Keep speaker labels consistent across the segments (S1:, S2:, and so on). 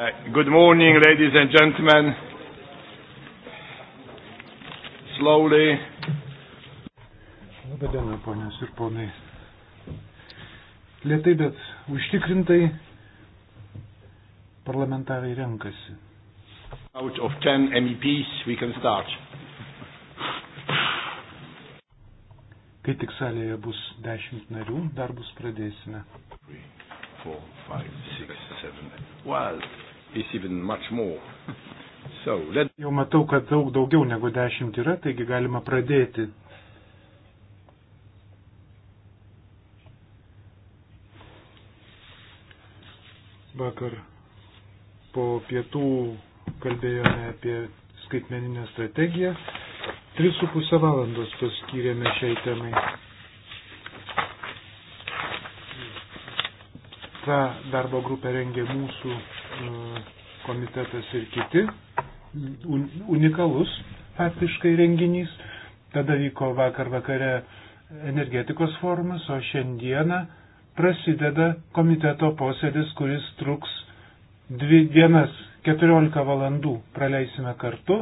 S1: Uh,
S2: good morning,
S1: ladies and gentlemen. Slowly.
S2: Labai diena, ponios ir ponai. Lietai, bet užtikrintai parlamentarai renkasi.
S3: Out of 10 MEPs we can start.
S2: Kai tik salėje bus 10 narių, darbus pradėsime.
S3: 3, 4, 5, 6, 7,
S2: 12. So, let... Jau matau, kad daug daugiau negu dešimt yra, taigi galima pradėti. Vakar po pietų kalbėjome apie skaitmeninę strategiją. 3,5 valandos paskyrėme šiai temai. Ta darbo grupė rengė mūsų komitetas ir kiti, unikalus faktiškai renginys. Tada vyko vakar vakare energetikos forumas, o šiandieną prasideda komiteto posėdis, kuris truks dvi dienas, 14 valandų praleisime kartu,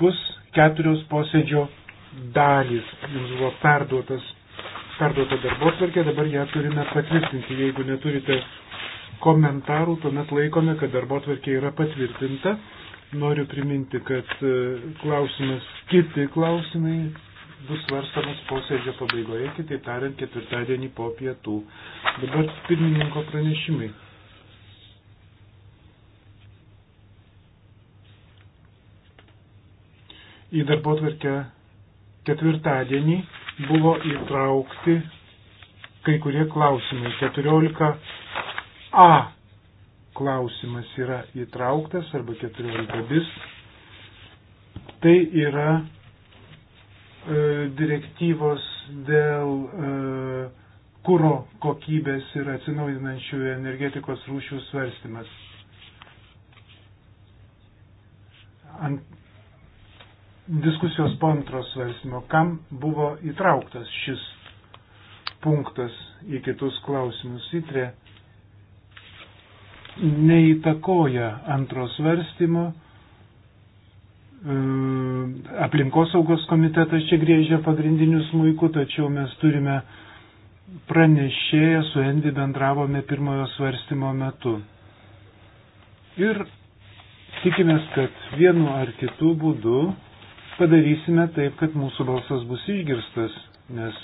S2: bus keturios posėdžio dalys. Jums buvo perduotas, perduota darbo tvarkė, dabar ją turime patvirtinti. Jeigu neturite komentarų, tuomet laikome, kad darbo tvarkė yra patvirtinta. Noriu priminti, kad e, klausimas, kiti klausimai bus svarstamas posėdžio pabaigoje, kitaip tariant, ketvirtadienį po pietų. Dabar pirmininko pranešimai. Į darbo tvarkę ketvirtadienį buvo įtraukti kai kurie klausimai. 14 A klausimas yra įtrauktas arba 14 bis. Tai yra e, direktyvos dėl e, kūro kokybės ir atsinaujinančių energetikos rūšių svarstymas. Ant diskusijos po antro svarstymo, kam buvo įtrauktas šis punktas į kitus klausimus. Įtrė neįtakoja antros svarstymo. E, aplinkosaugos komitetas čia grėžia pagrindinius muikų, tačiau mes turime pranešėją su Endi bendravome pirmojo svarstymo metu. Ir tikimės, kad vienu ar kitu būdu padarysime taip, kad mūsų balsas bus išgirstas, nes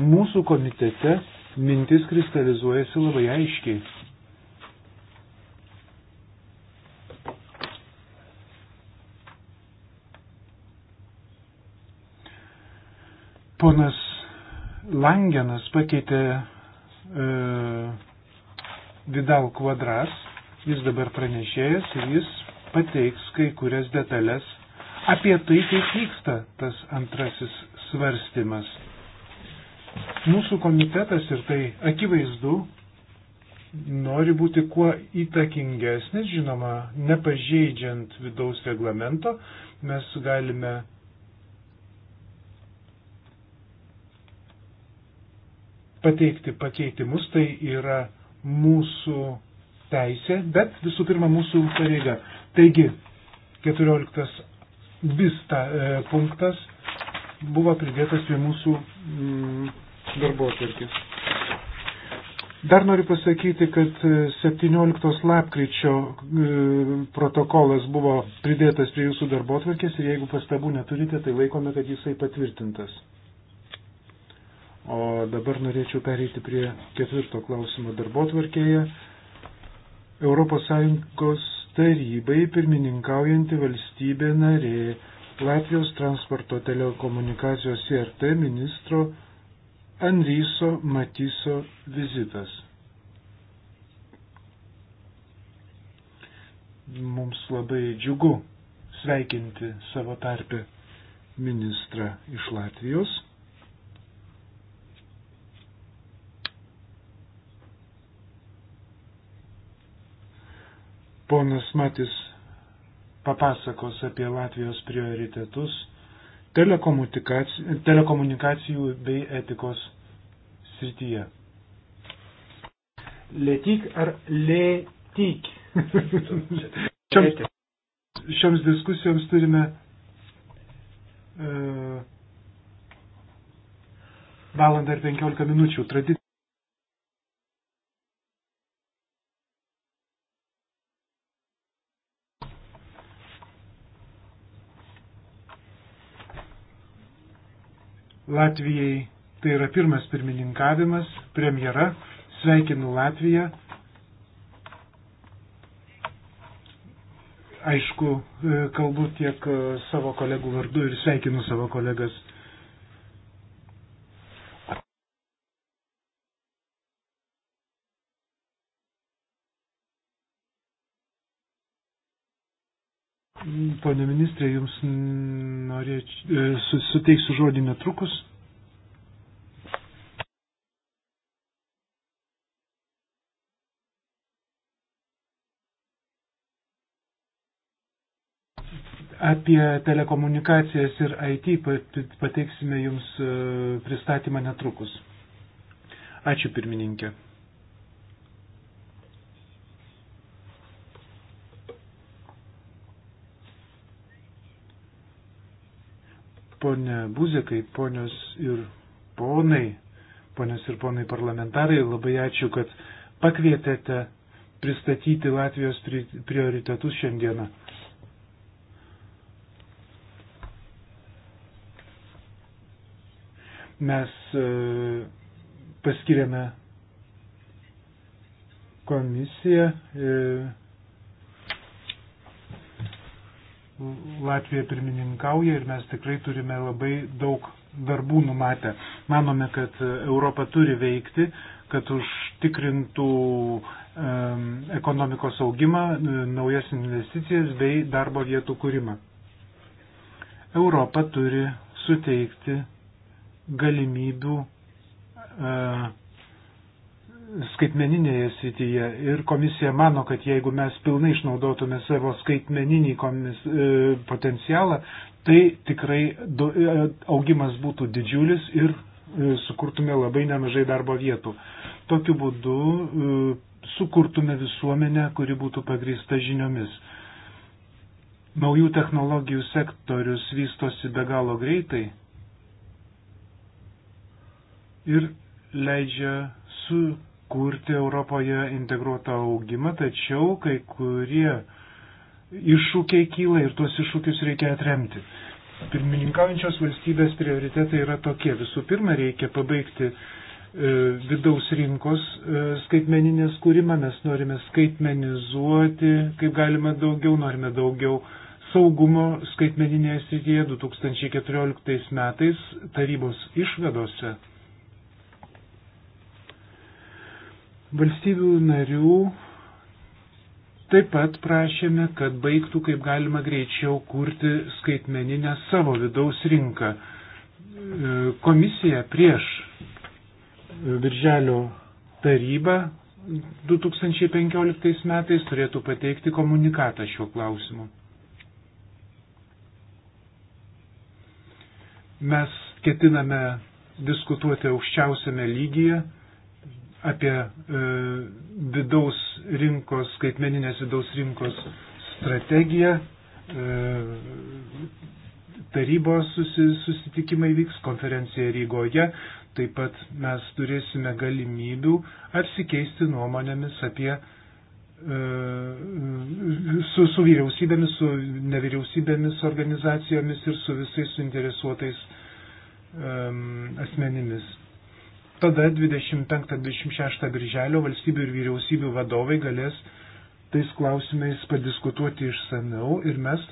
S2: mūsų komitete mintis kristalizuojasi labai aiškiai. Ponas Langenas pakeitė e, Vidal kvadras, jis dabar pranešėjas ir jis pateiks kai kurias detalės apie tai, kaip vyksta tas antrasis svarstymas. Mūsų komitetas ir tai akivaizdu nori būti kuo įtakingesnis, žinoma, nepažeidžiant vidaus reglamento, mes galime pateikti pakeitimus, tai yra mūsų teisė, bet visų pirma mūsų pareiga. Taigi, 14 vis ta e, punktas buvo pridėtas prie mūsų mm, darbo atvirkės. Dar noriu pasakyti, kad 17 e, lapkričio e, protokolas buvo pridėtas prie jūsų darbo atvarkės ir jeigu pastabų neturite, tai laikome, kad jisai patvirtintas. O dabar norėčiau pereiti prie ketvirto klausimo darbo tvarkėje. ES tarybai pirmininkaujanti valstybė narė Latvijos transporto telekomunikacijos IRT ministro Andryso Matiso vizitas. Mums labai džiugu sveikinti savo tarpę ministrą iš Latvijos. Ponas Matis papasakos apie Latvijos prioritetus telekomunikacijų, telekomunikacijų bei etikos srityje. Lėtyk ar lėtyk? šioms, šioms diskusijoms turime uh, valandą ir penkiolika minučių. Tradicija. Latvijai tai yra pirmas pirmininkavimas, premjera, sveikinu Latviją. Aišku, e, kalbu tiek e, savo kolegų vardu ir sveikinu savo kolegas. Pone ministrė, jums norėčiau, e, suteiksiu žodį netrukus. Apie telekomunikacijas ir IT pateiksime Jums e, pristatymą netrukus. Ačiū pirmininkė. Pone Buzikai, ponios ir ponai, ponios ir ponai parlamentarai, labai ačiū, kad pakvietėte pristatyti Latvijos prioritetus šiandieną. Mes e, paskiriame komisiją e, Latvija pirmininkauja ir mes tikrai turime labai daug darbų numatę. Manome, kad e, Europa turi veikti, kad užtikrintų um, ekonomikos augimą, e, naujas investicijas bei darbo vietų kūrimą. Europa turi suteikti galimybių uh, skaitmeninėje srityje ir komisija mano, kad jeigu mes pilnai išnaudotume savo skaitmeninį komis, e, potencialą, tai tikrai do, e, augimas būtų didžiulis ir e, sukurtume labai nemažai darbo vietų. Tokiu būdu e, sukurtume visuomenę, kuri būtų pagrįsta žiniomis. Naujų technologijų sektorius vystosi be galo greitai ir leidžia su kurti Europoje integruotą augimą, tačiau kai kurie iššūkiai kyla ir tuos iššūkius reikia atremti. Pirmininkaujančios valstybės prioritetai yra tokie. Visų pirma, reikia pabaigti e, vidaus rinkos e, skaitmeninės kūrimą, mes norime skaitmenizuoti, kaip galima daugiau, norime daugiau saugumo skaitmeninėje srityje 2014 metais tarybos išvedose Valstybių narių taip pat prašėme, kad baigtų kaip galima greičiau kurti skaitmeninę savo vidaus rinką. E, komisija prieš e, Birželio tarybą 2015 metais turėtų pateikti komunikatą šiuo klausimu. Mes ketiname diskutuoti aukščiausiame lygyje apie e, vidaus rinkos, skaitmeninės vidaus rinkos strategiją. E, tarybos susi, susitikimai vyks konferencija Rygoje. Taip pat mes turėsime galimybių apsikeisti nuomonėmis apie e, su, su vyriausybėmis, su nevyriausybėmis organizacijomis ir su visais suinteresuotais um, e, asmenimis Tada 25-26 birželio valstybių ir vyriausybių vadovai galės tais klausimais padiskutuoti išsameu ir mes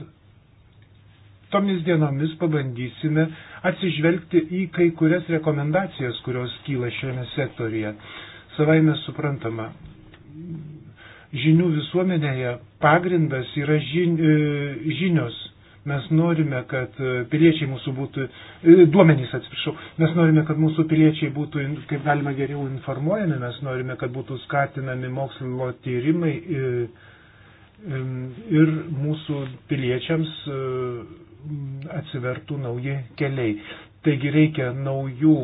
S2: tomis dienomis pabandysime atsižvelgti į kai kurias rekomendacijas, kurios kyla šiame sektorija. Savaime suprantama, žinių visuomenėje pagrindas yra žin, e, žinios Mes norime, kad e, piliečiai mūsų būtų, e, duomenys atsiprašau, mes norime, kad mūsų piliečiai būtų kaip galima geriau informuojami, mes norime, kad būtų skatinami mokslo tyrimai ir, e, ir mūsų piliečiams atsivertų nauji keliai. Taigi reikia naujų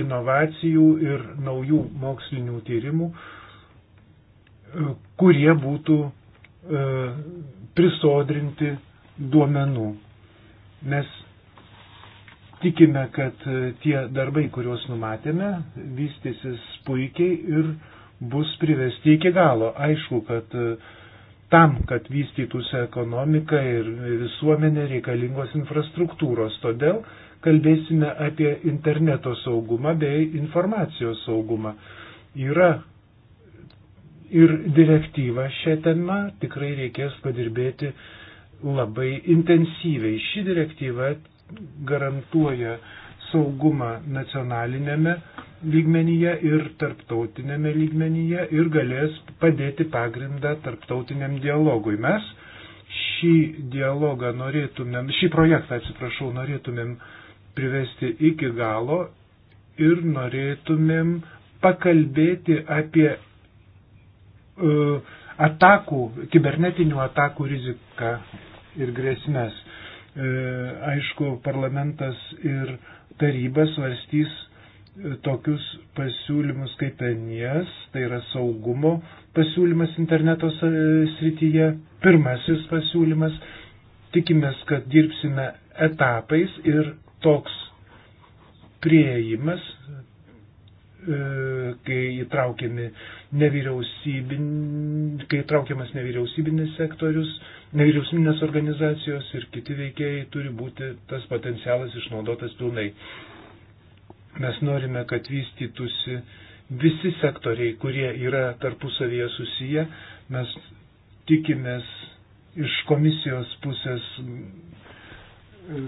S2: inovacijų ir naujų mokslinių tyrimų, kurie būtų prisodrinti duomenų. Mes tikime, kad e, tie darbai, kuriuos numatėme, vystysis puikiai ir bus privesti iki galo. Aišku, kad e, tam, kad vystytųsi ekonomika ir visuomenė reikalingos infrastruktūros. Todėl kalbėsime apie interneto saugumą bei informacijos saugumą. Yra ir direktyva šią temą, tikrai reikės padirbėti labai intensyviai. Ši direktyva garantuoja saugumą nacionalinėme lygmenyje ir tarptautinėme lygmenyje ir galės padėti pagrindą tarptautiniam dialogui. Mes šį dialogą norėtumėm, šį projektą, atsiprašau, norėtumėm privesti iki galo ir norėtumėm pakalbėti apie uh, atakų, kibernetinių atakų riziką ir grėsmės. E, aišku, parlamentas ir taryba svarstys e, tokius pasiūlymus kaip Enijas, tai yra saugumo pasiūlymas interneto e, srityje, pirmasis pasiūlymas. Tikimės, kad dirbsime etapais ir toks prieimas, kai įtraukiami nevyriausybin, kai įtraukiamas nevyriausybinis sektorius, nevyriausybinės organizacijos ir kiti veikėjai turi būti tas potencialas išnaudotas pilnai. Mes norime, kad vystytųsi visi sektoriai, kurie yra tarpusavyje susiję. Mes tikimės iš komisijos pusės e,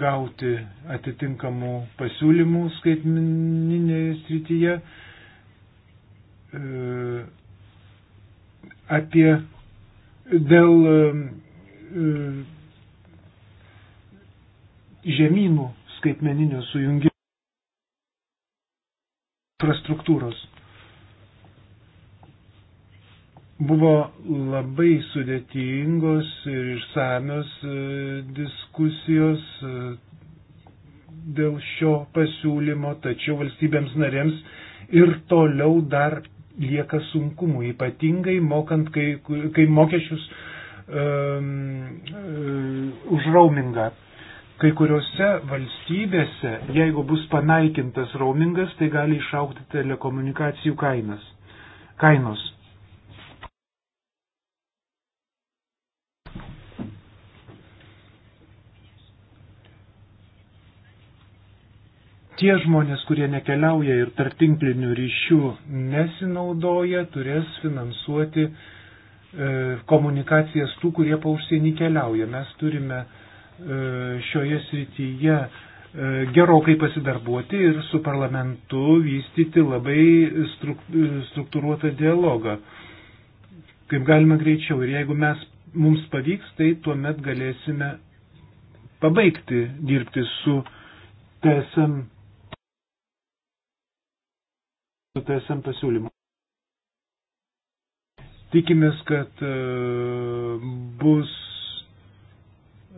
S2: gauti atitinkamų pasiūlymų skaitmininėje srityje e, apie Dėl e, žemynų skaitmeninio sujungimo infrastruktūros. Buvo labai sudėtingos ir išsamios e, diskusijos e, dėl šio pasiūlymo, tačiau valstybėms narėms ir toliau dar lieka sunkumų, ypatingai mokant, kai, kai mokesčius um, už roamingą. Kai kuriuose valstybėse, jeigu bus panaikintas roamingas, tai gali išaukti telekomunikacijų kainas. kainos. tie žmonės, kurie nekeliauja ir tartinklinių ryšių nesinaudoja, turės finansuoti e, komunikacijas tų, kurie pa užsienį keliauja. Mes turime e, šioje srityje e, gerokai pasidarbuoti ir su parlamentu vystyti labai struktūruotą dialogą. Kaip galima greičiau. Ir jeigu mes, mums pavyks, tai tuomet galėsime pabaigti dirbti su TSM TSM pasiūlymų. Tikimės, kad e, bus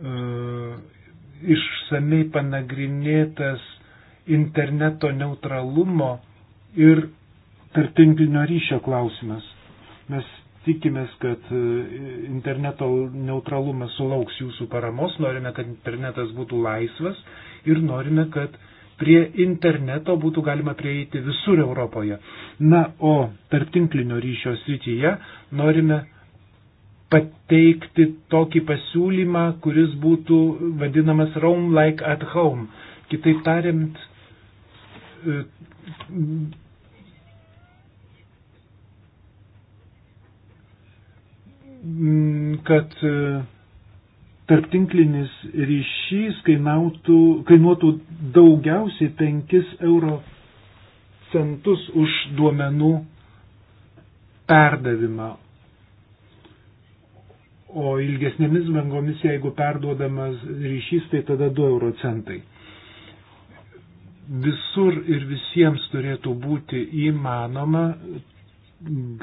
S2: e, išsamei panagrinėtas interneto neutralumo ir tarptinklinio ryšio klausimas. Mes tikimės, kad e, interneto neutralumas sulauks jūsų paramos, norime, kad internetas būtų laisvas ir norime, kad uh, prie interneto būtų galima prieiti visur Europoje. Na, o tarptinklinio ryšio srityje norime pateikti tokį pasiūlymą, kuris būtų vadinamas Roam like at home. Kitaip tariant, e, kad e, tarptinklinis ryšys kainautų, kainuotų daugiausiai 5 euro centus už duomenų perdavimą. O ilgesnėmis bangomis, jeigu perduodamas ryšys, tai tada 2 euro centai. Visur ir visiems turėtų būti įmanoma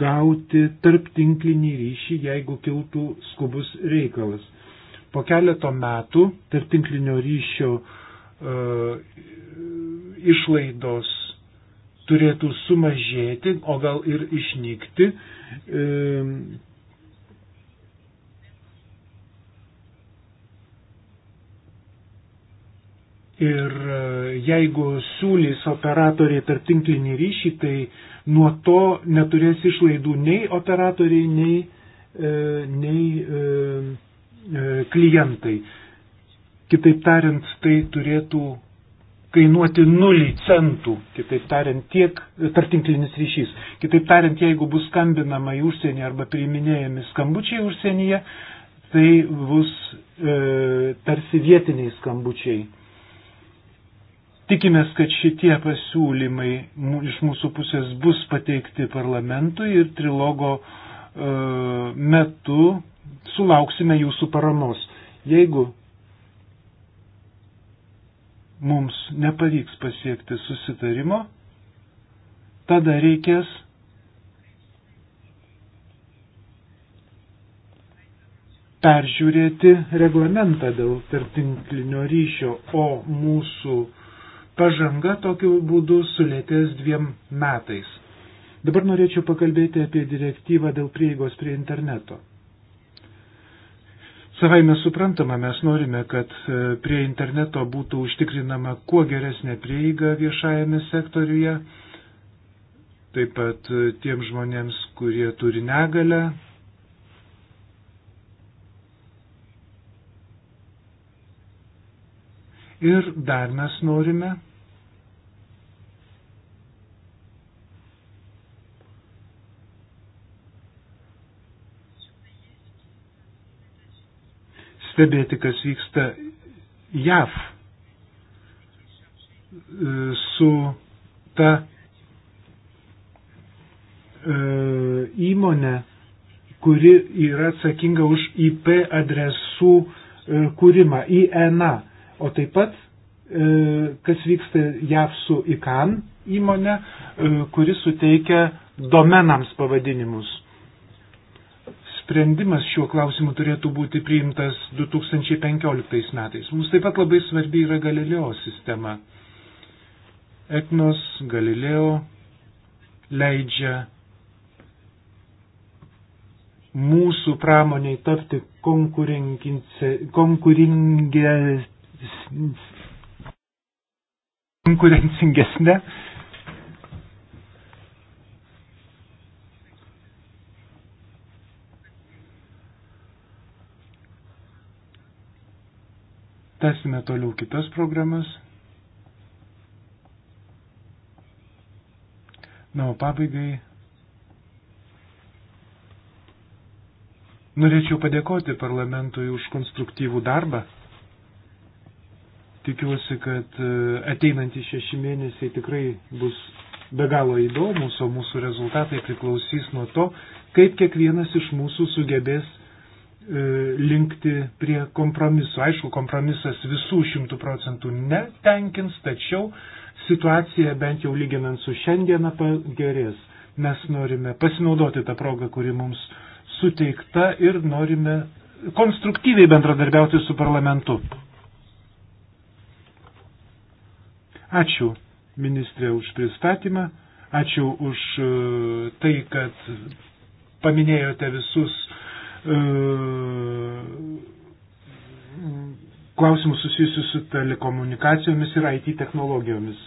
S2: gauti tarptinklinį ryšį, jeigu kiltų skubus reikalas. Po keleto metų tarp tinklinio ryšio e, išlaidos turėtų sumažėti, o gal ir išnykti. E, Ir e, jeigu siūlys operatoriai tarptinklinį ryšį, tai nuo to neturės išlaidų nei operatoriai, nei, e, nei e, E, klientai. Kitaip tariant, tai turėtų kainuoti nulį centų, kitaip tariant, tiek e, tartinklinis ryšys. Kitaip tariant, jeigu bus skambinama į užsienį arba priiminėjami skambučiai užsienyje, tai bus e, tarsi vietiniai skambučiai. Tikimės, kad šitie pasiūlymai iš mūsų pusės bus pateikti parlamentui ir trilogo e, E, metu sulauksime jūsų paramos. Jeigu mums nepavyks pasiekti susitarimo, tada reikės peržiūrėti reglamentą dėl tarptinklinio ryšio, o mūsų pažanga tokiu būdu sulėtės dviem metais. Dabar norėčiau pakalbėti apie direktyvą dėl prieigos prie interneto. Savai mes suprantama, mes norime, kad e, prie interneto būtų užtikrinama kuo geresnė prieiga viešajame sektoriuje, taip pat e, tiem žmonėms, kurie turi negalę. Ir dar mes norime, stebėti, kas vyksta JAV e, su ta e, įmonė, kuri yra atsakinga už IP adresų e, kūrimą, INA, o taip pat kas vyksta JAV su ICAN įmonė, kuri suteikia domenams pavadinimus sprendimas šiuo klausimu turėtų būti priimtas 2015 metais. Mums taip pat labai svarbi yra Galileo sistema. Eknos Galileo leidžia mūsų pramoniai tapti konkurencingesnė Tesime toliau kitas programas. Na, o pabaigai norėčiau padėkoti parlamentui už konstruktyvų darbą. Tikiuosi, kad e, ateinantys šeši mėnesiai tikrai bus be galo įdomus, o mūsų rezultatai priklausys nuo to, kaip kiekvienas iš mūsų sugebės E, linkti prie kompromiso. Aišku, kompromisas visų šimtų procentų netenkins, tačiau situacija bent jau lyginant su šiandieną pagerės. Mes norime pasinaudoti tą progą, kuri mums suteikta ir norime konstruktyviai bendradarbiauti su parlamentu. Ačiū ministrė už pristatymą, ačiū už e, tai, kad paminėjote visus uh, E, klausimus susijusius su telekomunikacijomis ir IT technologijomis.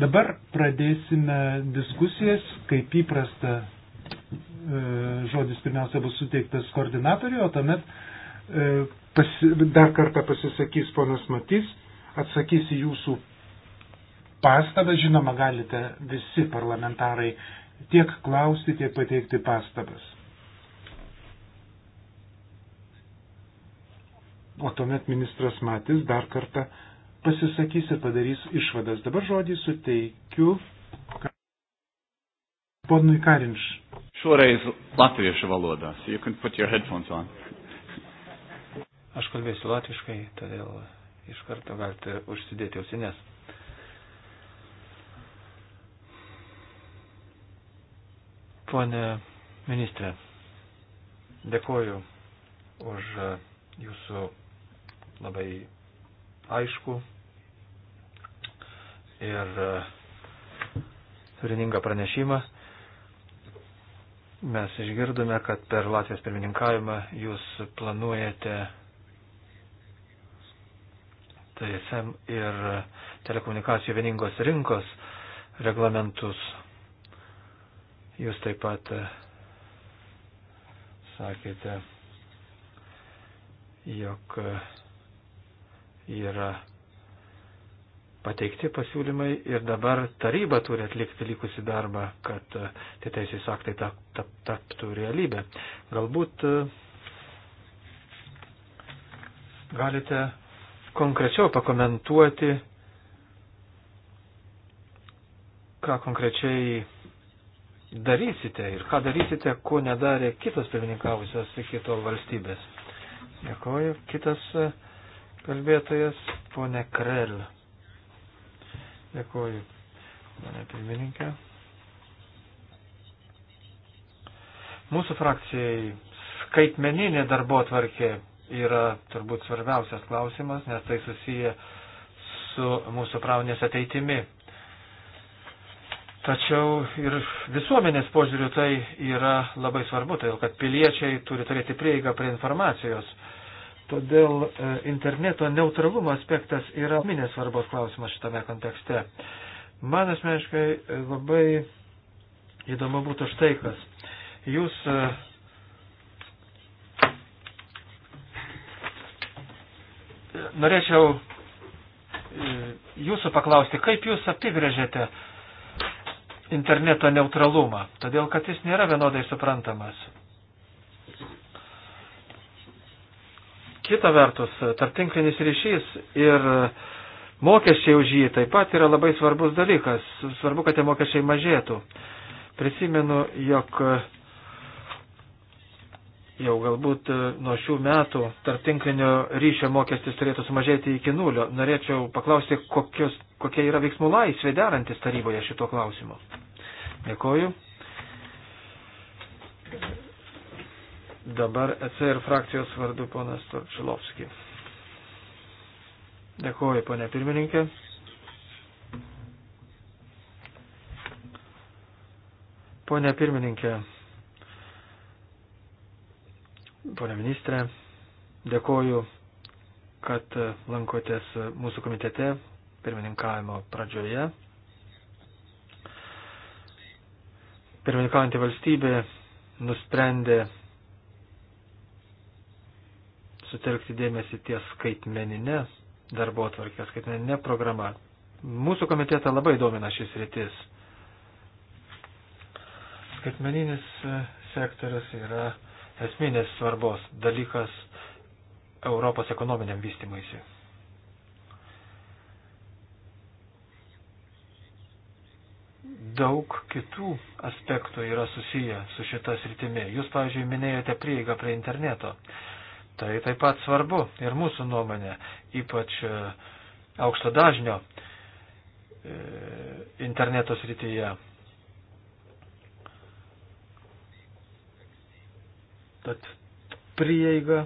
S2: Dabar pradėsime diskusijas, kaip įprasta e, žodis pirmiausia bus suteiktas koordinatoriui, o tuomet e, pasi, dar kartą pasisakys ponas Matys, atsakys į jūsų pastabą, žinoma, galite visi parlamentarai tiek klausti, tiek pateikti pastabas. o tuomet ministras Matis dar kartą pasisakys ir padarys išvadas. Dabar žodį suteikiu ponui Karinš.
S3: Šoreiz latviešu valodą. So you can put your headphones on.
S4: Aš kalbėsiu latviškai, todėl iš karto galite užsidėti ausinės. Pone ministrė, dėkoju už jūsų labai aišku ir e, turiningą pranešimą. Mes išgirdome, kad per Latvijos pirmininkavimą jūs planuojate TSM ir telekomunikacijų vieningos rinkos reglamentus. Jūs taip pat e, sakėte, jog uh, yra pateikti pasiūlymai ir dabar taryba turi atlikti likusi darbą, kad e, tie teisės aktai tap, tap, taptų realybę. Galbūt e, galite konkrečiau pakomentuoti, ką konkrečiai darysite ir ką darysite, ko nedarė kitos pirmininkavusios iki tol valstybės. Dėkoju. Kitas uh, kalbėtojas, ponė Krell. Dėkuoju, mane pirmininkė. Mūsų frakcijai skaitmeninė darbo tvarkė yra turbūt svarbiausias klausimas, nes tai susiję su mūsų praunės ateitimi. Tačiau ir visuomenės požiūriu tai yra labai svarbu, todėl tai kad piliečiai turi turėti prieigą prie informacijos. Todėl e, interneto neutralumo aspektas yra minės svarbos klausimas šitame kontekste. Man asmeniškai e, labai įdomu būtų štai kas. Jūs e, norėčiau jūsų paklausti, kaip jūs apibrėžėte interneto neutralumą, todėl kad jis nėra vienodai suprantamas. Kita vertus, tarptinklinis ryšys ir mokesčiai už jį taip pat yra labai svarbus dalykas. Svarbu, kad tie mokesčiai mažėtų. Prisimenu, jog jau galbūt nuo šių metų tarptinklinio ryšio mokestis turėtų sumažėti iki nulio. Norėčiau paklausti, kokios, kokia yra veiksmų laisvė derantis taryboje šito klausimu. Dėkoju. Dabar ECR frakcijos vardu ponas Torčilovski. Dėkuoju, ponė pirmininkė. Pone pirmininkė, pone ministrė, dėkoju, kad lankotės mūsų komitete pirmininkavimo pradžioje. Pirmininkaujantį valstybę nusprendė sutelkti dėmesį ties skaitmeninė darbo atvarkė, skaitmeninė programa. Mūsų komitetą labai domina šis rytis. Skaitmeninis e, sektorius yra esminės svarbos dalykas Europos ekonominiam vystimuisi. daug kitų aspektų yra susiję su šita sritimi. Jūs, pavyzdžiui, minėjote prieigą prie interneto. Tai taip pat svarbu ir mūsų nuomonė, ypač e, aukšto dažnio e, interneto srityje. Tad prieiga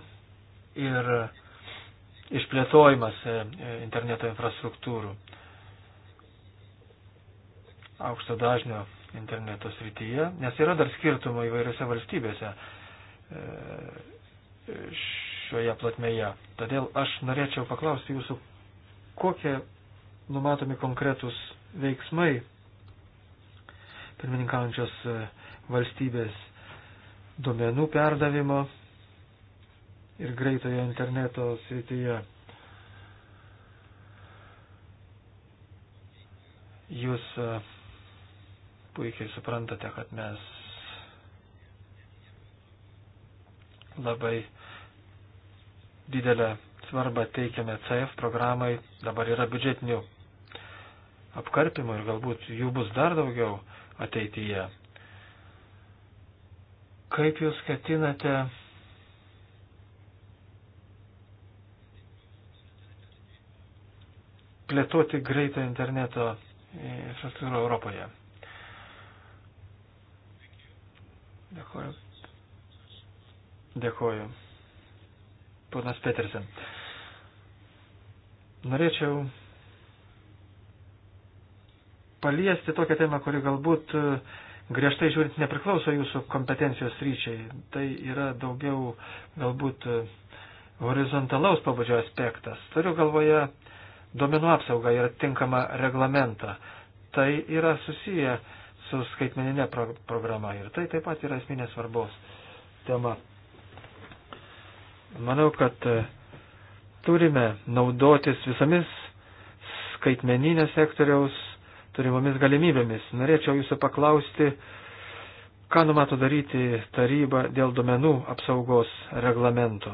S4: ir išplėtojimas e, interneto infrastruktūrų aukšto dažnio interneto srityje, nes yra dar skirtumų įvairiose valstybėse. Iš šioje platmeje. Todėl aš norėčiau paklausti jūsų, kokie numatomi konkretus veiksmai pirmininkaujančios e, valstybės duomenų perdavimo ir greitojo interneto srityje. Jūs e, puikiai suprantate, kad mes labai uh, didelę svarbą teikiame CF programai, dabar yra biudžetinių apkarpimų ir galbūt jų bus dar daugiau ateityje. Kaip jūs ketinate plėtoti greitą interneto infrastruktūrą Europoje? Dėkuoju. Dėkuoju ponas Petersen. Norėčiau paliesti tokią temą, kuri galbūt e, griežtai žiūrint nepriklauso jūsų kompetencijos ryčiai. Tai yra daugiau galbūt e, horizontalaus pabudžio aspektas. Turiu galvoje duomenų apsaugą ir tinkamą reglamentą. Tai yra susiję su skaitmeninė pro programa ir tai taip pat yra esminės svarbos tema. Manau, kad e, turime naudotis visomis skaitmeninės sektoriaus turimomis galimybėmis. Norėčiau jūsų paklausti, ką numato daryti taryba dėl domenų apsaugos reglamento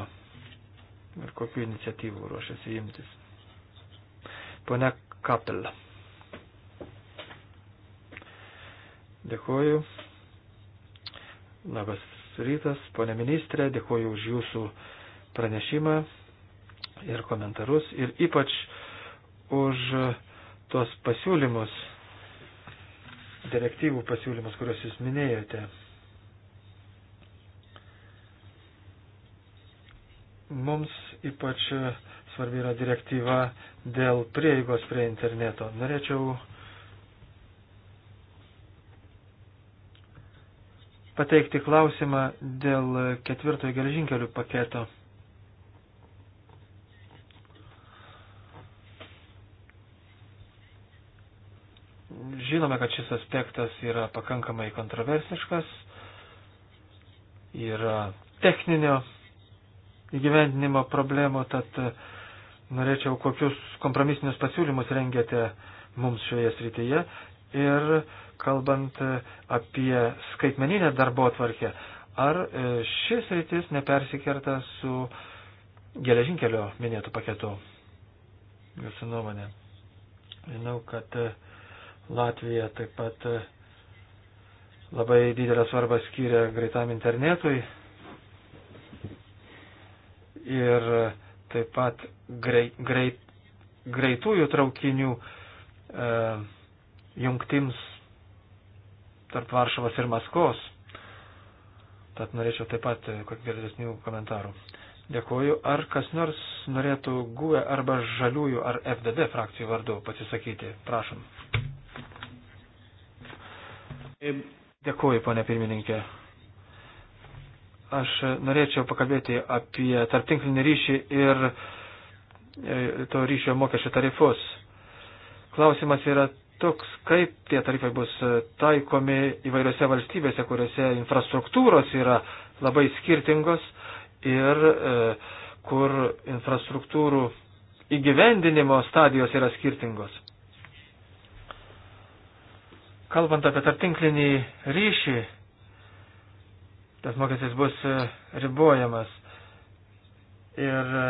S4: ir kokiu iniciatyvu ruošiasi imtis. Pone Kapel. Dėkuoju. Labas rytas, ponė ministrė, dėkuoju už jūsų pranešimą ir komentarus ir ypač už tos pasiūlymus, direktyvų pasiūlymus, kuriuos jūs minėjote. Mums ypač svarbi yra direktyva dėl prieigos prie interneto. Norėčiau pateikti klausimą dėl ketvirtojo geležinkelių paketo. Žinome, kad šis aspektas yra pakankamai kontroversiškas, yra techninio įgyvendinimo problemų, tad e, norėčiau, kokius kompromisinius pasiūlymus rengiate mums šioje srityje. Ir kalbant e, apie skaitmeninę darbo atvarkę, ar e, šis rytis nepersikerta su geležinkelio minėtų paketu? Jūsų nuomonė. Žinau, kad uh, Latvija taip pat e, labai didelę svarbą skiria greitam internetui ir e, taip pat greit, greit, greitųjų traukinių e, jungtims tarp Varšuvos ir Maskvos. Tad norėčiau taip pat e, kokių geresnių komentarų. Dėkuoju. Ar kas nors norėtų GUE arba žaliųjų ar FDD frakcijų vardu pasisakyti? Prašom. Dėkuoju, ponė pirmininkė. Aš norėčiau pakalbėti apie tarptinklinį ryšį ir e, to ryšio mokesčio tarifus. Klausimas yra toks, kaip tie tarifai bus taikomi įvairiose valstybėse, kuriuose infrastruktūros yra labai skirtingos ir e, kur infrastruktūrų įgyvendinimo stadijos yra skirtingos. Kalbant apie tarptinklinį ryšį, tas mokestis bus e, ribojamas. Ir e,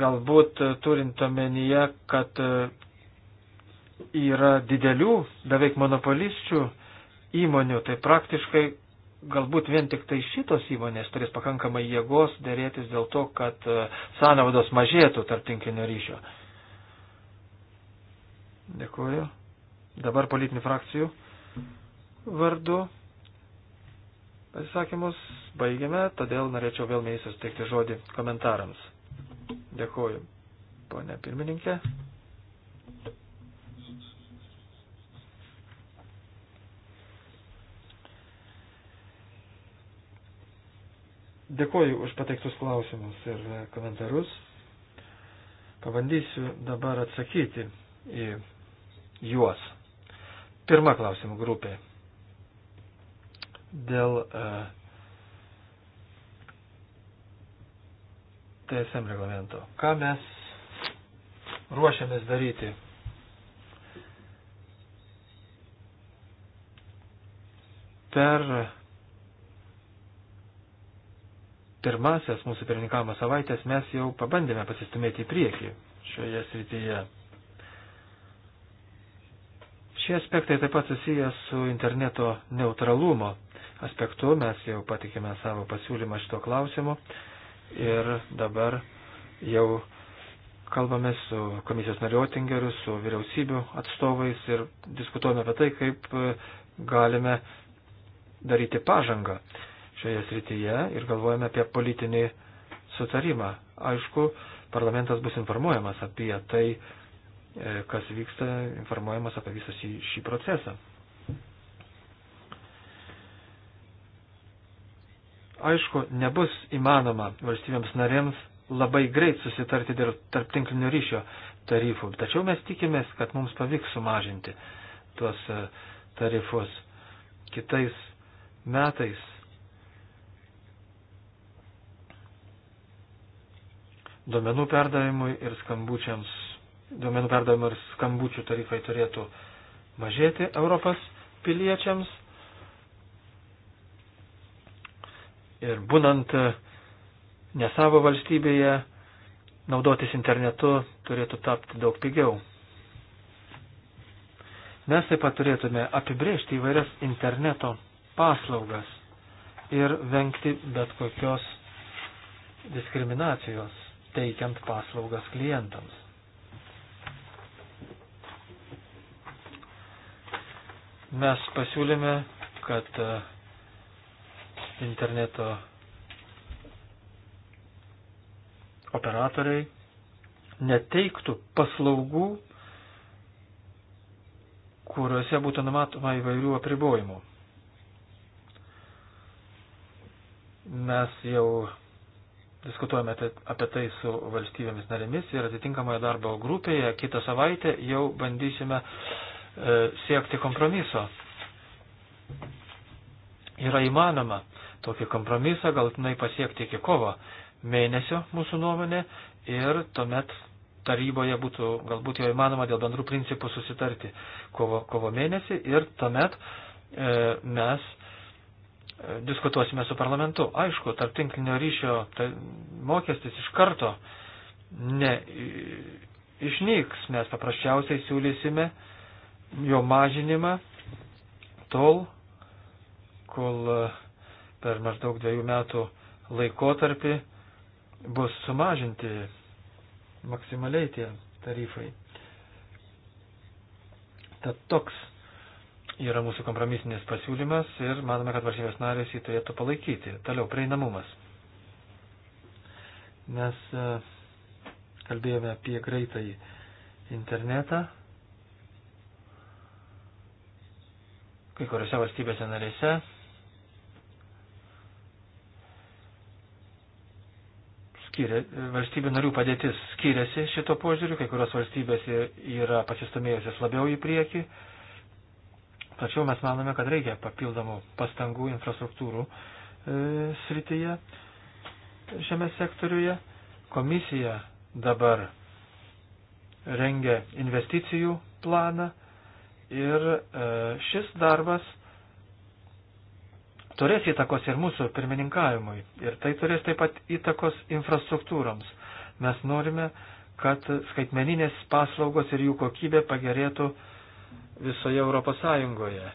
S4: galbūt e, turint omenyje, kad yra didelių, beveik monopolisčių įmonių, tai praktiškai galbūt vien tik tai šitos įmonės turės pakankamai jėgos dėrėtis dėl to, kad sąnaudos mažėtų tarp tinklinio ryšio. Dėkuoju dabar politinių frakcijų vardu pasisakymus baigiame, todėl norėčiau vėl mėsiu suteikti žodį komentarams. Dėkuoju, ponė pirmininkė. Dėkuoju už pateiktus klausimus ir komentarus. Pabandysiu dabar atsakyti į juos. Pirma klausimų grupė. Dėl e, TSM reglamento. Ką mes ruošiamės daryti? Per pirmasias mūsų pirmininkavimo savaitės mes jau pabandėme pasistumėti į priekį šioje srityje. Šie aspektai taip pat susijęs su interneto neutralumo aspektu. Mes jau patikėme savo pasiūlymą šito klausimu ir dabar jau kalbame su komisijos nariu Otingeriu, su vyriausybių atstovais ir diskutuojame apie tai, kaip e, galime daryti pažangą šioje srityje ir galvojame apie politinį sutarimą. Aišku, parlamentas bus informuojamas apie tai, E, kas vyksta, informuojamas apie visą šį, šį procesą. Aišku, nebus įmanoma valstybėms narėms labai greit susitarti dėl tarptinklinio ryšio tarifų, tačiau mes tikimės, kad mums pavyks sumažinti tuos e, tarifus kitais metais. Duomenų perdavimui ir skambučiams duomenų perdavimo ir skambučių tarifai turėtų mažėti Europos piliečiams. Ir būnant e, ne savo valstybėje, naudotis internetu turėtų tapti daug pigiau. Mes taip pat turėtume apibrėžti įvairias interneto paslaugas ir vengti bet kokios diskriminacijos teikiant paslaugas klientams. mes pasiūlėme, kad e, interneto operatoriai neteiktų paslaugų, kuriuose būtų numatoma įvairių apribojimų. Mes jau diskutuojame apie tai su valstybėmis narėmis ir atitinkamoje darbo grupėje kitą savaitę jau bandysime uh, E, siekti kompromiso. Yra įmanoma tokį kompromisą galtinai pasiekti iki kovo mėnesio mūsų nuomonė ir tuomet taryboje būtų galbūt jau įmanoma dėl bendrų principų susitarti kovo, kovo mėnesį ir tuomet e, mes e, diskutuosime su parlamentu. Aišku, tarp tinklinio ryšio tai mokestis iš karto ne, išnyks, mes paprasčiausiai siūlysime e, jo mažinimą tol, kol e, per maždaug dviejų metų laikotarpį bus sumažinti maksimaliai tie tarifai. Tad toks yra mūsų kompromisinis pasiūlymas ir manome, kad valstybės narės jį turėtų palaikyti. Toliau, prieinamumas. Mes e, kalbėjome apie greitai internetą kai kuriuose valstybėse narėse. Skiria, valstybių narių padėtis skiriasi šito požiūriu, kai kurios valstybės yra pasistumėjusios labiau į priekį, tačiau mes manome, kad reikia papildomų pastangų infrastruktūrų e, srityje šiame sektoriuje. Komisija dabar rengia investicijų planą, ir e, šis darbas turės įtakos ir mūsų pirmininkavimui. Ir tai turės taip pat įtakos infrastruktūroms. Mes norime, kad skaitmeninės paslaugos ir jų kokybė pagerėtų visoje Europos Sąjungoje.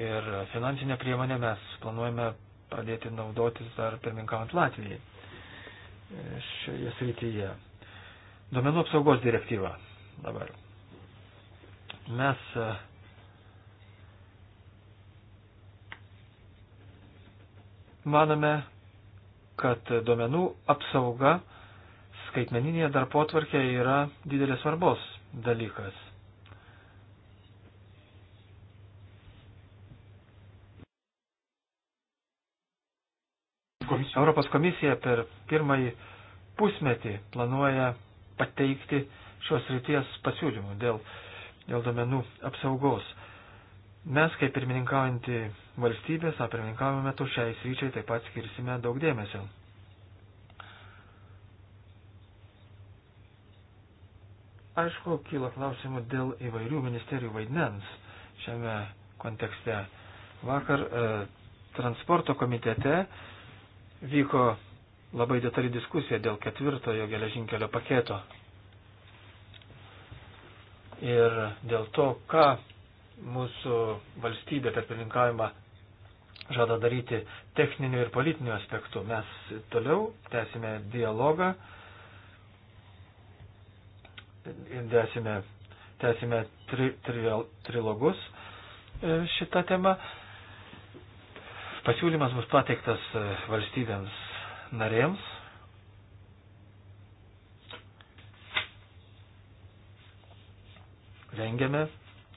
S4: Ir finansinę priemonę mes planuojame pradėti naudotis dar pirmininkaujant Latvijai e, šioje srityje. Domenų apsaugos direktyva dabar. Mes e, manome, kad duomenų apsauga skaitmeninėje darbotvarkė yra didelės svarbos dalykas. Komisija. Europos komisija per pirmąjį pusmetį planuoja pateikti šios ryties pasiūlymų dėl, dėl domenų apsaugos. Mes, kaip pirmininkaujanti valstybės aprininkavimo metu šiai sryčiai taip pat skirsime daug dėmesio. Aišku, kyla klausimų dėl įvairių ministerijų vaidmens šiame kontekste. Vakar e, transporto komitete vyko labai detali diskusija dėl ketvirtojo geležinkelio paketo. Ir dėl to, ką mūsų valstybė per pirmininkavimą žada daryti techninių ir politinių aspektų. Mes toliau tęsime dialogą, tęsime, tęsime tri, tri, trilogus e, šitą temą. Pasiūlymas bus pateiktas e, valstybėms narėms. Rengiame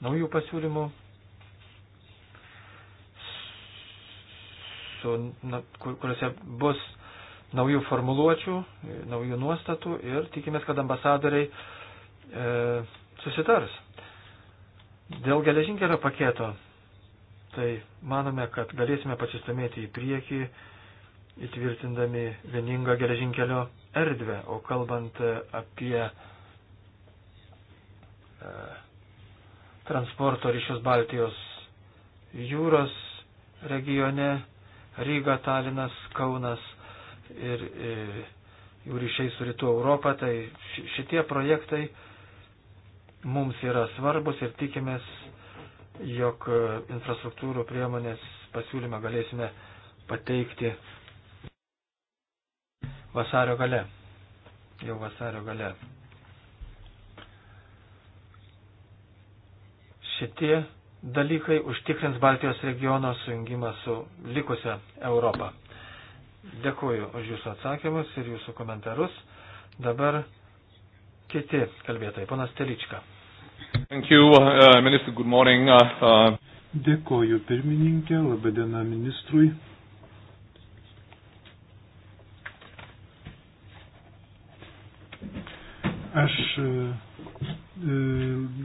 S4: naujų pasiūlymų, su, na, kur, kuriuose bus naujų formuluočių, naujų nuostatų ir tikimės, kad ambasadoriai e, susitars. Dėl geležinkelio paketo, tai manome, kad galėsime pasistumėti į priekį, įtvirtindami vieningą geležinkelio erdvę, o kalbant e, apie e, transporto ryšius Baltijos jūros regione, Ryga, Talinas, Kaunas ir, ir jų ryšiai su Rytų Europą. Tai šitie projektai mums yra svarbus ir tikimės, jog e, infrastruktūrų priemonės pasiūlymą galėsime pateikti vasario gale. Jau vasario gale. šitie dalykai užtikrins Baltijos regiono sujungimą su likusia Europa. Dėkuoju už Jūsų atsakymus ir Jūsų komentarus. Dabar kiti kalbėtojai.
S2: Panas Telička.
S3: Uh, uh, uh...
S2: Dėkuoju pirmininkė, labadiena ministrui. Aš uh E,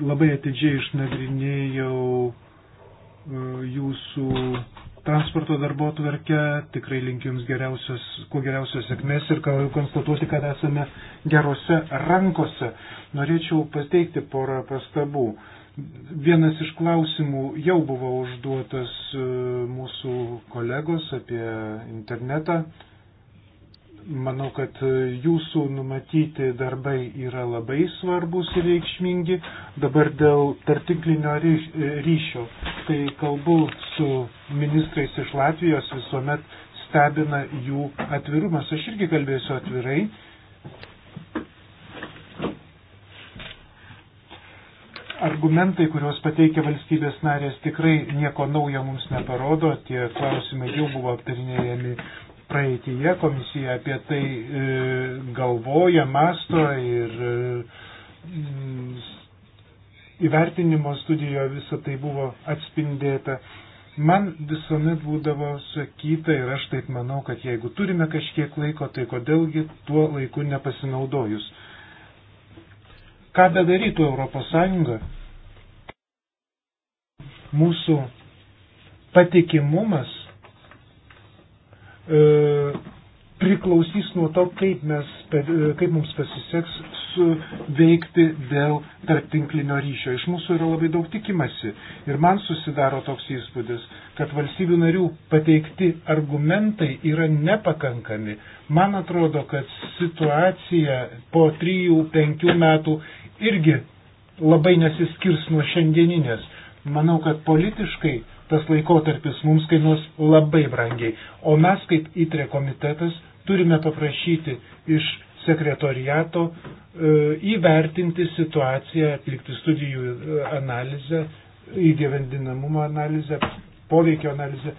S2: labai atidžiai išnagrinėjau e, jūsų transporto darbo tvarkę, tikrai linkiu Jums geriausios, kuo geriausios sėkmės ir konstatuoti, kad esame gerose rankose. Norėčiau pateikti porą pastabų. Vienas iš klausimų jau buvo užduotas e, mūsų kolegos apie internetą, Manau, kad e, jūsų numatyti darbai yra labai svarbus ir reikšmingi. Dabar dėl tartiklinio e, ryšio. Kai kalbu su ministrais iš Latvijos, visuomet stebina jų atvirumas. Aš irgi kalbėsiu atvirai. argumentai, kuriuos pateikia valstybės narės, tikrai nieko naujo mums neparodo. Tie klausimai jau buvo aptarinėjami praeitie komisija apie tai e, galvoja, masto ir e, mm, įvertinimo studijoje visą tai buvo atspindėta. Man visuomet būdavo sakyta ir aš taip manau, kad jeigu turime kažkiek laiko, tai kodėlgi tuo laiku nepasinaudojus. Ką bedarytų ES, mūsų patikimumas E, priklausys nuo to, kaip, mes, e, kaip mums pasiseks suveikti dėl tarptinklinio ryšio. Iš mūsų yra labai daug tikimasi. Ir man susidaro toks įspūdis, kad valstybių narių pateikti argumentai yra nepakankami. Man atrodo, kad situacija po 3-5 metų irgi labai nesiskirs nuo šiandieninės. Manau, kad politiškai tas laikotarpis mums kainuos labai brangiai. O mes kaip įtrė e komitetas turime paprašyti iš sekretoriato e, įvertinti situaciją, atlikti studijų e, analizę, įgyvendinamumo analizę, poveikio analizę,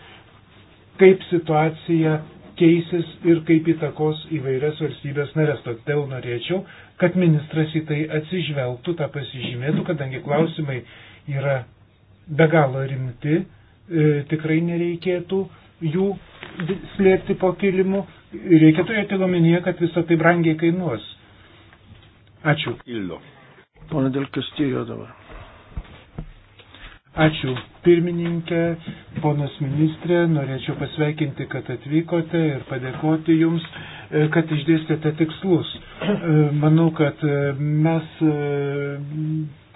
S2: kaip situacija keisis ir kaip įtakos įvairias valstybės narės. Todėl norėčiau, kad ministras į tai atsižvelgtų, tą pasižymėtų, kadangi klausimai yra be galo rimti E, tikrai nereikėtų jų slėpti po kilimu. Reikia turėti omenyje, kad visą tai brangiai kainuos. Ačiū. Ildo. Pana Del Castillo dabar. Ačiū pirmininkė, ponas ministrė, norėčiau pasveikinti, kad atvykote ir padėkoti jums, e, kad išdėstėte tikslus. E, manau, kad mes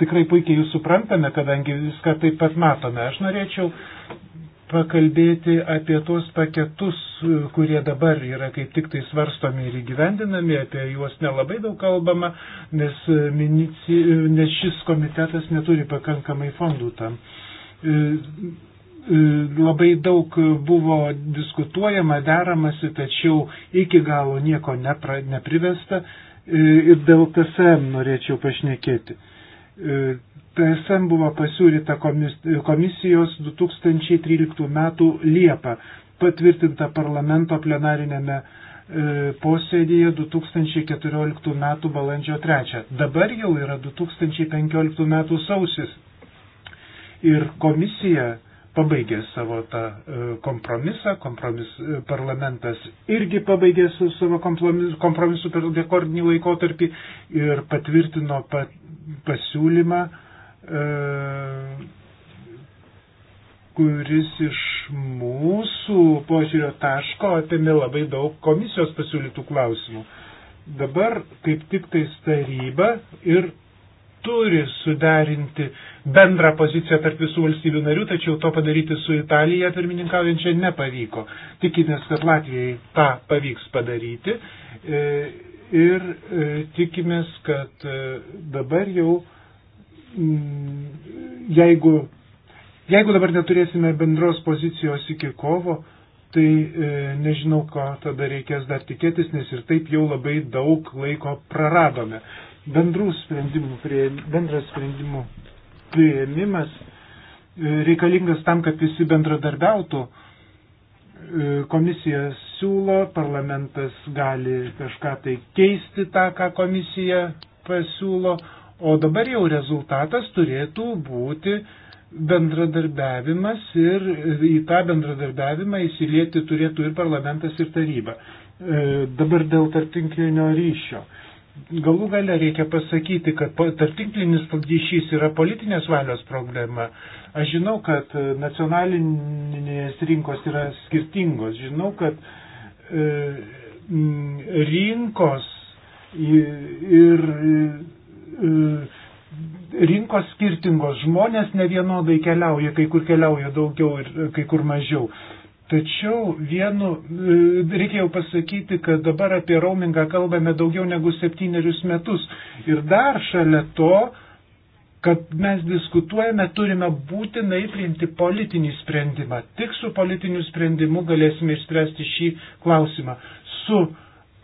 S2: tikrai puikiai jūs suprantame, kadangi viską taip pat matome. Aš norėčiau pakalbėti apie tuos paketus, kurie dabar yra kaip tik tai svarstomi ir įgyvendinami, apie juos nelabai daug kalbama, nes, minici, nes šis komitetas neturi pakankamai fondų tam. E, e, labai daug buvo diskutuojama, deramasi, tačiau iki galo nieko nepra, neprivesta e, ir dėl TSM norėčiau pašnekėti. PSM buvo pasiūlyta komisijos 2013 m. Liepą, patvirtinta parlamento plenarinėme posėdėje 2014 m. balandžio 3. Dabar jau yra 2015 m. sausis. Ir komisija pabaigė savo tą e, kompromisą, kompromis, e, parlamentas irgi pabaigė su savo kompromisu, kompromisu per rekordinį laikotarpį ir patvirtino pa, pasiūlymą, e, kuris iš mūsų požiūrio taško atėmė labai daug komisijos pasiūlytų klausimų. Dabar kaip tik tais taryba ir turi suderinti bendrą poziciją tarp visų valstybių narių, tačiau to padaryti su Italija pirmininkaujančia nepavyko. Tikimės, kad Latvijai tą pavyks padaryti e, ir e, tikimės, kad e, dabar jau, mm, jeigu, jeigu dabar neturėsime bendros pozicijos iki kovo, tai e, nežinau, ko tada reikės dar tikėtis, nes ir taip jau labai daug laiko praradome bendrų sprendimų, prie, bendras sprendimų prieimimas e, reikalingas tam, kad visi bendradarbiautų. E, komisija siūlo, parlamentas gali kažką tai keisti tą, ką komisija pasiūlo, o dabar jau rezultatas turėtų būti bendradarbiavimas ir į tą bendradarbiavimą įsilieti turėtų ir parlamentas, ir taryba. E, dabar dėl tarptinklinio ryšio. Galų gale reikia pasakyti, kad tarptinklinis ryšys yra politinės valios problema. Aš žinau, kad e, nacionalinės rinkos yra skirtingos. Žinau, kad e, rinkos ir e, e, rinkos skirtingos, žmonės nevienodai keliauja, kai kur keliauja daugiau ir e, kai kur mažiau. Tačiau vienu, e, reikėjo pasakyti, kad dabar apie roamingą kalbame daugiau negu septynerius metus. Ir dar šalia to, kad mes diskutuojame, turime būtinai priimti politinį sprendimą. Tik su politiniu sprendimu galėsime išspręsti šį klausimą. Su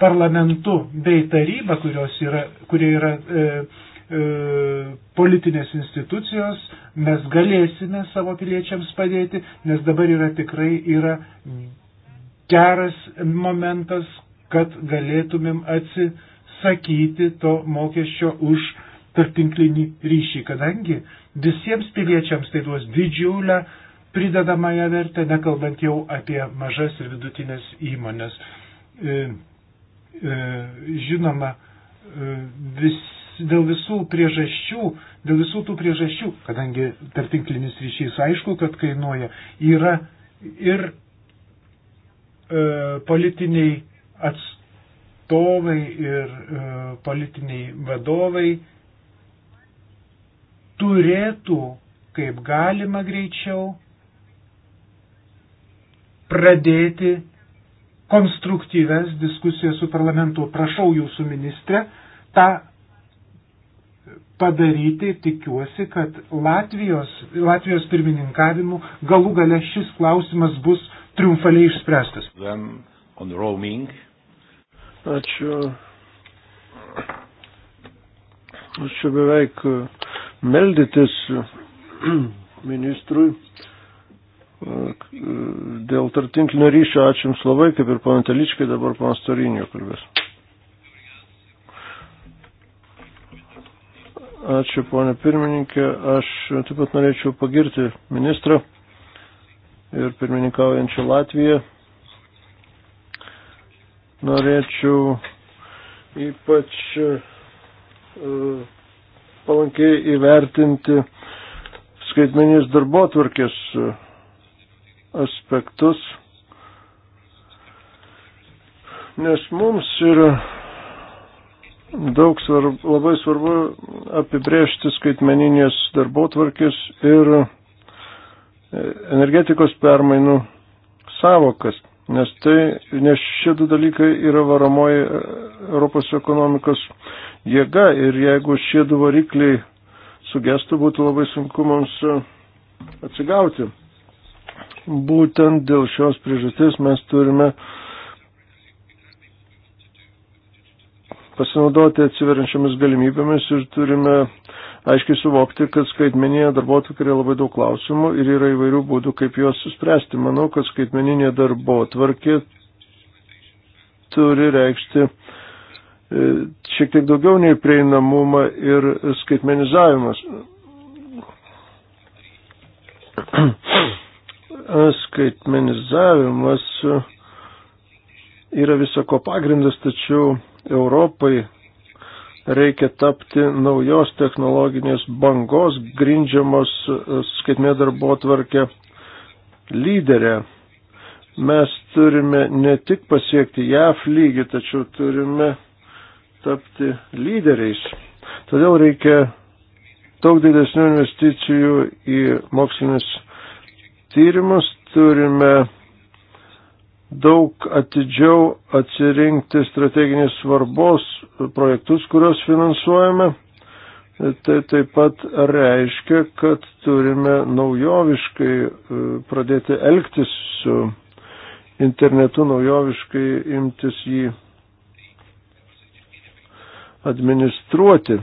S2: parlamentu bei taryba, yra, kurie yra. E, E, politinės institucijos, mes galėsime savo piliečiams padėti, nes dabar yra tikrai yra geras momentas, kad galėtumėm atsisakyti to mokesčio už tarptinklinį ryšį, kadangi visiems piliečiams tai duos didžiulę pridedamąją vertę, nekalbant jau apie mažas ir vidutinės įmonės. E, e, žinoma, visi dėl visų priežasčių, dėl visų tų priežasčių, kadangi tartinklinis ryšys aišku, kad kainuoja, yra ir e, politiniai atstovai ir e, politiniai vadovai turėtų kaip galima greičiau pradėti konstruktyves diskusijas su parlamentu. Prašau jūsų ministrę tą padaryti ir tikiuosi, kad Latvijos, Latvijos pirmininkavimu galų gale šis klausimas bus triumfaliai išspręstas.
S1: Ačiū. Aš čia beveik uh, meldytis ministrui uh, dėl tartinklinio ryšio. Ačiū Jums labai, kaip ir pana Teliškai, dabar pana Storinio kalbės. Ačiū, ponė pirmininkė. Aš taip pat norėčiau pagirti ministrą ir pirmininkaujančią Latviją. Norėčiau ypač uh, palankiai įvertinti skaitmenės darbo tvarkės e, aspektus, nes mums yra Daug svarb, labai svarbu apibriežti skaitmeninės darbotvarkės ir e, energetikos permainų savokas, nes, tai, nes šie du dalykai yra varomoji e, Europos ekonomikos jėga ir jeigu šie du varikliai sugestų, būtų labai sunku mums e, atsigauti. Būtent dėl šios priežasties mes turime uh, pasinaudoti atsiveriančiamis galimybėmis ir turime aiškiai suvokti, kad skaitmeninėje darbotvarkėje labai daug klausimų ir yra įvairių būdų, kaip juos spręsti. Manau, kad skaitmeninė darbotvarkė turi reikšti e, šiek tiek daugiau nei prieinamumą ir skaitmenizavimas. Skaitmenizavimas yra visako pagrindas, tačiau Europai reikia tapti naujos technologinės bangos grindžiamos e, skaitmė darbo tvarkė lyderė. Mes turime ne tik pasiekti JAF lygį, tačiau turime tapti lyderiais. Todėl reikia daug didesnių investicijų į mokslinis tyrimus, turime daug atidžiau atsirinkti strateginės svarbos projektus, kuriuos finansuojame. Tai taip pat reiškia, kad turime naujoviškai e, pradėti elgtis su internetu, naujoviškai imtis jį administruoti.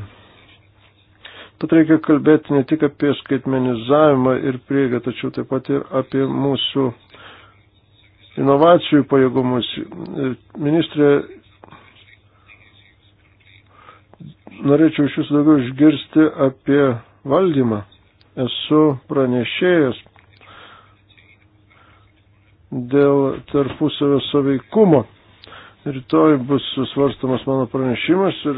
S1: Pat reikia kalbėti ne tik apie skaitmenizavimą ir prieigą, tačiau taip pat ir apie mūsų inovacijų pajėgumus. Ministrė, norėčiau iš jūsų daugiau išgirsti apie valdymą. Esu pranešėjas dėl tarpusavio saveikumo. Rytoj bus svarstamas mano pranešimas ir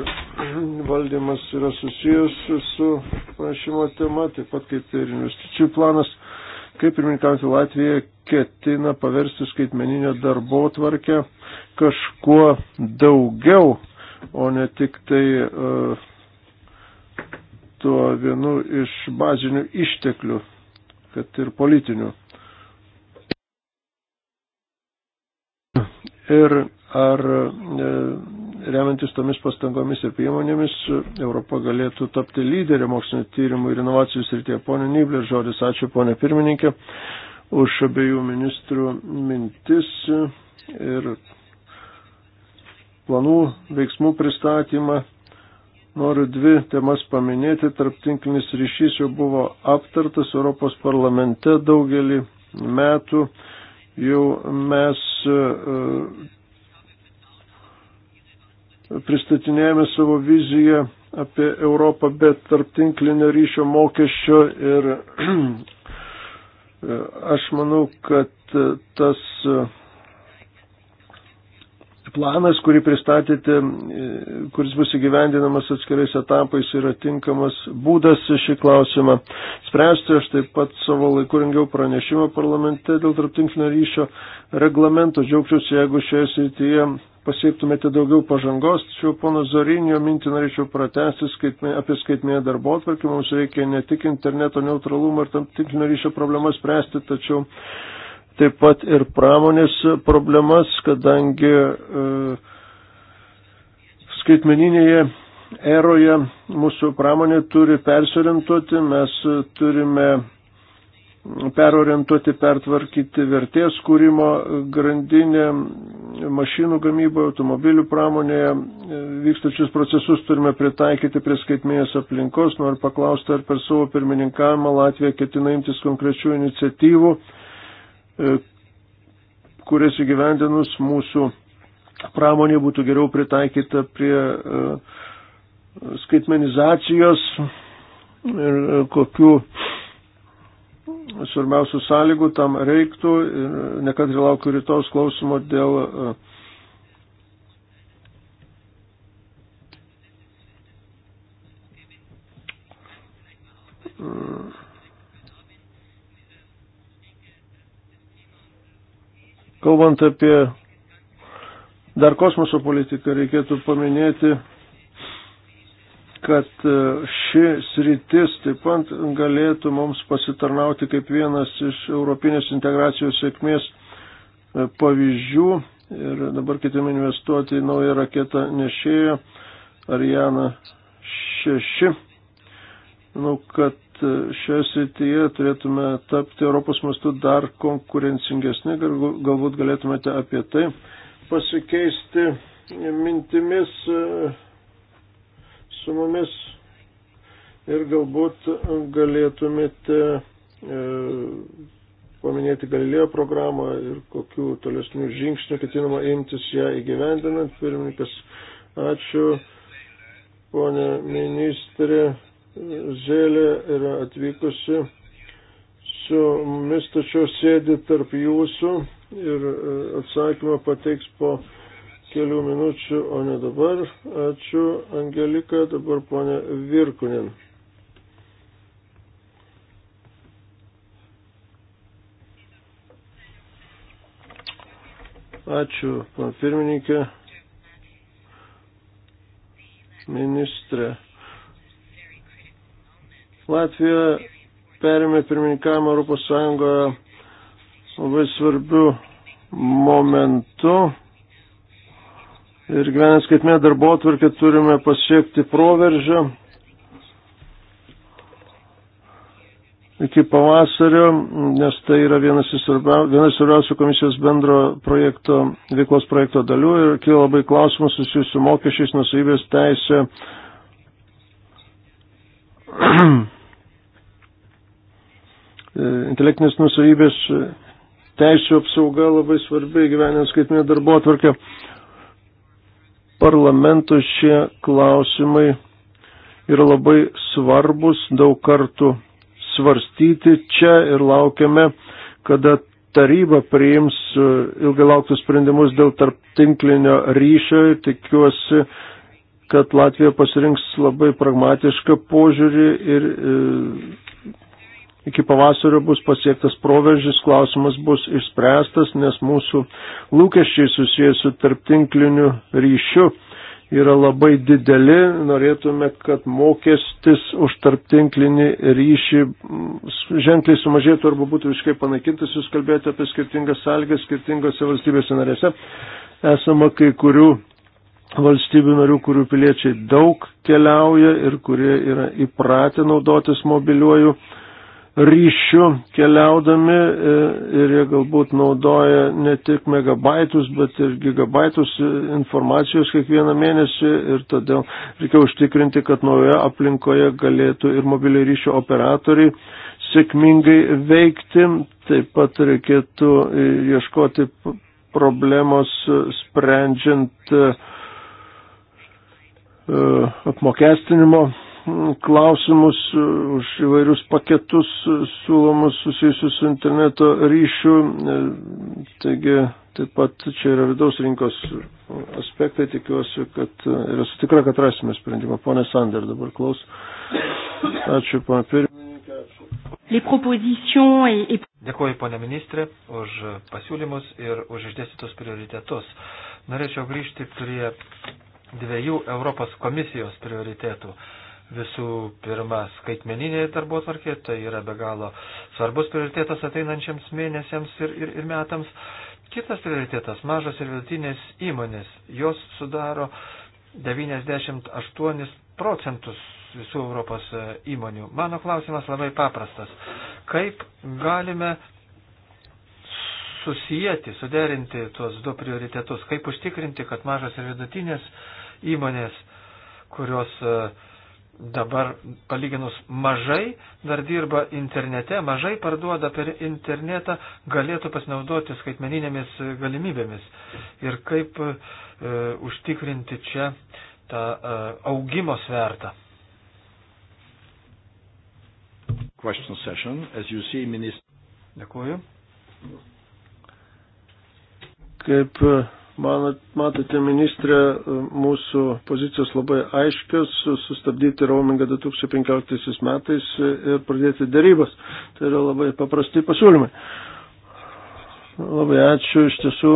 S1: valdymas yra susijęs su pranešimo tema, taip pat kaip ir investicijų planas kaip pirmininkaujantį Latviją ketina paversti skaitmeninę darbo tvarkę kažkuo daugiau, o ne tik tai uh, tuo vienu iš bazinių išteklių, kad ir politinių. Ir ar uh, remiantis tomis pastangomis ir priemonėmis, Europa galėtų tapti lyderį mokslinio tyrimų ir inovacijų srityje. Pone Nibler, žodis ačiū, pone pirmininkė, už abiejų ministrų mintis ir planų veiksmų pristatymą. Noriu dvi temas paminėti. Tarptinklinis ryšys jau buvo aptartas Europos parlamente daugelį metų. Jau mes pristatinėjame savo viziją apie Europą be tarptinklinio ryšio mokesčio ir aš manau, kad tas planas, kurį pristatėte, e, kuris bus įgyvendinamas atskirais etapais, yra tinkamas būdas šį klausimą spręsti. Aš taip pat savo laiku rengiau pranešimą parlamente dėl tarptinklinio ryšio reglamento. Džiaugčiausi, jeigu šioje srityje pasiektumėte daugiau pažangos, tačiau pono Zorinio mintį norėčiau pratesti skaitmė, apie skaitmėje darbo atvarkį. Mums reikia ne tik interneto neutralumo ir tam tikrinio ryšio problemas spręsti, tačiau taip pat ir pramonės problemas, kadangi e, skaitmeninėje eroje mūsų pramonė turi persiorientuoti, mes turime perorientuoti, pertvarkyti vertės kūrimo grandinę, mašinų gamybą, automobilių pramonėje e, vykstačius procesus turime pritaikyti prie skaitmės aplinkos. Noriu paklausti, ar per savo pirmininkavimą Latvija ketina imtis konkrečių iniciatyvų E, kurias įgyvendinus mūsų pramonė būtų geriau pritaikyta prie e, skaitmenizacijos ir e, kokių svarbiausių sąlygų tam reiktų. Ir nekantri laukiu rytos klausimo dėl Kalbant apie dar kosmoso politiką, reikėtų paminėti, kad e, ši sritis taip pat galėtų mums pasitarnauti kaip vienas iš europinės integracijos sėkmės e, pavyzdžių. Ir dabar ketiname investuoti į naują raketą nešėją Ariana 6. Manau, kad E, šioje srityje turėtume tapti Europos mastu dar konkurencingesni, galbūt galėtumėte apie tai pasikeisti mintimis e, su mumis ir galbūt galėtumėte e, paminėti Galilėjo programą ir kokių tolesnių žingsnių ketinama imtis ją įgyvendinant. Pirmininkas, ačiū, ponė ministrė. Zėlė yra atvykusi su mumis, tačiau sėdi tarp jūsų ir e, atsakymą pateiks po kelių minučių, o ne dabar. Ačiū, Angelika, dabar ponė Virkunin. Ačiū, pan pirmininkė, ministrė. Latvija perėmė pirmininkavimą Europos Sąjungoje labai svarbių momentų. Ir gyvenant skaitmė darbo atvarkė turime pasiekti proveržio. Iki pavasario, nes tai yra vienas iš svarbiausių komisijos bendro projekto, veiklos projekto dalių ir kyla labai klausimų susijusių mokesčiais, nusavybės teisė. E, intelektinės nusavybės e, teisų apsauga labai svarbi gyvenant skaitinė darbo atvarkė. Parlamentų šie klausimai yra labai svarbus, daug kartų svarstyti čia ir laukiame, kada taryba priims e, ilgai lauktus sprendimus dėl tarptinklinio ryšio. Tikiuosi, kad Latvija pasirinks labai pragmatišką požiūrį ir iki pavasario bus pasiektas proveržis, klausimas bus išspręstas, nes mūsų lūkesčiai susijęs su tarptinkliniu ryšiu yra labai dideli. Norėtume, kad mokestis už tarptinklinį ryšį ženkliai sumažėtų arba būtų visiškai panaikintas. Jūs kalbėjote apie skirtingas sąlygas skirtingose valstybėse narėse. Esama kai kurių valstybių narių, kurių piliečiai daug keliauja ir kurie yra įpratę naudotis mobiliuoju ryšių keliaudami e, ir jie galbūt naudoja ne tik megabaitus, bet ir gigabaitus informacijos kiekvieną mėnesį ir todėl reikia užtikrinti, kad naujoje aplinkoje galėtų ir mobiliai ryšio operatoriai sėkmingai veikti. Taip pat reikėtų e, ieškoti problemos e, sprendžiant apmokestinimo klausimus, e, už įvairius paketus e, siūlomus susijusius su interneto ryšiu. E, taigi taip pat čia yra vidaus rinkos aspektai, tikiuosi, kad ir esu tikra, kad rasime sprendimą. Pone Sander dabar klaus. Ačiū, pana pirmininkė.
S4: Dėkuoju, ponė ministrė, už pasiūlymus ir už išdėstytus prioritetus. Norėčiau grįžti prie dviejų Europos komisijos prioritetų. Uh, Visų pirma, skaitmeninė darbo tvarkė, tai yra be galo svarbus prioritetas ateinančiams mėnesiams ir, ir, ir metams. Kitas prioritetas - mažos ir vidutinės įmonės. Jos sudaro 98 procentus visų Europos e, įmonių. Mano klausimas labai paprastas. Kaip galime susijęti, suderinti tuos du prioritetus? Kaip užtikrinti, kad mažos ir vidutinės įmonės, kurios uh, dabar palyginus mažai dar dirba internete, mažai parduoda per internetą, galėtų pasinaudoti skaitmeninėmis galimybėmis. Ir kaip e, užtikrinti čia tą e, augimo svertą.
S3: Session, see, minister...
S4: Dėkuoju.
S1: Kaip e, Matote, ministrė, e, mūsų pozicijos labai aiškios - sustabdyti roamingą 2015 metais ir pradėti darybas. Tai yra labai paprasti pasiūlymai. Labai ačiū, iš tiesų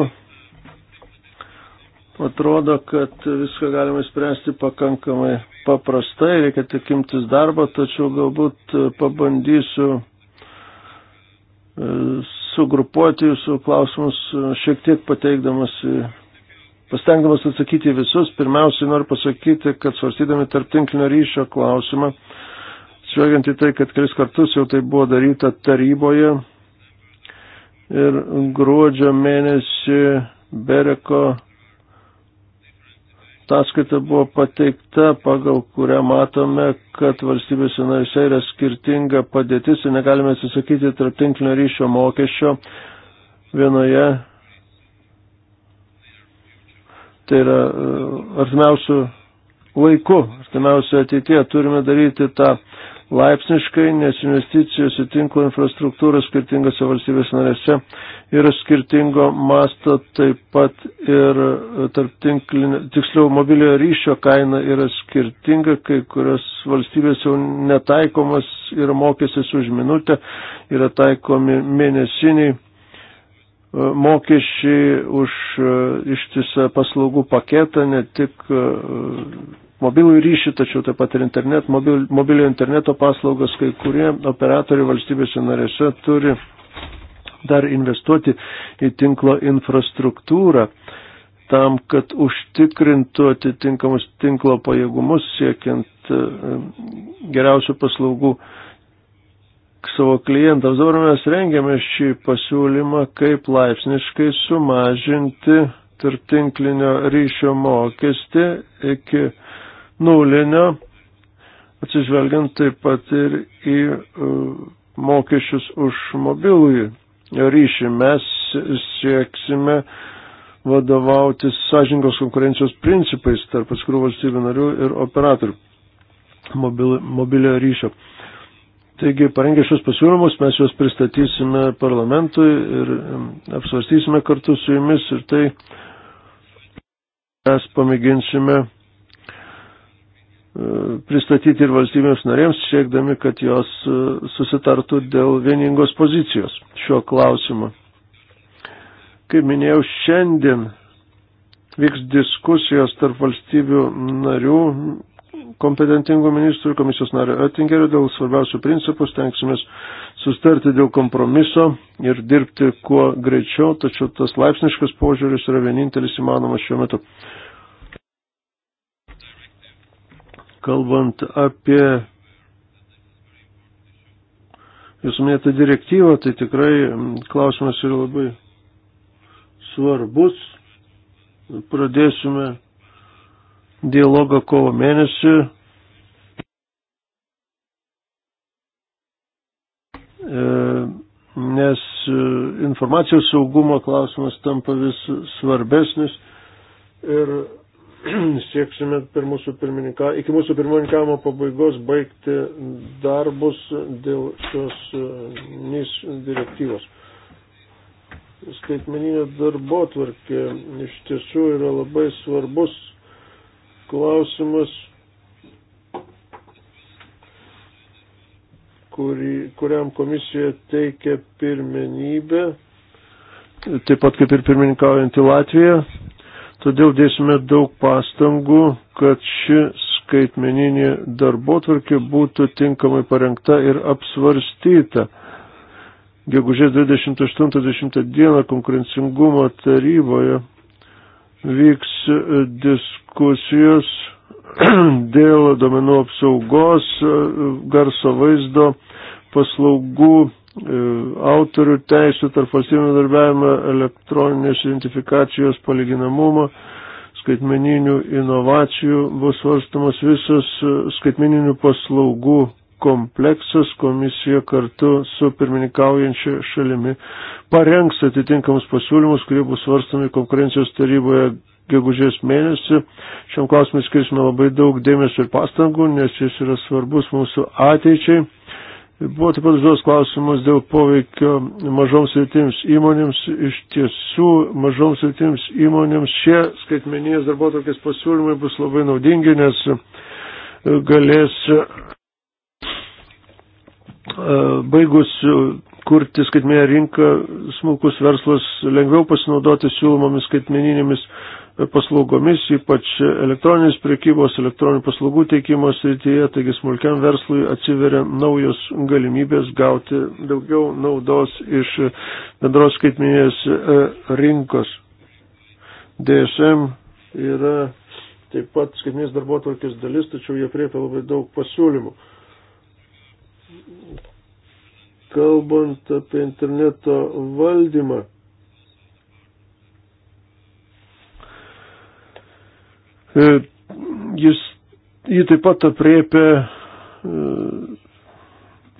S1: atrodo, kad viską galima spręsti pakankamai paprastai, reikia tik imtis darbo, tačiau galbūt pabandysiu e, sugrupuoti jūsų klausimus e, šiek tiek pateikdamas, e, pastengdamas atsakyti visus. Pirmiausiai noriu pasakyti, kad svarstydami tarp tinklinio ryšio klausimą, žvelgiant į tai, kad kelis kartus jau tai buvo daryta taryboje ir gruodžio mėnesį Bereko Ataskaita buvo pateikta, pagal kurią matome, kad valstybėse narise yra skirtinga padėtis ir negalime atsisakyti tarptinklinio ryšio mokesčio vienoje. Tai yra e, artimiausių laiku, artimiausioje ateityje turime daryti tą laipsniškai, nes investicijos į tinklo infrastruktūrą skirtingose valstybės narėse yra skirtingo masto, taip pat ir e, tarp tinklinio, tiksliau mobiliojo ryšio kaina yra skirtinga, kai kurios valstybės jau netaikomas yra mokestis už minutę, yra taikomi mėnesiniai e, mokesčiai už e, ištisą paslaugų paketą, ne tik mobilų ryšį, tačiau taip pat ir internet, mobil, mobilio interneto paslaugas, kai kurie operatoriai valstybėse narėse turi dar investuoti į tinklo infrastruktūrą tam, kad užtikrintų atitinkamus tinklo pajėgumus siekiant e, geriausių paslaugų savo klientams. Dabar mes rengiame šį pasiūlymą, kaip laipsniškai sumažinti tarptinklinio ryšio mokestį iki nulinio, atsižvelgiant taip pat ir į e, mokesčius už mobilųjį ryšį. Mes sieksime vadovautis sąžingos konkurencijos principais tarp atskirų valstybių narių ir operatorių mobiliojo ryšio. Taigi, parengę šios pasiūlymus, mes juos pristatysime parlamentui ir apsvarstysime kartu su jumis ir tai mes pamėginsime pristatyti ir valstybėms narėms, siekdami, kad jos e, susitartų dėl vieningos pozicijos šiuo klausimu. Kaip minėjau, šiandien vyks diskusijos tarp valstybių narių kompetentingų ministrų ir komisijos nario Oettingerio dėl svarbiausių principų, stengsimės sustarti dėl kompromiso ir dirbti kuo greičiau, tačiau tas laipsniškas požiūris yra vienintelis įmanomas šiuo metu. Kalbant apie jūsų minėtą direktyvą, tai tikrai klausimas yra labai svarbus. Pradėsime dialogą kovo mėnesį. E, nes e, informacijos saugumo klausimas tampa vis svarbesnis ir sieksime per mūsų pirmininką, iki mūsų pirmininkavimo pabaigos baigti darbus dėl šios e, NIS direktyvos. Skaitmeninė darbo tvarkė iš tiesų yra labai svarbus klausimas, kuri, kuriam komisija teikia pirmenybę, taip pat kaip ir pirmininkaujantį Latviją, Todėl dėsime daug pastangų, kad ši skaitmeninė darbotvarkė būtų tinkamai parengta ir apsvarstyta. Gegužės 28-10 dieną konkurencingumo taryboje vyks diskusijos dėl domenų apsaugos, garso vaizdo paslaugų E, autorių teisų tarp valstybinio darbiavimo, elektroninės identifikacijos palyginamumo, skaitmeninių inovacijų bus svarstamas visas e, skaitmeninių paslaugų kompleksas komisija kartu su pirmininkaujančia šalimi parengs atitinkamus pasiūlymus, kurie bus svarstami konkurencijos taryboje gegužės mėnesį. Šiam klausimui skirsime labai daug dėmesio ir pastangų, nes jis yra svarbus mūsų ateičiai. Buvo taip pat užduos klausimas dėl poveikio mažoms rytims įmonėms. Iš tiesų, mažoms rytims įmonėms šie skaitmeninės darbo tokiais pasiūlymai bus labai naudingi, nes e, galės e, baigus kurti skaitmeninę rinką, smulkus verslas lengviau pasinaudoti siūlomomis skaitmeninėmis paslaugomis, ypač elektroninės priekybos, elektroninių paslaugų teikimo srityje, taigi smulkiam verslui atsiveria naujos galimybės gauti daugiau naudos iš bendros skaitminės e, rinkos. DSM yra taip pat skaitminės darbotvarkės dalis, tačiau jie priepia labai daug pasiūlymų. Kalbant apie interneto valdymą, E, jis, jį taip pat apriepia e,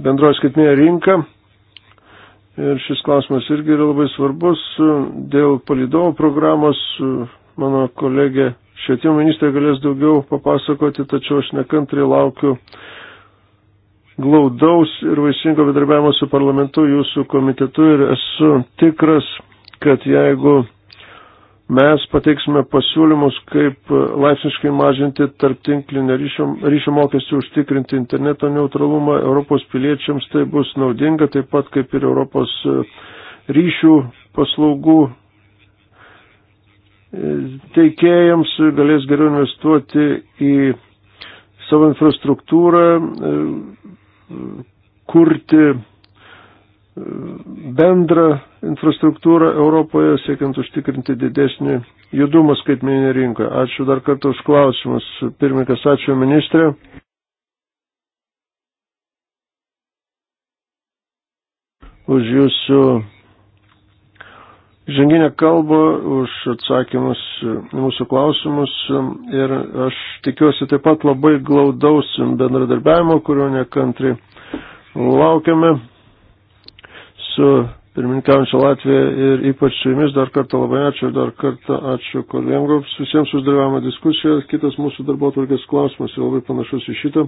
S1: bendroji skaitinė rinka. Ir šis klausimas irgi yra labai svarbus. E, dėl palidovo programos mano kolegė švietimo ministrė galės daugiau papasakoti, tačiau aš nekantriai laukiu glaudaus ir vaisingo bedarbiavimo su parlamentu, jūsų komitetu ir esu tikras, kad jeigu Mes pateiksime pasiūlymus, kaip laipsniškai mažinti tarptinklinę ryšio, ryšio mokestį, užtikrinti interneto neutralumą Europos piliečiams. Tai bus naudinga, taip pat kaip ir Europos e, ryšių paslaugų e, teikėjams galės geriau investuoti į savo infrastruktūrą, e, kurti bendrą infrastruktūrą Europoje, siekiant užtikrinti didesnį judumą skaitmeninė rinka. Ačiū dar kartą už klausimus. Pirmininkas, ačiū ministrė. Už jūsų žanginę kalbą, už atsakymus mūsų klausimus ir aš tikiuosi taip pat labai glaudaus bendradarbiavimo, kurio nekantri laukiame su pirmininkaujančia Latvija ir ypač su jumis dar kartą labai ačiū ir dar kartą ačiū kolegoms visiems už dalyvavimą diskusiją. Kitas mūsų darbo atvarkės klausimas yra labai panašus į šitą.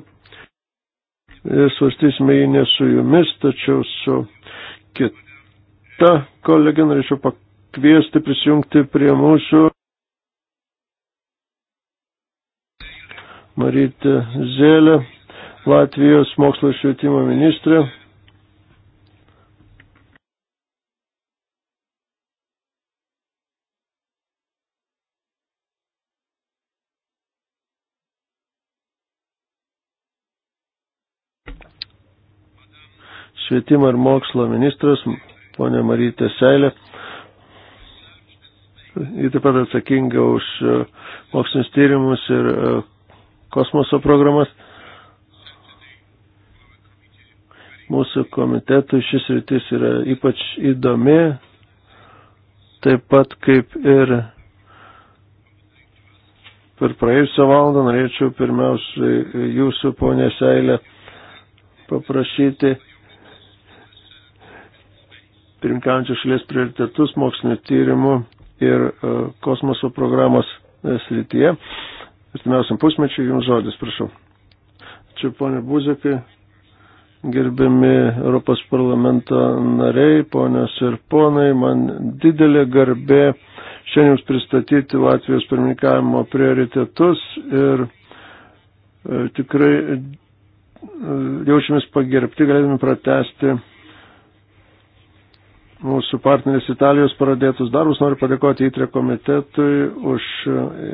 S1: Ir svarstysime jį ne su jumis, tačiau su kita kolegė norėčiau pakviesti prisijungti prie mūsų. Marytė Zėlė, Latvijos mokslo švietimo ministrė. švietimo ir mokslo ministras, ponė Marytė Seilė. Ji taip pat atsakinga už e, mokslinius tyrimus ir e, kosmoso programas. Mūsų komitetui šis rytis yra ypač įdomi, taip pat kaip ir per praėjusią valandą norėčiau pirmiausiai jūsų, ponė Seilė, paprašyti pirmkiaujančios šalies prioritetus mokslinio tyrimų ir e, kosmoso programos e, srityje. Artimiausiam pusmečiu jums žodis, prašau. Čia ponė Buzekai, gerbiami Europos parlamento nariai, ponios ir ponai, man didelė garbė šiandien jums pristatyti Latvijos pirmininkavimo prioritetus ir e, tikrai jaučiamės pagerbti, galėdami pratesti mūsų partneris Italijos pradėtus darbus. Noriu padėkoti įtrė komitetui už e,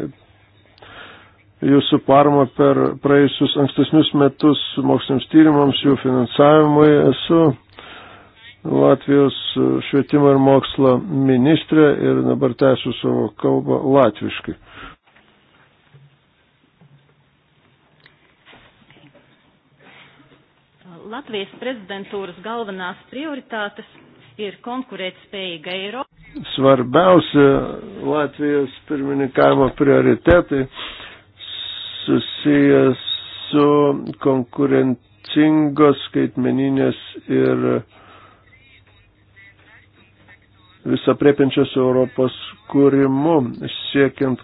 S1: jūsų parmą per praėjusius ankstesnius metus moksliniams tyrimams, jų finansavimui. Esu Latvijos švietimo ir mokslo ministrė ir dabar tęsiu savo kalbą latviškai.
S4: Latvijas prezidentūras galvenās prioritātes ir konkurētspējīga Eiropa.
S1: Svarbiausia Latvijos pirmininkavimo prioritetai susijęs su konkurencingos skaitmeninės ir visapriepiančios Europos kūrimu, siekiant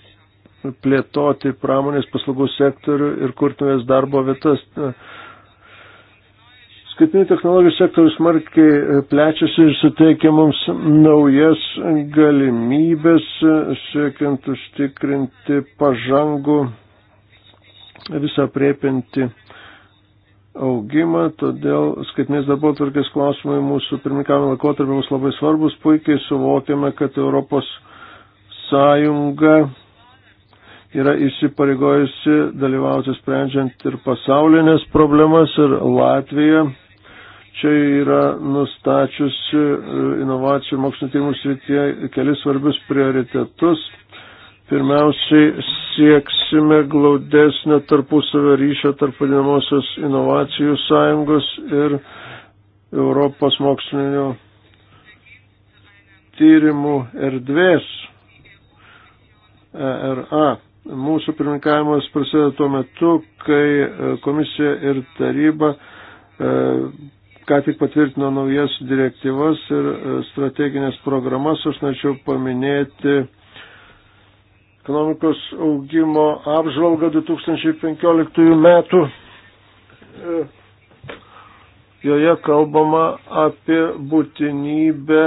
S1: plėtoti pramonės paslaugų sektorių ir kurtumės darbo vietas. Na, Skaitinių technologijų sektorius smarkiai e, plečiasi ir suteikia mums naujas galimybės e, siekiant užtikrinti pažangų visą priepinti augimą, todėl skaitinės darbo tvarkės klausimai mūsų pirmikavimo laikotarpį mums labai svarbus, puikiai suvokiame, kad Europos Sąjunga yra įsipareigojusi dalyvauti sprendžiant ir pasaulinės problemas ir Latvija čia yra nustačiusi e, inovacijų mokslinio tyrimų srityje kelis svarbius prioritetus. Pirmiausiai sieksime glaudesnio tarpusavio ryšio tarp vadinamosios inovacijų sąjungos ir Europos mokslinio tyrimų erdvės ERA. Mūsų pirmininkavimas prasideda tuo metu, kai e, komisija ir taryba e, ką tik patvirtino naujas direktyvas ir e, strateginės programas, aš norėčiau paminėti ekonomikos augimo apžvalgą 2015 metų. E, joje kalbama apie būtinybę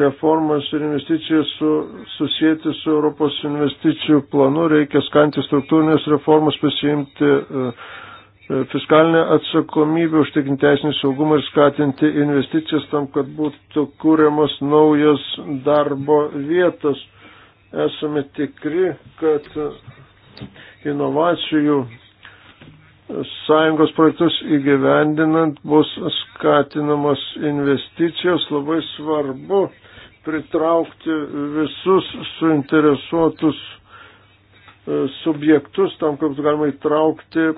S1: reformas ir investicijas su, susijęti su Europos investicijų planu, reikia skanti struktūrinės reformas, pasiimti uh, E, fiskalinę atsakomybę, užtikrinti teisinį saugumą ir skatinti investicijas tam, kad būtų kūriamos naujos darbo vietos. Esame tikri, kad inovacijų sąjungos projektus įgyvendinant bus skatinamos investicijos. Labai svarbu pritraukti visus suinteresuotus e, subjektus tam, kad galima įtraukti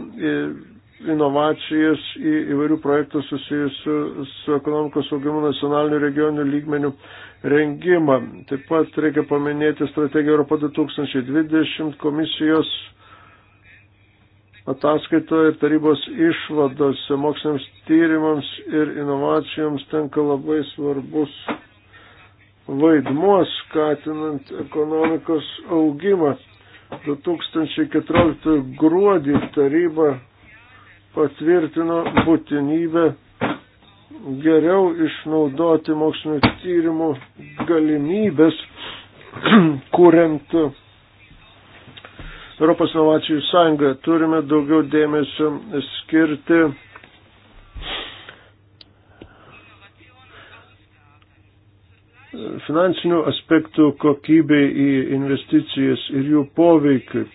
S1: inovacijas į įvairių projektų susijusių su ekonomikos augimu nacionalinių regionių lygmenių rengimą. Taip pat reikia paminėti strategiją Europą 2020 komisijos ataskaitoje ir tarybos išvadose moksliniams tyrimams ir inovacijoms tenka labai svarbus vaidmuo skatinant ekonomikos augimą. 2014 gruodį taryba patvirtino būtinybę geriau išnaudoti mokslinio tyrimų galimybės, kuriant Europos inovacijų sąjungą. Turime daugiau dėmesio skirti finansinių aspektų kokybei į investicijas ir jų poveikiui.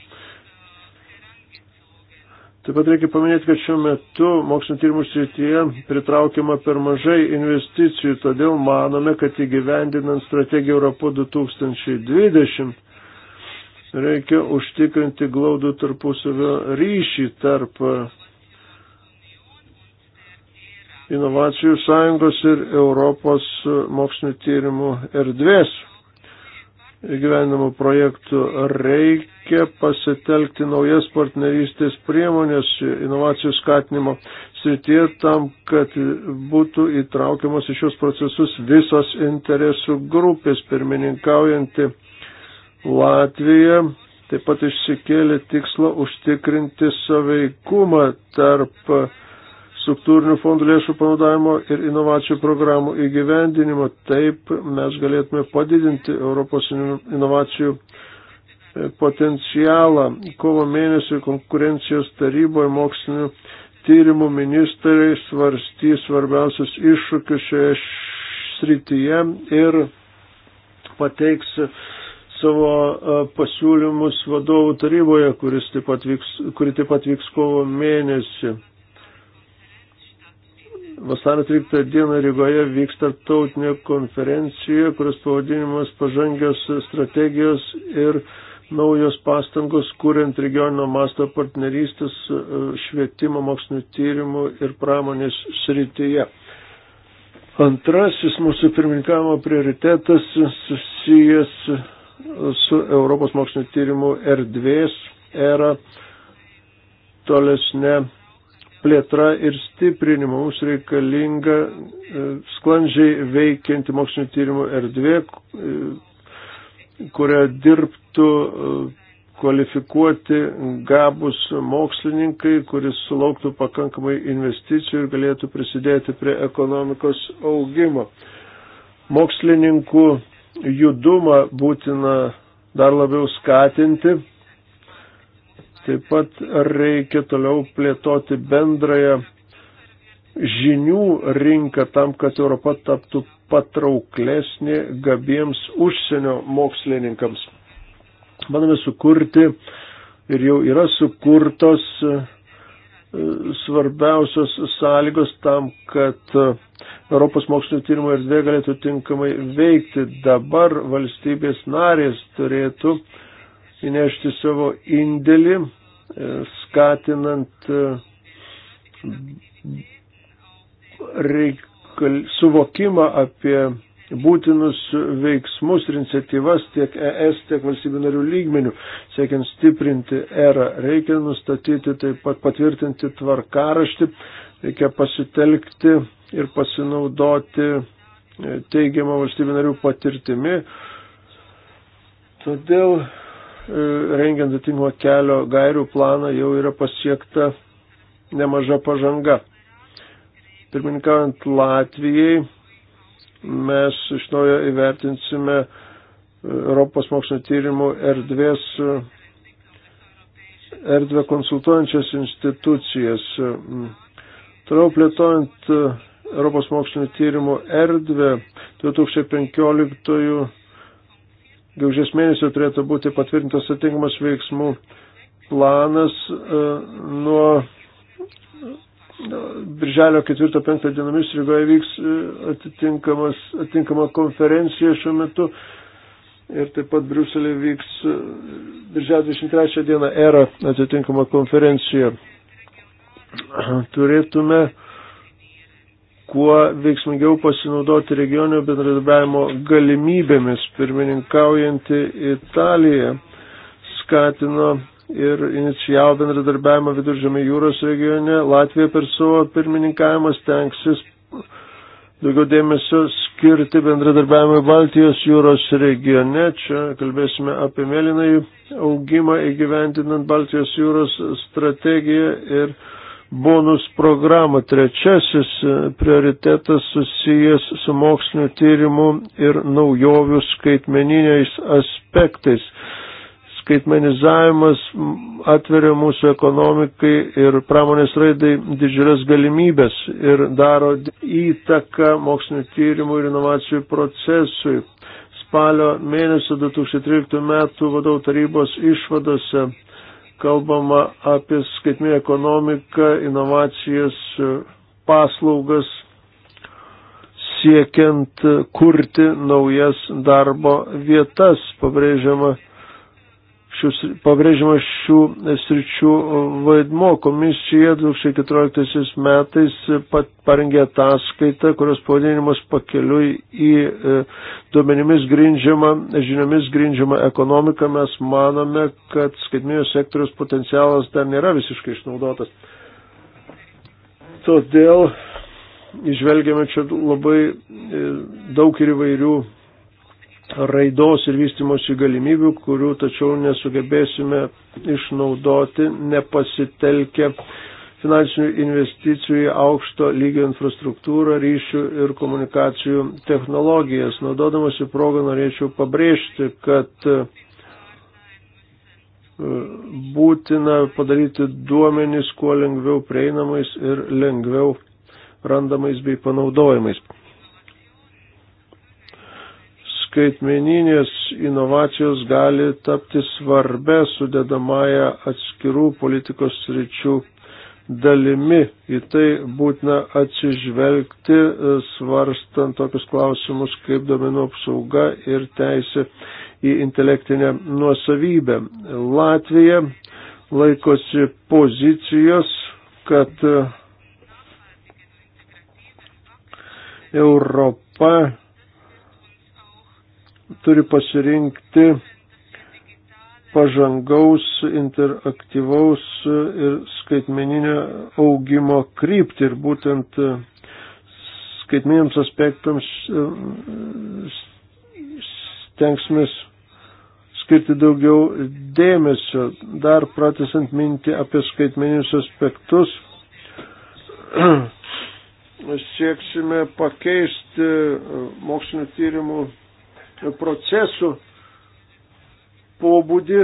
S1: Taip pat reikia paminėti, kad šiuo metu mokslinio tyrimų srityje pritraukiama per mažai investicijų, todėl manome, kad įgyvendinant strategiją Europo 2020 reikia užtikrinti glaudų tarpusavio ryšį tarp inovacijų sąjungos ir Europos mokslinio tyrimų erdvės gyvenimo projektų reikia pasitelkti naujas partnerystės priemonės inovacijų skatinimo srityje tam, kad būtų įtraukiamas į šios procesus visos interesų grupės pirmininkaujanti Latvija. Taip pat išsikėlė tikslo užtikrinti saveikumą tarp struktūrinių fondų lėšų panaudojimo ir inovacijų programų įgyvendinimo. Taip mes galėtume padidinti Europos inovacijų e, potencialą. Kovo mėnesį konkurencijos taryboje mokslinių tyrimų ministrai svarstys svarbiausius iššūkius šioje srityje ir pateiks savo e, pasiūlymus vadovų taryboje, kuris taip pat vyks, kuri taip pat vyks kovo mėnesį. Vasario 13 dieną Rygoje vyks tarptautinė konferencija, kurios pavadinimas pažangios strategijos ir naujos pastangos, kuriant regioninio masto partnerystės švietimo, mokslinio tyrimų ir pramonės srityje. Antrasis mūsų pirmininkavimo prioritetas susijęs su Europos mokslinio tyrimų erdvės era tolesne plėtra ir stiprinimu. Mums reikalinga e, sklandžiai veikianti mokslinio tyrimų erdvė, e, kurioje dirbtų e, kvalifikuoti gabus mokslininkai, kuris sulauktų pakankamai investicijų ir galėtų prisidėti prie ekonomikos augimo. Mokslininkų judumą būtina dar labiau skatinti Taip pat reikia toliau plėtoti bendrąją žinių rinką tam, kad Europa taptų patrauklesnė gabiems užsienio mokslininkams. Manome sukurti ir jau yra sukurtos e, svarbiausios sąlygos tam, kad Europos mokslinio tyrimo erdvė galėtų tinkamai veikti. Dabar valstybės narės turėtų uh, įnešti savo indėlį, e, skatinant e, reikal, suvokimą apie būtinus veiksmus ir iniciatyvas tiek ES, tiek valstybių narių lygmenių, siekiant stiprinti erą. Reikia nustatyti taip pat patvirtinti tvarkaraštį, reikia pasitelkti ir pasinaudoti e, teigiamą valstybių narių patirtimi. Todėl E, rengiant atitinkamą kelio gairių planą jau yra pasiekta nemaža pažanga. Pirmininkaujant Latvijai mes iš naujo įvertinsime e, Europos mokslo tyrimų erdvės e, erdvę konsultuojančias institucijas. Toliau plėtojant Europos mokslinio tyrimų erdvę 2015 Gaužės mėnesį turėtų būti patvirtintas atinkamas veiksmų planas e, nuo
S4: e,
S1: Birželio 4-5 dienomis Rygoje vyks e, atitinkama konferencija šiuo metu ir taip pat Briuselė vyks Birželio 23 dieną era atitinkama konferencija. Turėtume uh, kuo veiksmingiau pasinaudoti regioninio bendradarbiavimo galimybėmis. Pirmininkaujanti Italija skatino ir inicijavo bendradarbiavimą Viduržėmė jūros regione. Latvija per savo pirmininkavimą stengsis daugiau dėmesio skirti bendradarbiavimui Baltijos jūros regione. Čia kalbėsime apie mėlynai augimą įgyventinant Baltijos jūros strategiją ir bonus programą. Trečiasis e, prioritetas susijęs su mokslinio tyrimų ir naujovių skaitmeniniais aspektais. Skaitmenizavimas atveria mūsų ekonomikai ir pramonės raidai didžiulės galimybės ir daro įtaką mokslinio tyrimų ir inovacijų procesui. Spalio mėnesio 2013 metų vadovų tarybos išvadose kalbama apie skaitminę ekonomiką, inovacijas, paslaugas, siekiant kurti naujas darbo vietas, pabrėžiama šių, pabrėžimas šių sričių vaidmo. Komisija 2014 metais pat parengė ataskaitą, kurios pavadinimas pakeliui į e, duomenimis grindžiamą, žiniomis grindžiamą ekonomiką. Mes manome, kad skaitminio sektoriaus potencialas dar nėra visiškai išnaudotas. Todėl išvelgiame čia labai e, daug ir įvairių raidos ir vystimosi galimybių, kurių tačiau nesugebėsime išnaudoti nepasitelkę finansinių investicijų į aukšto lygio infrastruktūrą, ryšių ir komunikacijų technologijas. Naudodamasi progą norėčiau pabrėžti, kad e, būtina padaryti duomenis kuo lengviau prieinamais ir lengviau randamais bei panaudojimais skaitmeninės inovacijos gali tapti svarbia sudedamąją atskirų politikos ryčių dalimi. Į tai būtina atsižvelgti, e, svarstant tokius klausimus kaip domenų apsauga ir teisė į intelektinę nuosavybę. Latvija laikosi pozicijos, kad Europa turi pasirinkti pažangaus, interaktyvaus ir skaitmeninio augimo krypti ir būtent skaitmeniniams aspektams e, stengsimės skirti daugiau dėmesio. Dar pratesant mintį apie skaitmeninius aspektus, sieksime pakeisti mokslinio tyrimų procesų pobūdį,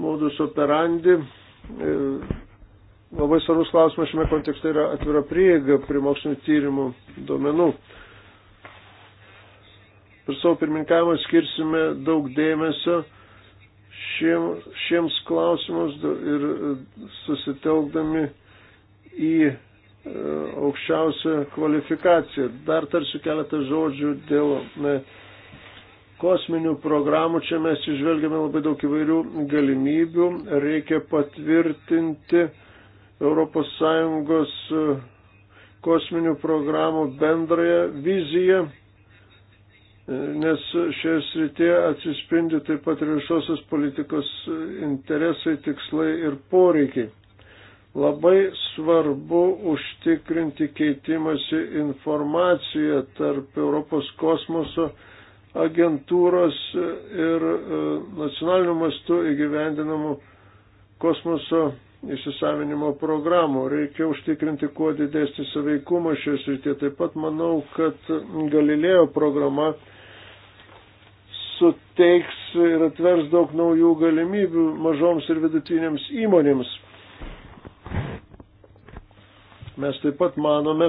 S1: modus operandi. Labai svarbus klausimas šiame kontekste yra atvira prieiga prie mokslinio tyrimų duomenų. Per savo pirmininkavimą skirsime daug dėmesio šiem, šiems klausimams ir susitelkdami į E, aukščiausią kvalifikaciją. Dar tarsiu keletą žodžių dėl ne, kosminių programų. Čia mes išvelgiame labai daug įvairių galimybių. Reikia patvirtinti ES e, kosminių programų bendrąją viziją, e, nes šioje srityje atsispindi taip pat ir viešosios politikos interesai, tikslai ir poreikiai. Labai svarbu užtikrinti keitimąsi informaciją tarp Europos kosmoso agentūros ir e, nacionaliniu mastu įgyvendinamų kosmoso įsisavinimo programų. Reikia užtikrinti kuo didesnį saveikumą šioje srityje. Taip pat manau, kad Galilėjo programa suteiks ir atvers daug naujų galimybių mažoms ir vidutinėms įmonėms Mes taip pat manome,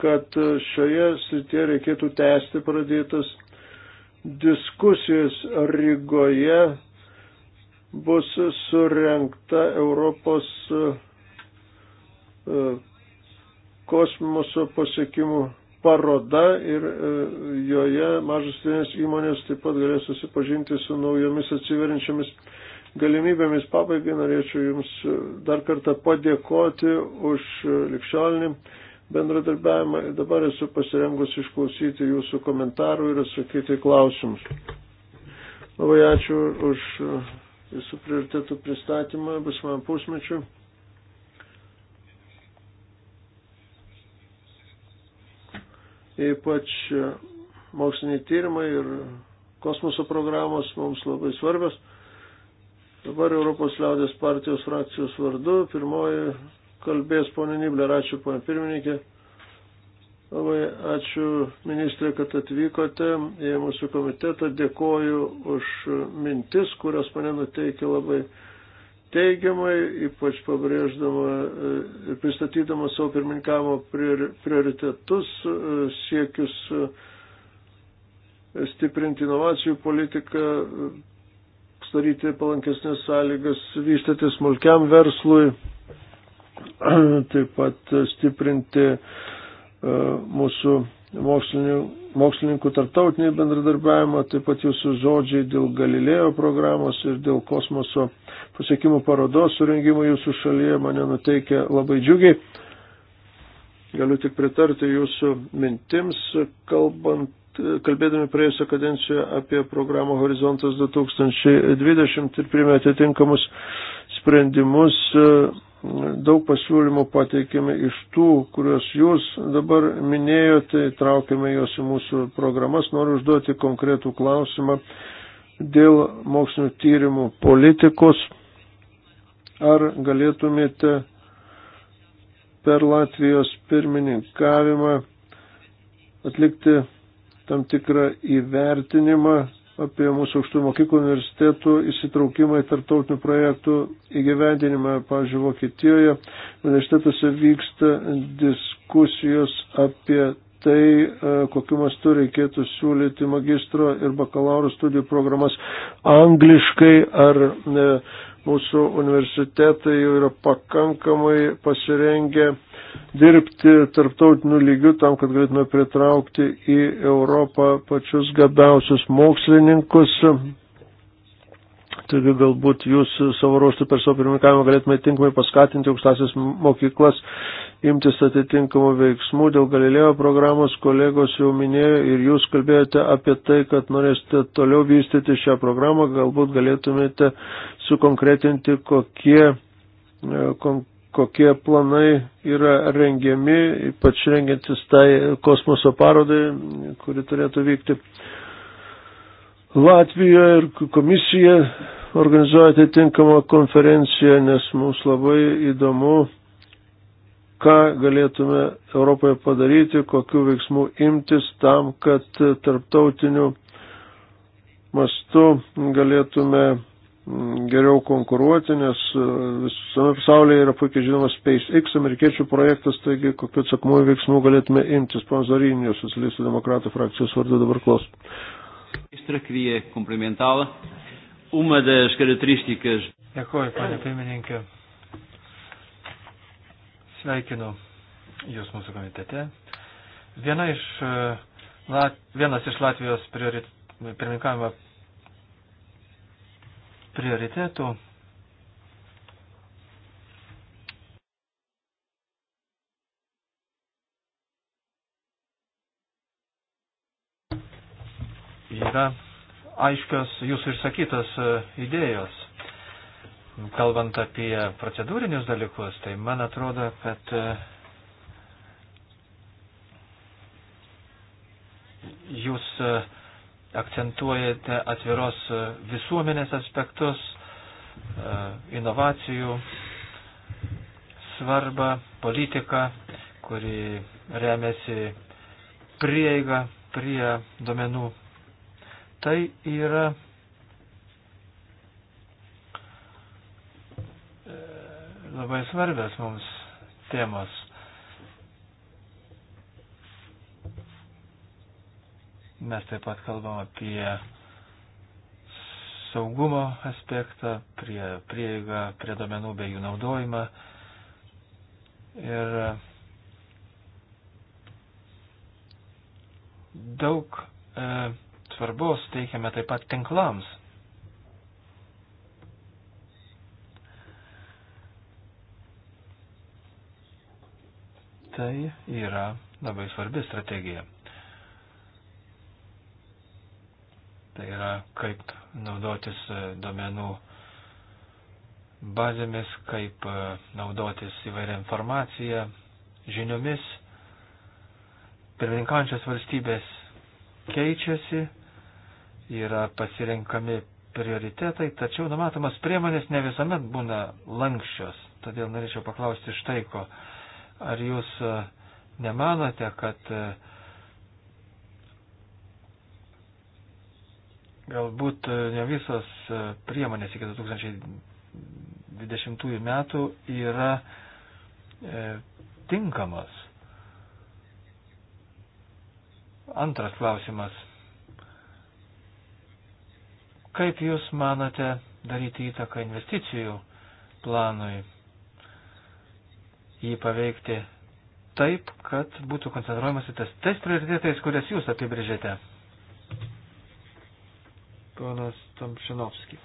S1: kad šioje srityje reikėtų tęsti pradėtas diskusijas Rygoje bus surenkta Europos e, kosmoso pasiekimų paroda ir e, joje mažas įmonės taip pat galės susipažinti su naujomis atsiverinčiamis galimybėmis pabaigai norėčiau Jums dar kartą padėkoti už likščiolinį bendradarbiavimą ir dabar esu pasirengus išklausyti Jūsų komentarų ir atsakyti klausimus. Labai ačiū už Jūsų prioritetų pristatymą busimam pusmečiu. Ypač moksliniai tyrimai ir kosmoso programos mums labai svarbios. Dabar Europos liaudės partijos frakcijos vardu. Pirmoji kalbės ponė Nibler. Ačiū, ponė pirmininkė. Labai ačiū ministrė, kad atvykote į mūsų komitetą. Dėkoju už mintis, kurios mane nuteikia labai teigiamai, ypač pabrėždama e, ir pristatydama savo pirmininkamo prioritetus, e, siekius e, stiprinti inovacijų politiką, sudaryti palankesnės sąlygas vystyti smulkiam verslui, taip pat stiprinti e, mūsų mokslininkų tarptautinį bendradarbiavimą, taip pat jūsų žodžiai dėl Galilėjo programos ir dėl kosmoso pasiekimų parodos surengimo jūsų šalyje mane nuteikia labai džiugiai. Galiu tik pritarti jūsų mintims, kalbant kalbėdami praėjusią kadenciją apie programą Horizontas 2020 ir primė atitinkamus sprendimus, daug pasiūlymų pateikėme iš tų, kuriuos jūs dabar minėjote, įtraukėme juos į mūsų programas. Noriu užduoti konkretų klausimą dėl mokslinio tyrimų politikos. Ar galėtumėte per Latvijos pirmininkavimą atlikti tam tikrą įvertinimą apie mūsų aukštų mokyklų universitetų įsitraukimą į tarptautinių projektų įgyvendinimą. Pavyzdžiui, Vokietijoje universitetuose vyksta diskusijos apie tai, e, kokiu mastu reikėtų siūlyti magistro ir bakalauro studijų programas angliškai ar ne, mūsų universitetai jau yra pakankamai pasirengę dirbti tarptautiniu lygiu tam, kad galėtume pritraukti į Europą pačius gabiausius mokslininkus. Taigi galbūt jūs savo ruoštų per savo pirmininkavimą galėtume tinkamai paskatinti aukštasis mokyklas imtis atitinkamų veiksmų. Dėl Galilėjo programos kolegos jau minėjo ir jūs kalbėjote apie tai, kad norėsite toliau vystyti šią programą. Galbūt galėtumėte sukonkretinti, kokie, e, kokie planai yra rengiami, ypač rengiantis tai kosmoso parodai, kuri turėtų vykti Latvijoje ir komisija organizuoja atitinkamą konferenciją, nes mums labai įdomu, ką galėtume Europoje padaryti, kokiu veiksmu imtis tam, kad tarptautiniu mastu galėtume geriau konkuruoti, nes e, visame pasaulyje yra puikiai žinomas SpaceX amerikiečių projektas, taigi kokiu atsakomuoju veiksmu galėtume imtis. Pana Zarinio, socialistų demokratų frakcijos vardu dabar klaus.
S4: Dėkuoju, panė pirmininkė. Sveikinu Jūs mūsų komitete. Viena iš, e, Lat, vienas iš Latvijos prioritetų pirmininkavimo prioritetų. Yra aiškios jūsų išsakytos e, idėjos. Kalbant apie procedūrinius dalykus, tai man atrodo, kad e, jūs uh, akcentuojate atviros visuomenės aspektus, e, inovacijų svarbą, politiką, kuri remiasi prieiga prie domenų. Tai yra e, labai svarbios mums temos. Mes taip pat kalbam apie saugumo aspektą, prie prieigą prie domenų bei jų naudojimą. Ir daug e, svarbos teikiame taip pat tinklams. Tai yra labai svarbi strategija. Tai yra, kaip naudotis e, duomenų bazėmis, kaip e, naudotis įvairią informaciją, žiniomis. Pirmininkančios valstybės keičiasi, yra pasirenkami prioritetai, tačiau numatomas priemonės ne visuomet būna lankščios. Todėl norėčiau paklausti štai ko. Ar jūs e, nemanote, kad uh, Galbūt e, ne visos e, priemonės iki 2020 metų yra e, tinkamas. Antras klausimas. Kaip Jūs manote daryti įtaką investicijų planui? Jį paveikti taip, kad būtų koncentruojamas į tas tais prioritetais, kurias Jūs apibrėžėte
S1: ponas Tomšinovskis.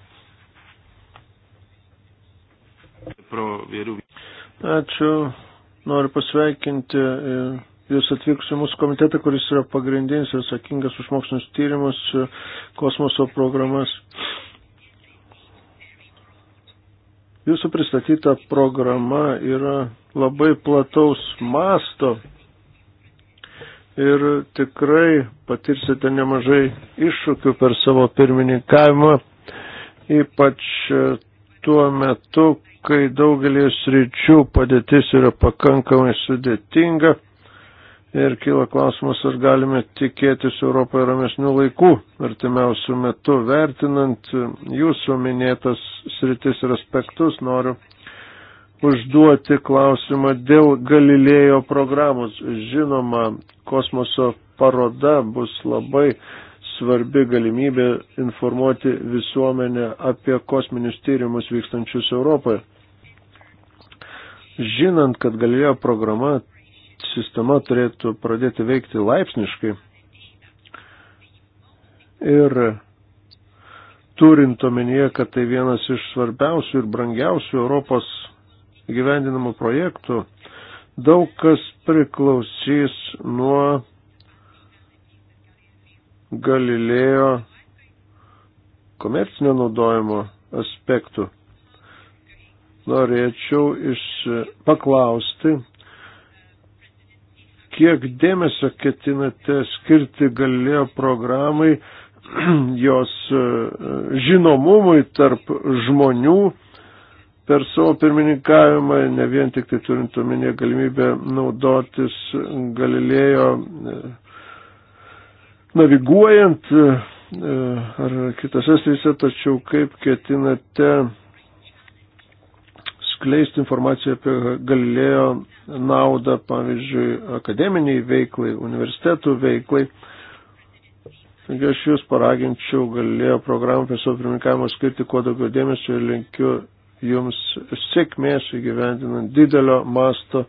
S1: Ačiū. Noriu pasveikinti e, Jūs atvykus į mūsų komitetą, kuris yra pagrindinis ir atsakingas už mokslinius tyrimus, e, kosmoso programas. Jūsų pristatyta programa yra labai plataus masto ir tikrai patirsite nemažai iššūkių per savo pirmininkavimą, ypač e, tuo metu, kai daugelį sričių padėtis yra pakankamai sudėtinga ir kyla klausimas, ar galime tikėtis Europoje ramesnių laikų artimiausių metų, vertinant e, jūsų minėtas sritis ir aspektus, noriu užduoti klausimą dėl Galilėjo programos. Žinoma, kosmoso paroda bus labai svarbi galimybė informuoti visuomenę apie kosminius tyrimus vykstančius Europoje. Žinant, kad Galilėjo programa sistema turėtų pradėti veikti laipsniškai ir turint omenyje, kad tai vienas iš svarbiausių ir brangiausių Europos gyvendinamų projektų daug kas priklausys nuo Galilėjo komercinio naudojimo aspektų. Norėčiau iš, paklausti, kiek dėmesio ketinate skirti Galilėjo programai, jos e, žinomumui tarp žmonių per savo pirmininkavimą, ne vien tik tai turint omenyje galimybę naudotis Galilėjo e, naviguojant e, e, ar kitose srityse, tačiau kaip ketinate skleisti informaciją apie Galilėjo naudą, pavyzdžiui, akademiniai veiklai, universitetų veiklai. Taigi aš jūs paraginčiau Galilėjo programą apie savo pirmininkavimą skirti kuo daugiau dėmesio ir linkiu jums sėkmės įgyvendinant didelio masto,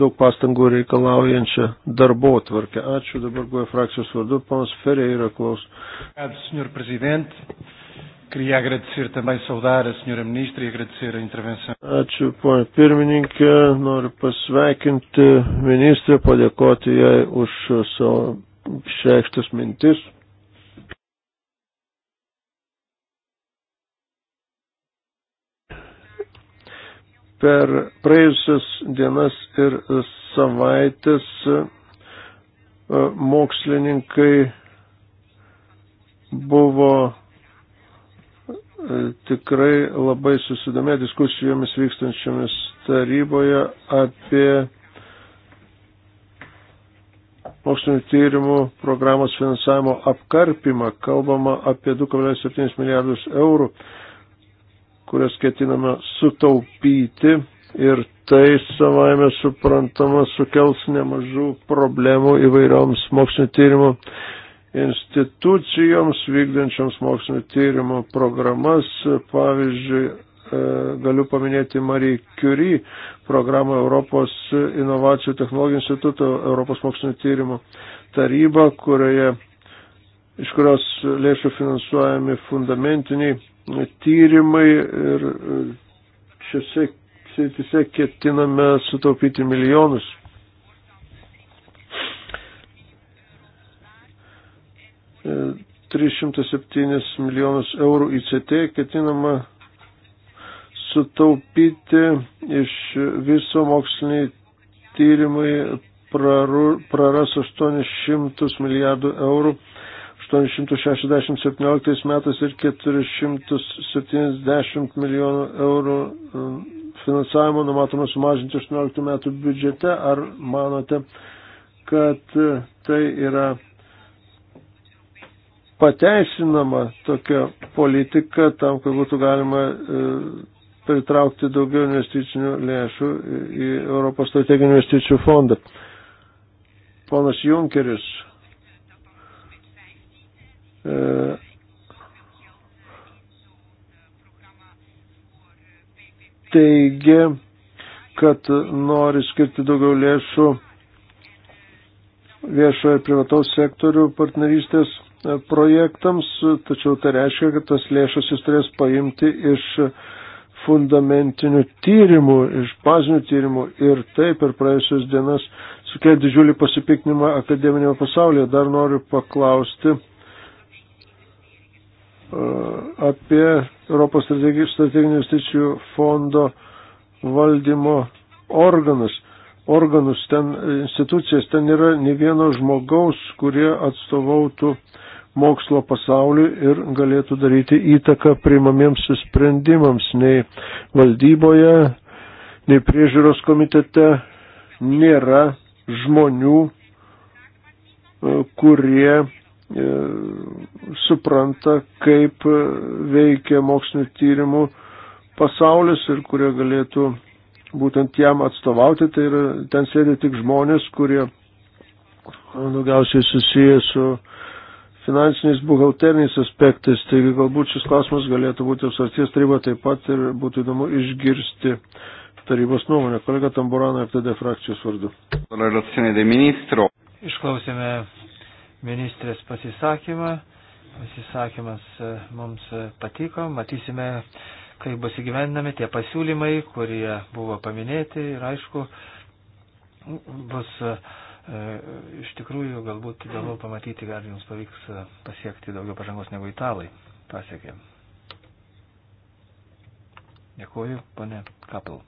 S1: daug pastangų reikalaujančią darbo tvarkę. Ačiū dabar guoja frakcijos vardu, panas Ferreira klaus.
S2: Ačiū, senor prezident. Queria agradecer também saudar a senhora ministra e agradecer a intervenção.
S1: Ačiū, ponia pirmininkė, noriu pasveikinti ministrę, padėkoti jai už savo išreikštas mintis. Per praėjusias dienas ir savaitės e, mokslininkai buvo e, tikrai labai susidomė diskusijomis vykstančiomis taryboje apie mokslinio tyrimų programos finansavimo apkarpimą. Kalbama apie 2,7 milijardus eurų kurias ketiname sutaupyti ir tai savaime suprantama sukels nemažų problemų įvairioms mokslinio tyrimo institucijoms vykdančioms mokslinio tyrimo programas. Pavyzdžiui, e, galiu paminėti Marie Curie programą Europos inovacijų technologijų instituto Europos mokslinio tyrimo taryba, kurioje, iš kurios lėšų finansuojami fundamentiniai tyrimai ir e, šiose sritise ketiname sutaupyti milijonus. E, 307 milijonus eurų ICT ketinama sutaupyti iš viso moksliniai tyrimai praru, praras 800 milijardų eurų 867 metais ir 470 milijonų eurų um, finansavimo numatoma sumažinti 18 metų biudžete. Ar manote, kad uh, tai yra pateisinama tokia politika tam, kad būtų galima uh, pritraukti daugiau investicinių lėšų į Europos strateginių investicijų fondą? Ponas Junkeris E, teigia, kad nori skirti daugiau lėšų viešojo ir privataus sektorių partnerystės projektams, tačiau tai reiškia, kad tas lėšas jis turės paimti iš fundamentinių tyrimų, iš bazinių tyrimų ir taip per praėjusios dienas sukėlė didžiulį pasipiknimą akademinėme pasaulyje. Dar noriu paklausti, apie Europos strateginių investicijų fondo valdymo organus. Organus ten, institucijas, ten nėra ne vieno žmogaus, kurie atstovautų mokslo pasauliu ir galėtų daryti įtaką priimamiems sprendimams nei valdyboje, nei priežiūros komitete nėra žmonių, kurie E, supranta, kaip veikia mokslinių tyrimų pasaulis ir kurie galėtų būtent jam atstovauti. Tai yra, ten sėdi tik žmonės, kurie daugiausiai susiję su finansiniais buhalteriniais aspektais. Taigi galbūt šis klausimas galėtų būti apsarties taryba taip pat ir būtų įdomu išgirsti tarybos nuomonę. Kolega Tamburano FTD frakcijos vardu.
S4: Išklausėme ministrės pasisakymą. Pasisakymas e, mums e, patiko. Matysime, kaip bus įgyvendinami tie pasiūlymai, kurie buvo paminėti ir aišku, bus e, e iš tikrųjų galbūt įdomu pamatyti, ar jums pavyks pasiekti daugiau pažangos negu italai pasiekė. Dėkuoju, ponė Kapel.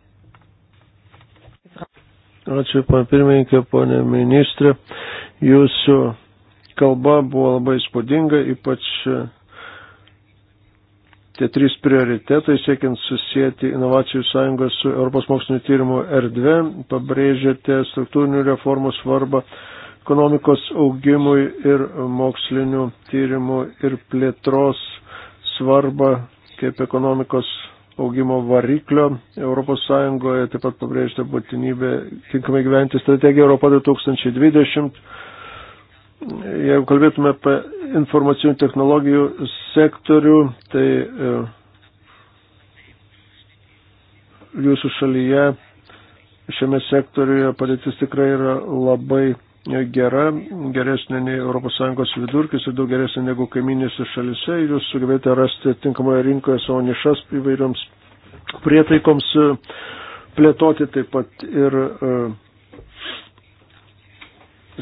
S1: Ačiū, pan pirmininkė, ponė ministrė. Jūsų kalba buvo labai spūdinga, ypač e, tie trys prioritetai, siekiant susijęti inovacijų sąjungą su Europos mokslinio tyrimų erdvė, pabrėžėte struktūrinių reformų svarbą ekonomikos augimui ir mokslinių tyrimų ir plėtros svarbą kaip ekonomikos augimo variklio Europos Sąjungoje, taip pat pabrėžta būtinybė tinkamai gyventi strategiją Europą 2020 Jeigu kalbėtume apie informacinių technologijų sektorių, tai e, jūsų šalyje šiame sektoriuje padėtis tikrai yra labai gera, geresnė nei ES vidurkis ir daug geresnė negu kaiminėse šalise ir jūs sugebėjote rasti tinkamoje rinkoje savo nišas įvairioms prietaikoms e, plėtoti taip pat ir uh,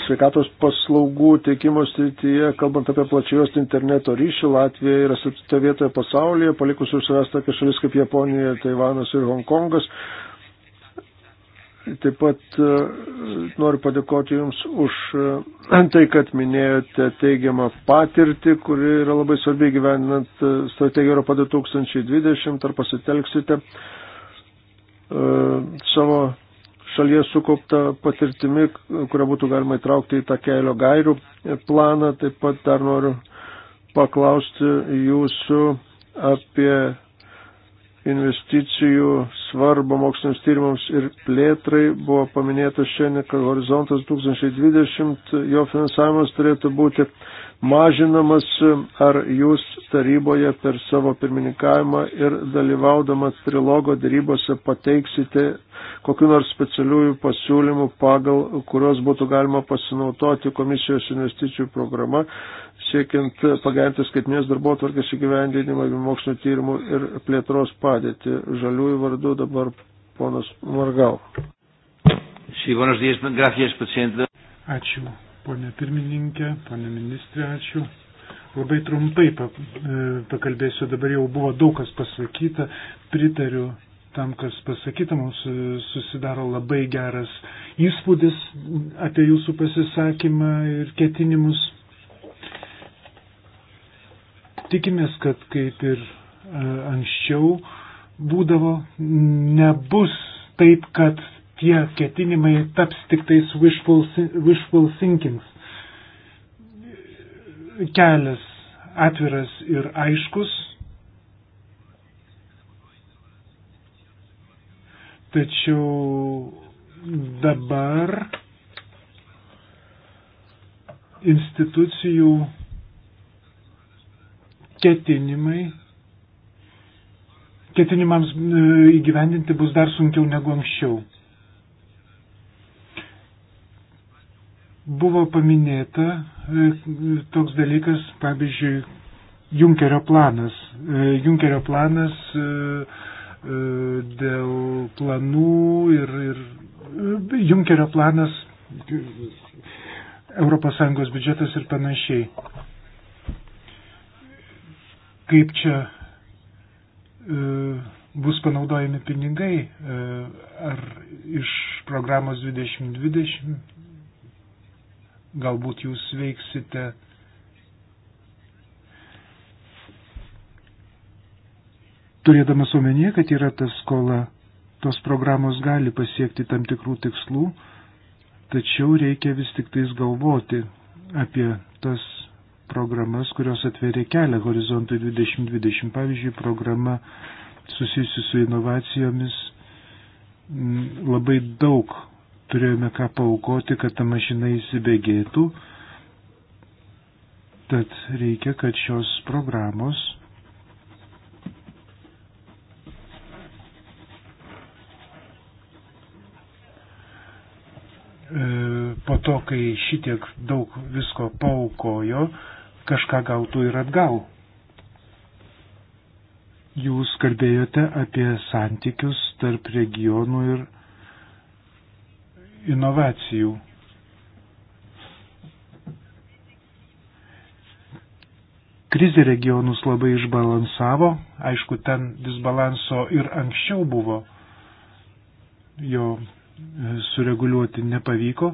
S1: sveikatos paslaugų teikimo srityje, kalbant apie plačios interneto ryšį, Latvija yra septinta vietoje pasaulyje, palikus už savęs tokias šalis kaip Japonija, Taivanas ir Hongkongas. Taip pat e, noriu padėkoti Jums už e, tai, kad minėjote teigiamą patirtį, kuri yra labai svarbi gyvenant e, strategiją Europą 2020. Ar pasitelksite savo šalyje sukaupta patirtimi, kurią būtų galima įtraukti į tą kelio gairių planą. Taip pat dar noriu paklausti jūsų apie investicijų svarbą moksliniams tyrimams ir plėtrai. Buvo paminėta šiandien, kad horizontas 2020, jo finansavimas turėtų būti mažinamas, e, ar jūs taryboje per savo pirmininkavimą ir dalyvaudamas trilogo darybose pateiksite kokiu nors specialiųjų pasiūlymų, pagal kurios būtų galima pasinaudoti komisijos investicijų programa, siekiant pagerinti skaitmės darbo tvarkės įgyvendinimą bei mokslo tyrimų ir plėtros padėtį. Žaliųjų vardu dabar ponas Margau.
S3: Sí, buenos días,
S4: gracias, presidente.
S1: Ačiū, Pone pirmininkė,
S2: pone ministrė, ačiū. Labai trumpai e, pakalbėsiu, dabar jau buvo daug kas pasakyta, pritariu tam, kas pasakyta, mums e, susidaro labai geras įspūdis apie jūsų pasisakymą ir ketinimus. Tikimės, kad kaip ir e, anksčiau būdavo, nebus taip, kad tie ketinimai taps tik tais wishful, wishful thinkings. Kelias atviras ir aiškus, tačiau dabar institucijų ketinimai, ketinimams e, įgyvendinti bus dar sunkiau negu anksčiau. Buvo paminėta e, toks dalykas, pavyzdžiui, Junkerio planas. E, Junkerio planas e, dėl planų ir, ir Junkerio planas, ES biudžetas ir panašiai. Kaip čia bus panaudojami pinigai, ar iš programos 2020 Galbūt jūs veiksite turėdamas omenyje, kad yra ta skola. Tos programos gali pasiekti tam tikrų tikslų, tačiau reikia vis tik tais galvoti apie tas programas, kurios atveria kelią horizontui 2020. Pavyzdžiui, programa susijusi su inovacijomis mm, labai daug turėjome ką paukoti, kad ta mašina įsibėgėtų. Tad reikia, kad šios programos e, po to, kai šitiek daug visko paukojo, kažką gautų ir atgal. Jūs kalbėjote apie santykius tarp regionų ir regionų inovacijų. Krizė regionus labai išbalansavo, aišku, ten disbalanso ir anksčiau buvo, jo e, sureguliuoti nepavyko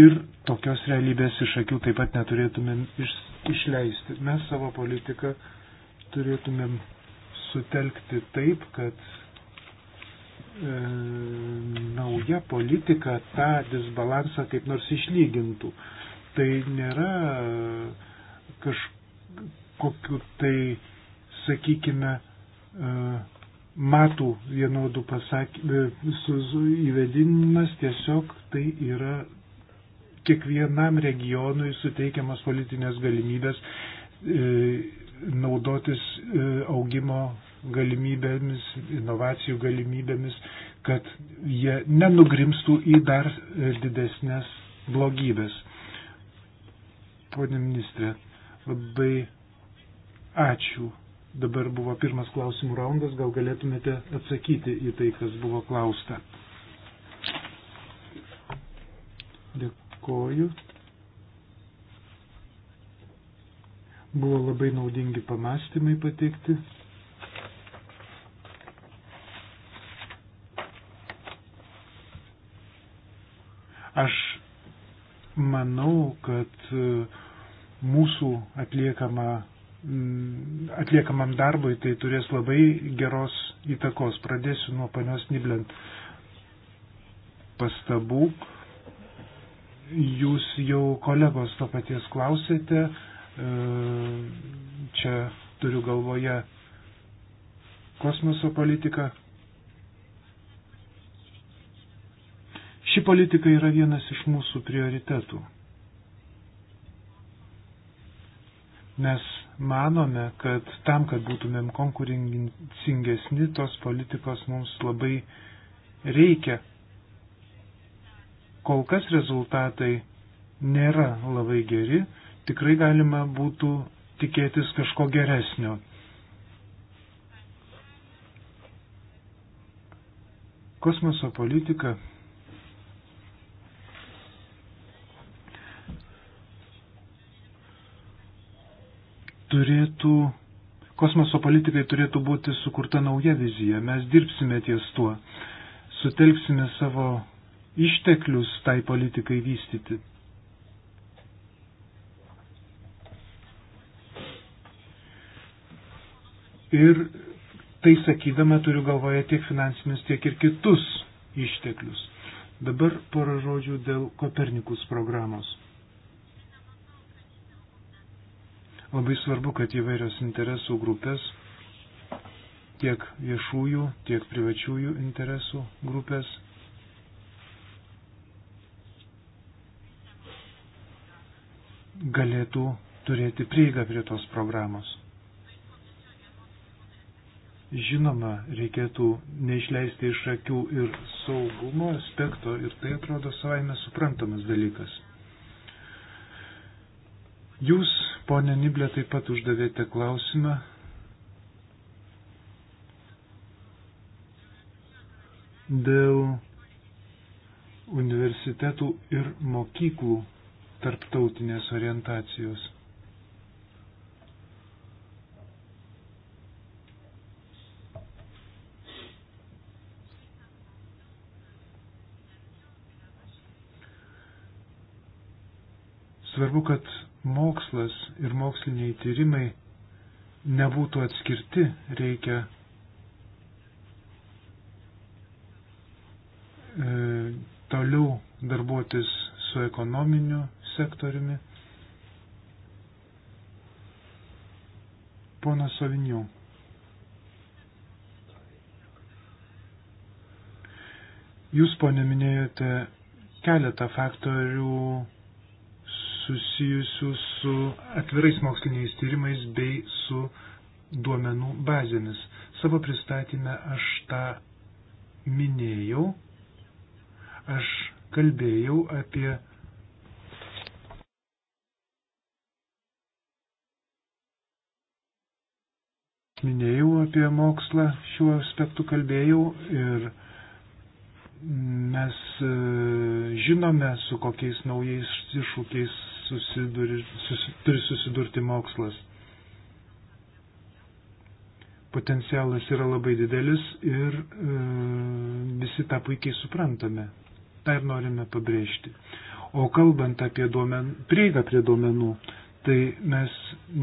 S2: ir tokios realybės iš akių taip pat neturėtumėm iš, išleisti. Mes savo politiką turėtumėm sutelkti taip, kad E, nauja politika tą disbalansą kaip nors išlygintų. Tai nėra kažkokiu tai, sakykime, e, matų vienodų pasakymų e, įvedinimas, tiesiog tai yra kiekvienam regionui suteikiamas politinės galimybės naudotis augimo galimybėmis, inovacijų galimybėmis, kad jie nenugrimstų į dar e, didesnės blogybės. Pone ministrė, labai ačiū. Dabar buvo pirmas klausimų raundas, gal galėtumėte atsakyti į tai, kas buvo klausta. Dėkoju. Buvo labai naudingi pamastymai pateikti. Aš manau, kad e, mūsų atliekama atliekamam darbui tai turės labai geros įtakos. Pradėsiu nuo panios Niblent pastabų. Jūs jau kolegos to paties klausėte. E, čia turiu galvoje kosmoso politiką. Ši politika yra vienas iš mūsų prioritetų. Mes manome, kad tam, kad būtumėm konkurencingesni, tos politikos mums labai reikia. Kol kas rezultatai nėra labai geri, tikrai galima būtų tikėtis kažko geresnio. Kosmoso politika turėtų, kosmoso politikai turėtų būti sukurta nauja vizija. Mes dirbsime ties tuo, sutelksime savo išteklius tai politikai vystyti. Ir tai sakydama turiu galvoje tiek finansinius, tiek ir kitus išteklius. Dabar porą žodžių dėl Kopernikus programos. Labai svarbu, kad įvairios interesų grupės, tiek viešųjų, tiek privačiųjų interesų grupės, galėtų turėti prieigą prie tos programos. Žinoma, reikėtų neišleisti iš akių ir saugumo aspekto ir tai atrodo savaime suprantamas dalykas. Jūs Pone Niblė taip pat uždavėte klausimą. Dėl universitetų ir mokyklų tarptautinės orientacijos. Svarbu, kad mokslas ir moksliniai tyrimai nebūtų atskirti, reikia e, toliau darbuotis su ekonominiu sektoriumi. Ponas Savinių. Jūs, ponė, minėjote keletą faktorių susijusių su atvirais moksliniais tyrimais bei su duomenų bazėmis. Savo pristatymę aš tą minėjau, aš kalbėjau apie minėjau apie mokslą, šiuo aspektu kalbėjau ir Mes e, žinome, su kokiais naujais iššūkiais susiduri, susi, turi susidurti mokslas. Potencialas yra labai didelis ir e, visi tą puikiai suprantame. Tai ir norime pabrėžti. O kalbant apie duomen, prieigą prie duomenų, tai mes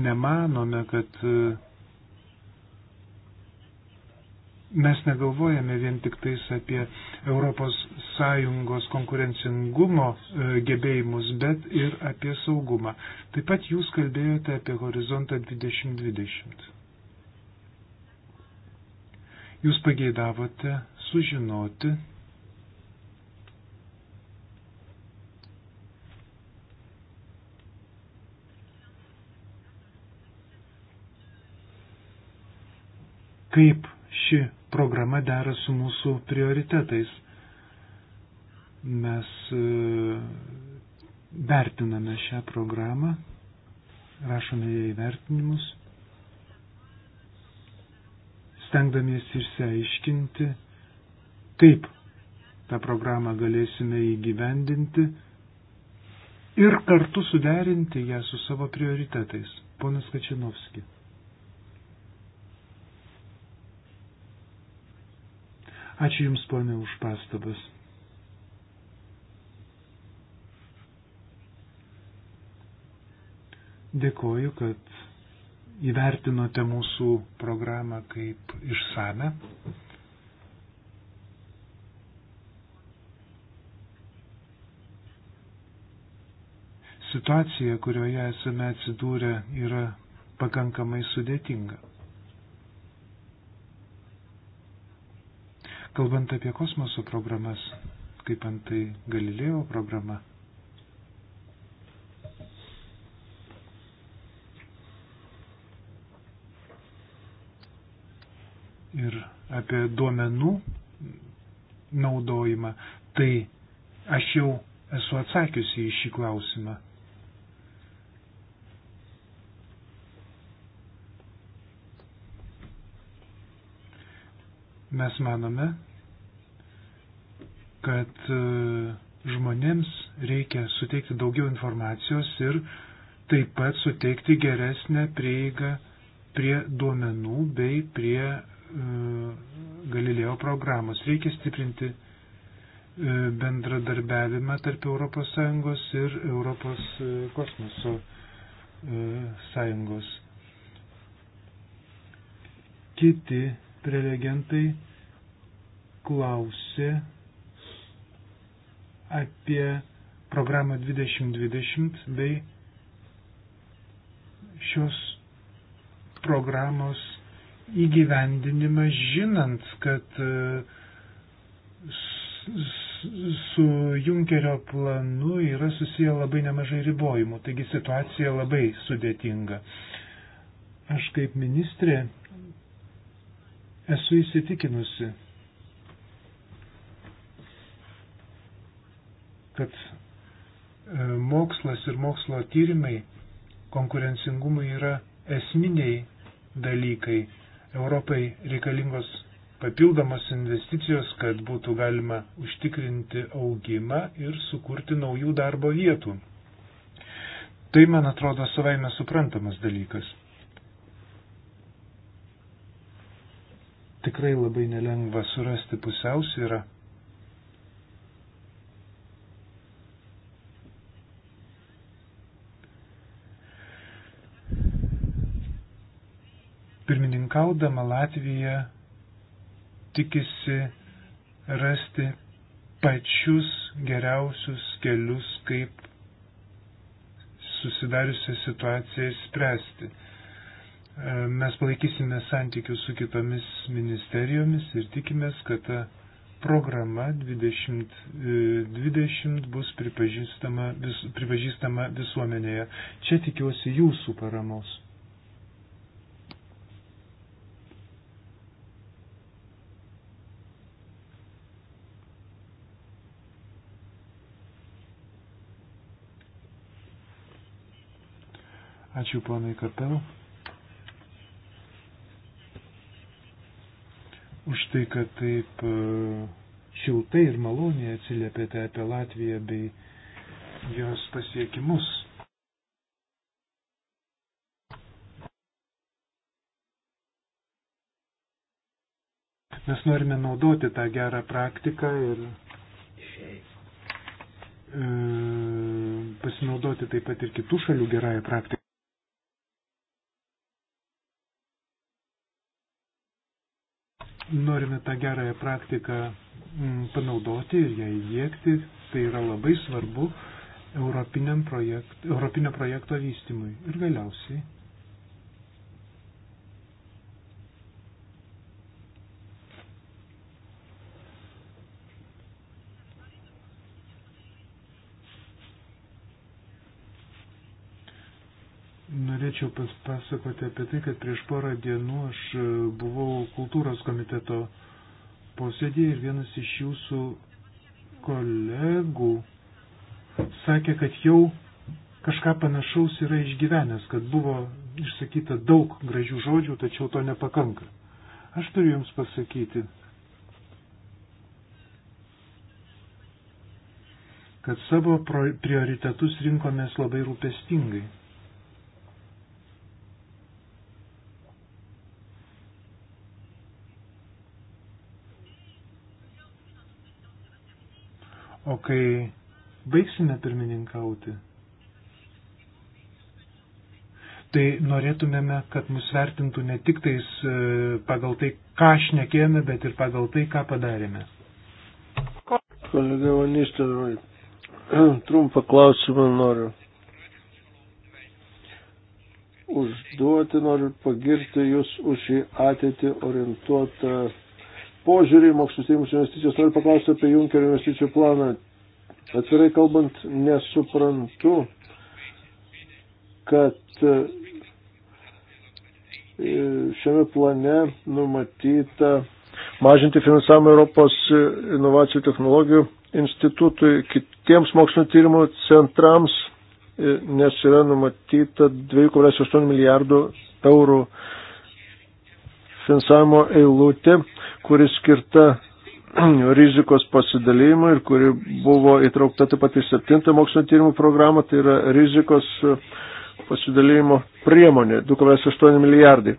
S2: nemanome, kad e, mes negalvojame vien tik tais apie ES konkurencingumo e, gebėjimus, bet ir apie saugumą. Taip pat jūs kalbėjote apie horizontą 2020. Jūs pageidavote sužinoti, kaip ši programa dera su mūsų prioritetais. Mes e, vertiname šią programą, rašome ją įvertinimus, stengdamiesi išsiaiškinti, kaip tą programą galėsime įgyvendinti ir kartu suderinti ją su savo prioritetais. Ponas Kačinovskis. Ačiū Jums, ponė, už pastabas. Dėkoju, kad įvertinote mūsų programą kaip išsame. Situacija, kurioje esame atsidūrę, yra pakankamai sudėtinga. Kalbant apie kosmoso programas, kaip antai Galilėjo programa, ir apie duomenų naudojimą, tai aš jau esu atsakiusi į šį klausimą. Mes manome, kad e, žmonėms reikia suteikti daugiau informacijos ir taip pat suteikti geresnę prieigą prie duomenų bei prie e, Galilėjo programos. Reikia stiprinti e, bendradarbiavimą tarp ES ir Europos e, kosmoso e, sąjungos. Kiti prelegentai klausė apie programą 2020 bei šios programos įgyvendinimą, žinant, kad e, su Junkerio planu yra susiję labai nemažai ribojimų, taigi situacija labai sudėtinga. Aš kaip ministrė esu įsitikinusi, kad e, mokslas ir mokslo tyrimai konkurencingumui yra esminiai dalykai. Europai reikalingos papildomos investicijos, kad būtų galima užtikrinti augimą ir sukurti naujų darbo vietų. Tai, man atrodo, savaime suprantamas dalykas. Tikrai labai nelengva surasti pusiausvyrą Pirmininkaudama Latvija tikisi rasti pačius geriausius kelius, kaip susidariusią situaciją išspręsti. E, mes palaikysime santykius su kitomis ministerijomis ir tikimės, kad ta programa 2020 e, bus pripažįstama, vis, pripažįstama visuomenėje. Čia tikiuosi jūsų paramos. Ačiū ponai Karpel. Už tai, kad taip e, šiltai ir maloniai atsiliepėte tai apie Latviją bei jos pasiekimus. Mes norime naudoti tą gerą praktiką ir e, pasinaudoti taip pat ir kitų šalių gerąją praktiką. norime tą gerąją praktiką mm, panaudoti ir ją įdėkti, tai yra labai svarbu europinio projekto vystymui. Ir galiausiai norėčiau pasakoti apie tai, kad prieš porą dienų aš e, buvau kultūros komiteto posėdėje ir vienas iš jūsų kolegų sakė, kad jau kažką panašaus yra išgyvenęs, kad buvo išsakyta daug gražių žodžių, tačiau to nepakanka. Aš turiu Jums pasakyti, kad savo prioritetus rinkomės labai rūpestingai. O kai baigsime pirmininkauti, tai norėtumėme, kad mus vertintų ne tik tais e, pagal tai, ką šnekėjome, bet ir pagal tai, ką padarėme.
S1: Kolega Vanisteroj, trumpą klausimą noriu užduoti, noriu pagirti jūs už į ateitį orientuotą požiūrį į mokslus tyrimus investicijas. Noriu paklausti apie Junkerio investicijų planą. Atvirai kalbant, nesuprantu, kad e, šiame plane numatyta mažinti finansavimą Europos inovacijų technologijų institutui, kitiems mokslinio tyrimų centrams, e, nes yra numatyta 2,8 milijardų eurų finansavimo eilutė, kuri skirta rizikos pasidalymui ir kuri buvo įtraukta taip pat į septintą mokslinio tyrimų programą, tai yra rizikos e, pasidalymo priemonė 2,8 milijardai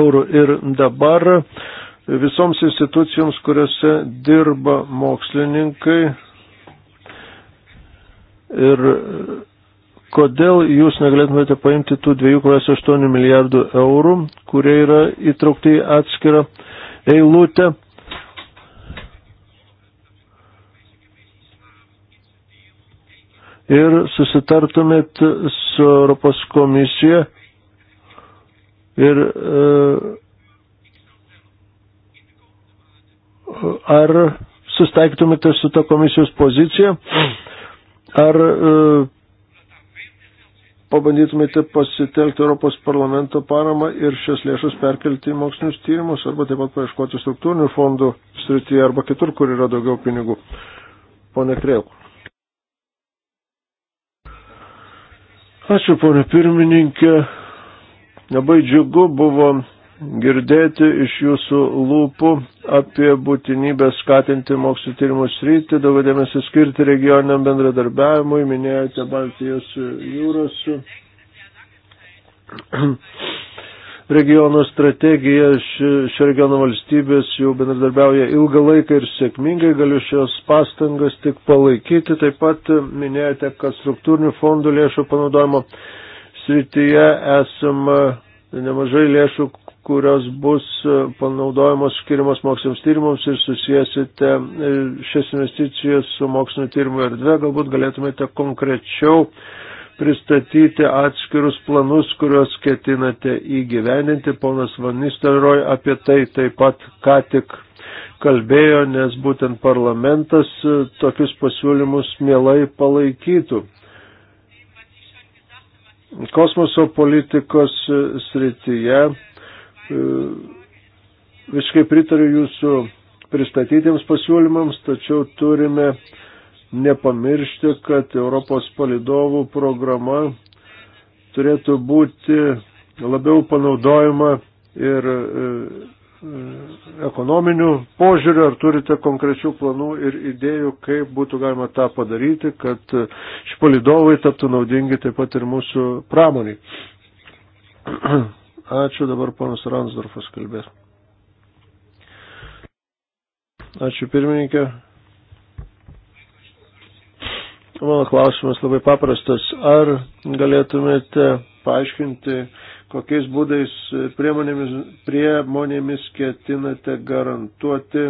S1: eurų. Ir dabar visoms institucijoms, kuriuose dirba mokslininkai ir kodėl jūs negalėtumėte paimti tų 2,8 milijardų eurų, kurie yra įtraukti į atskirą eilutę? Ir susitartumėt su Europos komisija ir e, ar sustaiktumėte su ta komisijos pozicija, ar e, pabandytumėte pasitelkti Europos parlamento paramą ir šias lėšas perkelti į mokslinius tyrimus arba taip pat paieškoti struktūrinių fondų srityje arba kitur, kur yra daugiau pinigų. Pone Kreuk. Ačiū, ponė pirmininkė. Labai džiugu buvo girdėti iš jūsų lūpų apie būtinybę skatinti mokslo tyrimų sritį, daug dėmesio skirti regioniniam bendradarbiavimui, minėjote Baltijos jūros regiono strategija, šio regiono valstybės jau bendradarbiauja ilgą laiką ir sėkmingai, galiu šios pastangas tik palaikyti, taip pat minėjote, kad struktūrinių fondų lėšų panaudojimo srityje esame nemažai lėšų, kurios bus e, panaudojamos skirimos moksliniams tyrimams ir susijęsite e, šias investicijas su mokslinio tyrimo erdve, galbūt galėtumėte konkrečiau pristatyti atskirus planus, kuriuos ketinate įgyveninti. Ponas Van Nistelrooy apie tai taip pat ką tik kalbėjo, nes būtent parlamentas e, tokius pasiūlymus mielai palaikytų. Kosmoso politikos srityje E, visiškai pritariu jūsų pristatytiems pasiūlymams, tačiau turime nepamiršti, kad Europos palidovų programa turėtų būti labiau panaudojama ir e, e, ekonominių požiūrių, ar turite konkrečių planų ir idėjų, kaip būtų galima tą padaryti, kad šie palidovai taptų naudingi taip pat ir mūsų pramoniai. Ačiū, dabar ponas Ransdorfas kalbės. Ačiū pirmininkė. Mano klausimas labai paprastas. Ar galėtumėte paaiškinti, kokiais būdais priemonėmis, priemonėmis ketinate garantuoti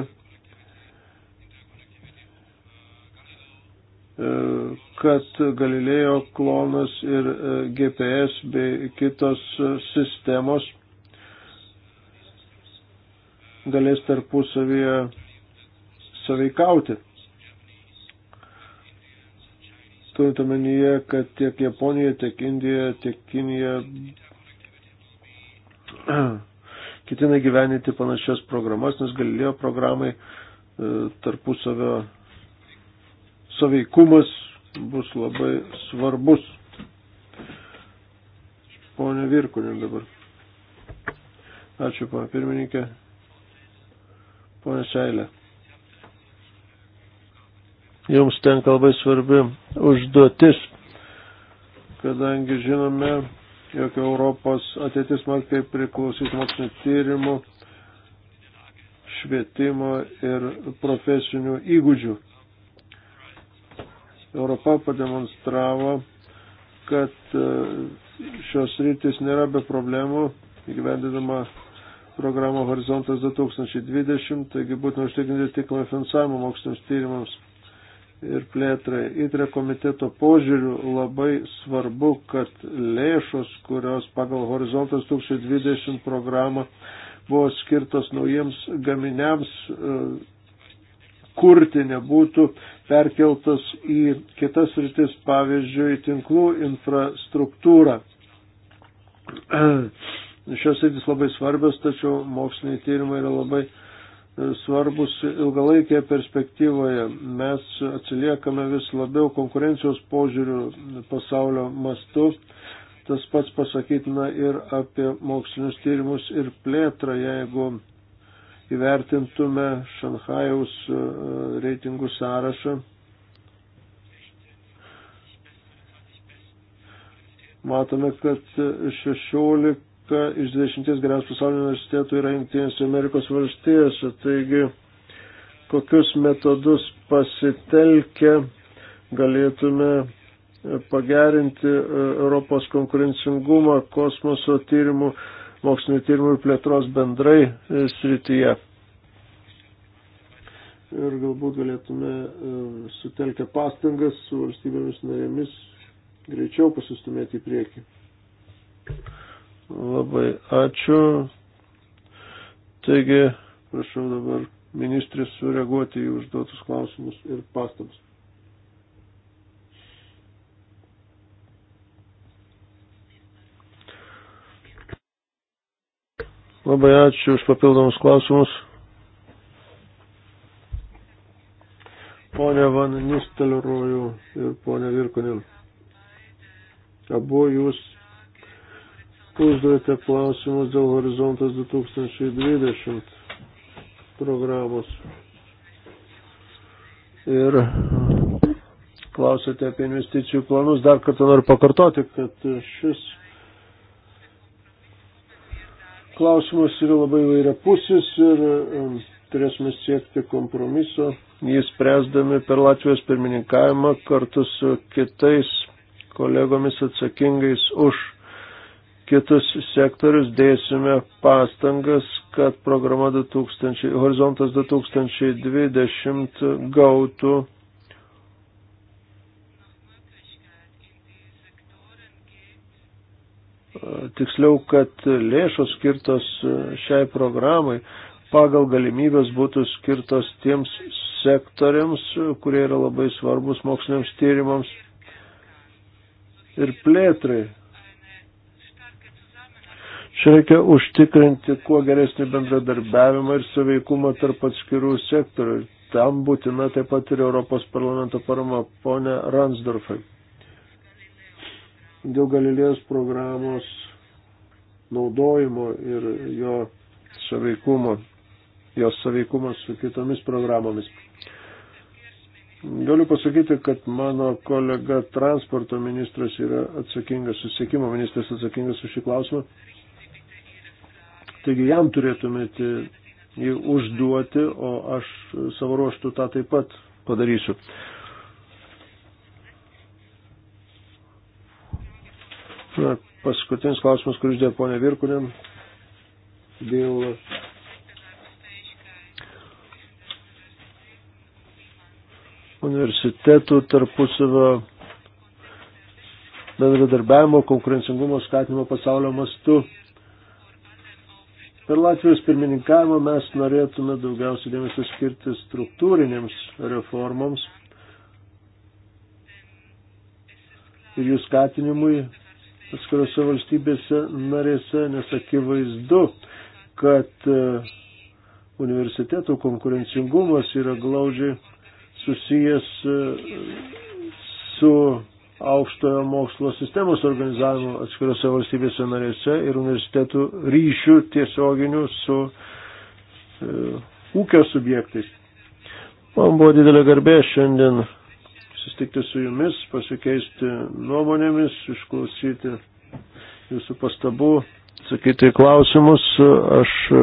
S1: e, kad Galilėjo klonas ir e, GPS bei kitos e, sistemos galės tarpusavyje saveikauti. Turint omenyje, kad tiek Japonija, tiek Indija, tiek Kinija ketina gyveninti panašias programas, nes Galilėjo programai e, tarpusavio saveikumas bus labai svarbus. Pone Virkunin dabar. Ačiū, pana pirmininkė. Pone Seilė. Jums tenka labai svarbi užduotis, kadangi žinome, jog Europos ateitis smarkiai priklausys mokslinio tyrimų, švietimo ir profesinių įgūdžių Europa pademonstravo, kad e, šios rytis nėra be problemų įgyvendinama programą Horizontas 2020, taigi būtina užtikrinti tikrą finansavimą moksliniams tyrimams ir plėtrai. Įtrė komiteto požiūrių labai svarbu, kad lėšos, kurios pagal Horizontas 2020 programą buvo skirtos naujiems gaminiams e, kurti, nebūtų perkeltos į kitas rytis, pavyzdžiui, tinklų infrastruktūrą. Šios rytis labai svarbios, tačiau moksliniai tyrimai yra labai e, svarbus ilgalaikėje perspektyvoje. Mes atsiliekame vis labiau konkurencijos požiūrių pasaulio mastu. Tas pats pasakytina ir apie mokslinius tyrimus ir plėtrą, jeigu įvertintume Šanhajaus e, reitingų sąrašą, matome, kad 16 iš 20 geriausių pasaulio universitetų yra Junktinėse Amerikos valstijose. Taigi, kokius metodus pasitelkę galėtume pagerinti e, Europos konkurencingumą kosmoso tyrimų mokslinio tyrimų ir plėtros bendrai e, srityje. Ir galbūt galėtume e, sutelkę pastangas su valstybėmis narėmis greičiau pasistumėti į priekį. Labai ačiū. Taigi, prašau dabar ministrės sureaguoti į užduotus klausimus ir pastabas. Labai ačiū už papildomus klausimus. Pone Van Nistelrojų ir pone Virkonil. Abu jūs užduodate klausimus dėl Horizontas 2020 programos. Ir klausėte apie investicijų planus. Dar kartą noriu pakartoti, kad šis klausimas yra labai vairiapusis ir turėsime siekti kompromiso, jį spręsdami per Latvijos pirmininkavimą kartu su kitais kolegomis atsakingais už kitus sektorius dėsime pastangas, kad programa 2000, Horizontas 2020 gautų tiksliau, kad lėšos skirtos e, šiai programai pagal galimybės būtų skirtos tiems sektoriams, kurie yra labai svarbus moksliniams tyrimams ir plėtrai. Čia reikia užtikrinti kuo geresnį bendradarbiavimą ir saveikumą tarp atskirų sektorių. Tam būtina taip pat ir Europos parlamento parama, ponė Ransdorfai dėl Galilėjos programos naudojimo ir jo saveikumo, jos saveikumas su kitomis programomis. Galiu pasakyti, kad mano kolega transporto ministras yra atsakingas, susiekimo ministras atsakingas už šį klausimą. Taigi jam turėtumėte jį užduoti, o aš savo ruoštų tą taip pat padarysiu. Na, paskutinis klausimas, kurį uždėjo ponė Virkunėm, dėl universitetų tarpusavio bendradarbiavimo, konkurencingumo skatinimo pasaulio mastu. Per Latvijos pirmininkavimą mes norėtume daugiausiai dėmesio skirti struktūrinėms reformoms ir jų skatinimui atskirose valstybėse narėse, nes akivaizdu, kad e, universitetų konkurencingumas yra glaudžiai susijęs e, su aukštojo mokslo sistemos organizavimu atskirose valstybėse narėse ir universitetų ryšių tiesioginių su e, ūkio subjektais. Man buvo didelė garbė šiandien susitikti su jumis, pasikeisti nuomonėmis, išklausyti jūsų pastabų, sakyti klausimus. Aš e,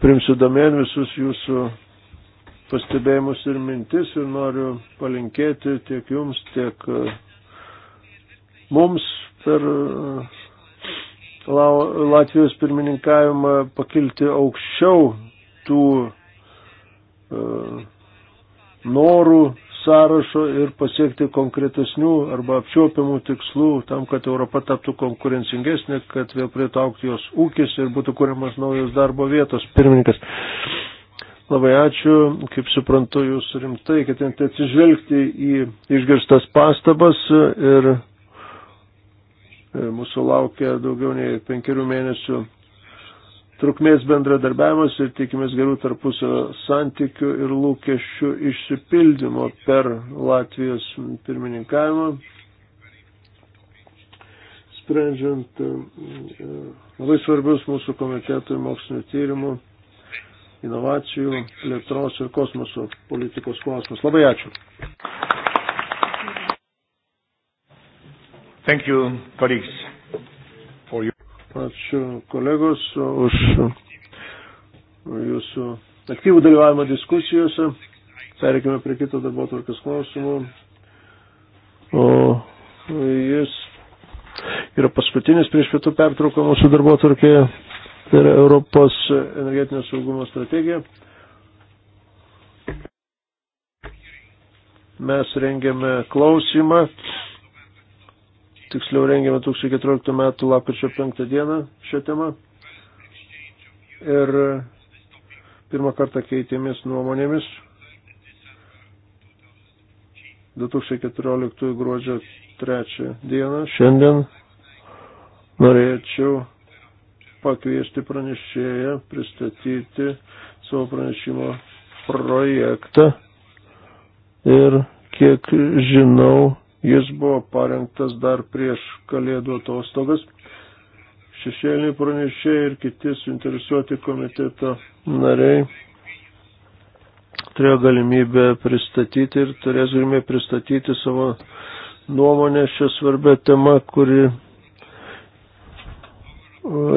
S1: primsiu domen visus jūsų pastebėjimus ir mintis ir noriu palinkėti tiek jums, tiek e, mums per e, Latvijos pirmininkavimą pakilti aukščiau tų norų sąrašo ir pasiekti konkretesnių arba apčiuopiamų tikslų tam, kad Europa taptų konkurencingesnė, kad vėl prietų aukti jos ūkis ir būtų kuriamas naujos darbo vietos. Pirmininkas, labai ačiū, kaip suprantu, jūs rimtai, kad jums atsižvelgti į išgirstas pastabas ir e, mūsų laukia daugiau nei penkerių mėnesių trukmės bendradarbiavimas ir tikimės gerų tarpusio santykių ir lūkesčių išsipildymo per Latvijos pirmininkavimą. Sprendžiant e, labai svarbius mūsų komitetų mokslinio tyrimų, inovacijų, plėtros ir kosmoso politikos klausimus. Labai ačiū. Thank you, colleagues. Ačiū kolegos už jūsų aktyvų dalyvavimą diskusijose. Pereikime prie kito darbo tvarkės klausimų. O jis yra paskutinis prieš pietų pertrauką mūsų darbo tvarkėje. Tai yra Europos energetinio saugumo strategija. Mes rengiame klausimą tiksliau rengiame 2014 metų lapkričio 5 dieną šią temą. Ir pirmą kartą keitėmis nuomonėmis 2014 gruodžio 3 dieną. Šiandien norėčiau pakviesti pranešėją, pristatyti savo pranešimo projektą. Ir kiek žinau, Jis buvo parengtas dar prieš kalėdų atostogas. Šešėliniai pranešėjai ir kiti suinteresuoti komiteto nariai turėjo galimybę pristatyti ir turės galimybę pristatyti savo nuomonę šią svarbę temą, kuri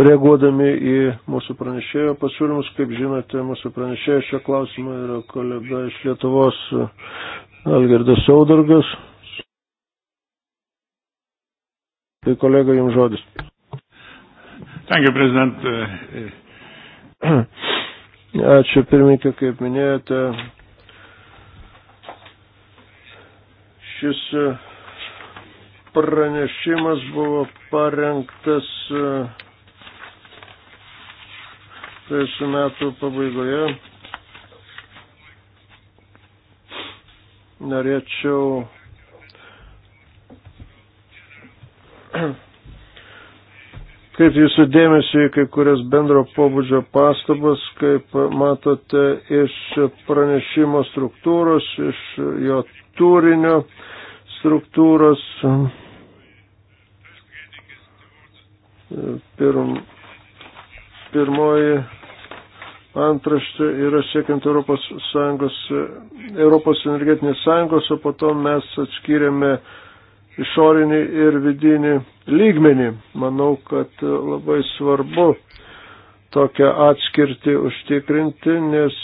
S1: reaguodami į mūsų pranešėjo pasiūlymus, kaip žinote, mūsų pranešėjo šio klausimo yra kolega iš Lietuvos Algirdas Saudargas. Tai kolega jums žodis. Tengiu, prezident. Uh, Ačiū pirmininkė, kaip minėjote. Šis uh, pranešimas buvo parengtas uh, praėjusiu metu pabaigoje. Norėčiau kaip jūsų dėmesį į kai kurias bendro pobūdžio pastabas, kaip matote iš pranešimo struktūros, iš jo turinio struktūros. Pirm, pirmoji antraštė yra siekiant Europos, sąjungos, Europos energetinės sąjungos, o po to mes atskiriame uh, išorinį ir vidinį lygmenį. Manau, kad labai svarbu tokią atskirtį užtikrinti, nes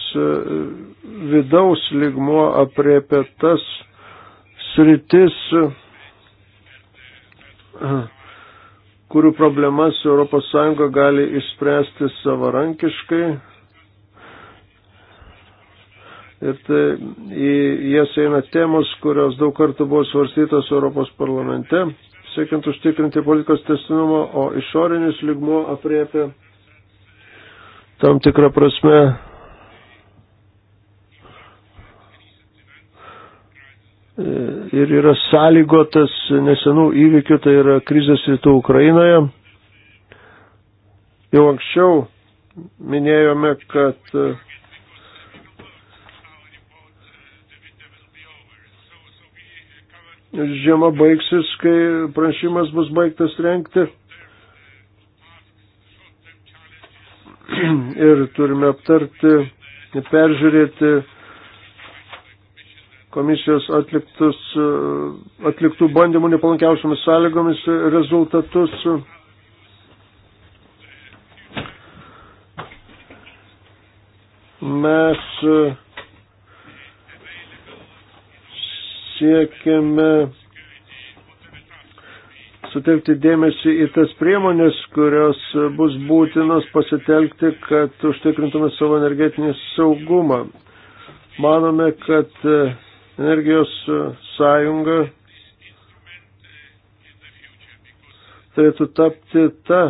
S1: vidaus lygmuo apriepia tas sritis, kurių problemas ES gali išspręsti savarankiškai, Ir tai, į jas eina temos, kurios daug kartų buvo svarstytos Europos parlamente, siekiant užtikrinti politikos testinumą, o išorinis ligmuo apriepia tam tikrą prasme ir yra sąlygotas nesenų įvykių, tai yra krizės rytų Ukrainoje. Jau anksčiau minėjome, kad žiema baigsis, kai pranešimas bus baigtas renkti. Ir turime aptarti, peržiūrėti komisijos atliktus, atliktų bandymų nepalankiausiamis sąlygomis rezultatus. Mes siekiame sutelkti dėmesį į tas priemonės, kurios bus būtinos pasitelkti, kad užtikrintume savo energetinį saugumą. Manome, kad energijos sąjunga turėtų tapti ta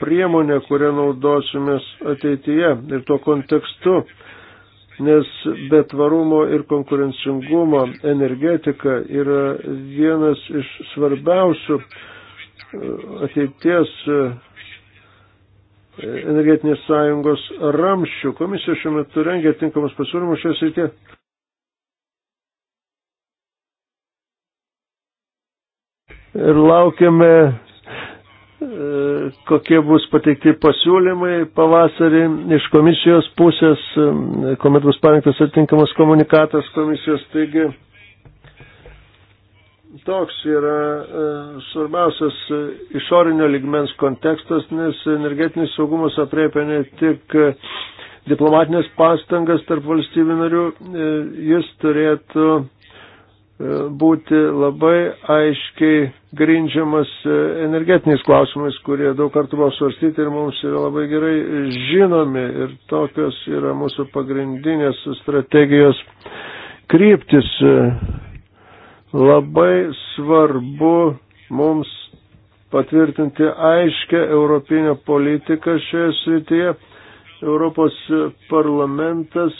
S1: priemonė, kurią naudosimės ateityje ir tuo kontekstu nes be tvarumo ir konkurencingumo energetika yra vienas iš svarbiausių uh, ateities uh, energetinės sąjungos ramščių. Komisija šiuo metu rengia tinkamus pasiūlymus šioje srityje. Ir laukiame kokie bus pateikti pasiūlymai pavasarį iš komisijos pusės, kuomet bus parengtas atitinkamas komunikatas komisijos. Taigi toks yra e, svarbiausias e, išorinio ligmens kontekstas, nes energetinis saugumas apriepia ne tik e, diplomatinės pastangas tarp valstybių narių, jis turėtų E, būti labai aiškiai grindžiamas e, energetiniais klausimais, kurie daug kartų buvo svarstyti ir mums yra labai gerai žinomi ir tokios yra mūsų pagrindinės strategijos kryptis. E, labai svarbu mums patvirtinti aiškę europinę politiką šioje srityje. Europos parlamentas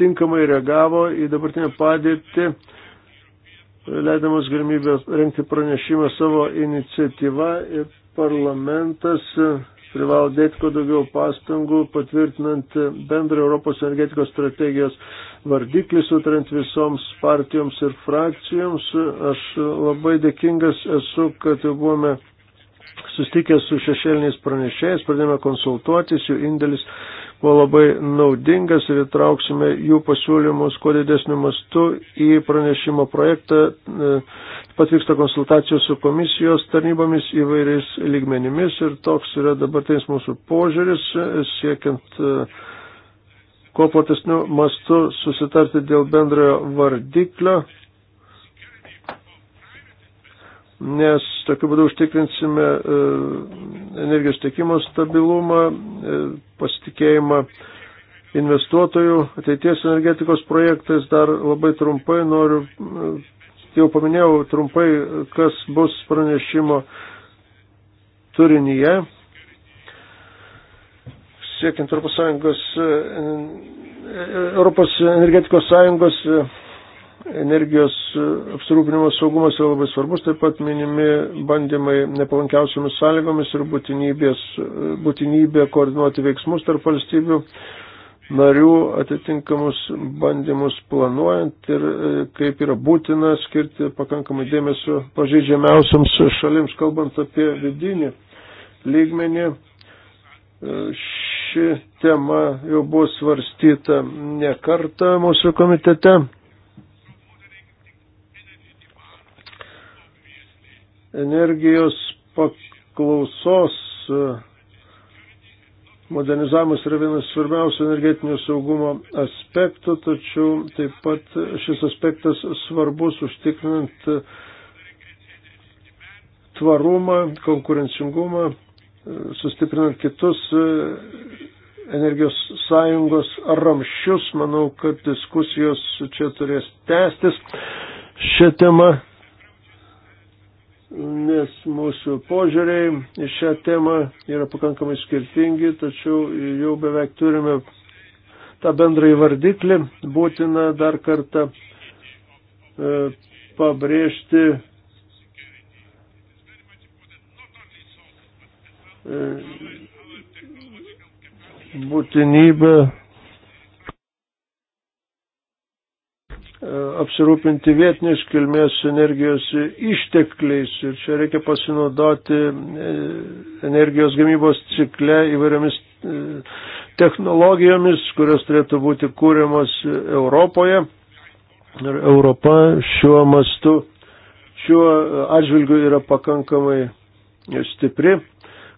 S1: tinkamai reagavo į dabartinę padėtį, leidamas galimybę renkti pranešimą savo iniciatyvą ir parlamentas privalo dėti kuo daugiau pastangų, patvirtinant bendrą Europos energetikos strategijos vardiklį, sutrant visoms partijoms ir frakcijoms. Aš labai dėkingas esu, kad jau buvome sustikę su šešėliniais pranešėjais, pradėjome konsultuotis, jų indėlis buvo labai naudingas ir įtrauksime jų pasiūlymus kuo didesniu mastu į pranešimo projektą. E, Pat vyksta konsultacijos su komisijos tarnybomis įvairiais lygmenimis ir toks yra dabartinis mūsų požiūris e, siekiant e, kuo platesniu mastu susitarti dėl bendrojo vardiklio nes tokiu būdu užtikrinsime e, energijos tiekimo stabilumą, e, pasitikėjimą investuotojų ateities energetikos projektais. Dar labai trumpai noriu, e, jau paminėjau trumpai, kas bus pranešimo turinyje. Siekiant Europos Sąjungos, Europos energetikos sąjungos energijos e, apsirūpinimo saugumas yra labai svarbus, taip pat minimi bandymai nepalankiausiamis sąlygomis ir e, būtinybė koordinuoti veiksmus tarp valstybių narių atitinkamus bandymus planuojant ir e, kaip yra būtina skirti pakankamai dėmesio pažeidžiamiausiams šalims, kalbant apie vidinį lygmenį. Ši tema jau buvo svarstyta ne kartą mūsų komitete. energijos paklausos e, modernizavimas yra vienas svarbiausių energetinio saugumo aspektų, tačiau taip pat šis aspektas svarbus užtikrinant tvarumą, konkurencingumą, e, sustiprinant kitus e, energijos sąjungos ramščius. Manau, kad diskusijos čia turės tęstis šią temą nes mūsų požiūriai į šią temą yra pakankamai skirtingi, tačiau jau beveik turime tą bendrąjį vardiklį. Būtina dar kartą e, pabrėžti e, būtinybę E, apsirūpinti vietinės kilmės energijos ištekliais. Ir čia reikia pasinaudoti e, energijos gamybos cikle įvairiomis e, technologijomis, kurios turėtų būti kūriamos Europoje. Ir Europa šiuo mastu, šiuo atžvilgiu yra pakankamai stipri.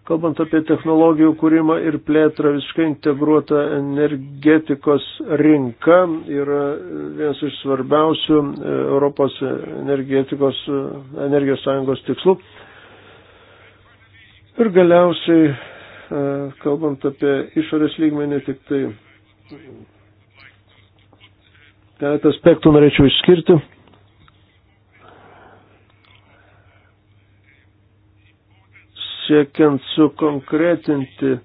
S1: Kalbant apie technologijų kūrimą ir plėtrą, visiškai integruota energetikos rinka yra vienas iš svarbiausių e, Europos energetikos, e, energijos sąjungos tikslų. Ir galiausiai, e, kalbant apie išorės lygmenį, tik tai keletą aspektų norėčiau išskirti. siekiant sukonkretinti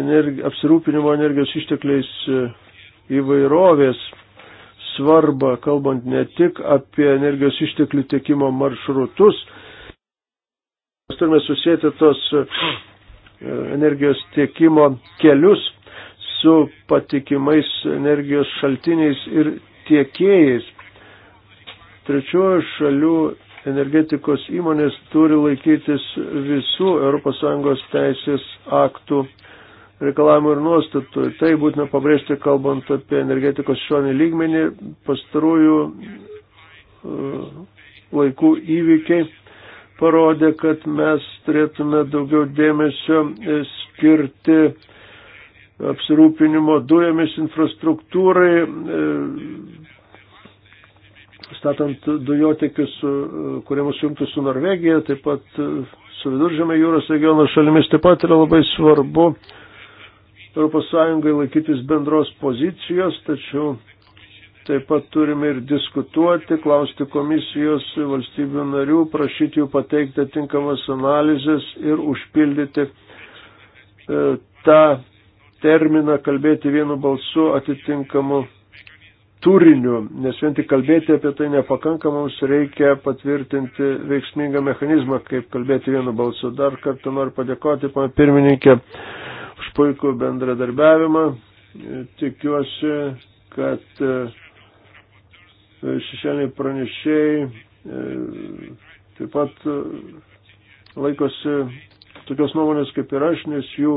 S1: energi apsirūpinimo energijos ištekliais e, įvairovės svarbą, kalbant ne tik apie energijos išteklių tiekimo maršrutus. Mes turime susėti tos e, energijos tiekimo kelius su patikimais energijos šaltiniais ir tiekėjais. Trečiojo šalių energetikos įmonės turi laikytis visų ES teisės aktų reikalavimų ir nuostatų. Tai būtina pabrėžti, kalbant apie energetikos šonį lygmenį, pastarųjų uh, laikų įvykiai parodė, kad mes turėtume daugiau dėmesio skirti apsirūpinimo dujomis infrastruktūrai, uh, statant dujotekius, e, kurie mus jungtų su Norvegija, taip pat e, su viduržėme jūros regiono šalimis, taip pat yra labai svarbu ES laikytis bendros pozicijos, tačiau taip pat turime ir diskutuoti, klausti komisijos valstybių narių, prašyti jų pateikti tinkamas analizės ir užpildyti e, tą terminą, kalbėti vienu balsu atitinkamu turiniu, nes vien tik kalbėti apie tai nepakanka, mums reikia patvirtinti veiksmingą mechanizmą, kaip kalbėti vienu balsu. Dar kartą noriu padėkoti, pana pirmininkė, už puikų bendradarbiavimą. Tikiuosi, kad e, šešėliai pranešėjai e, taip pat e, laikosi tokios nuomonės kaip ir aš, nes jų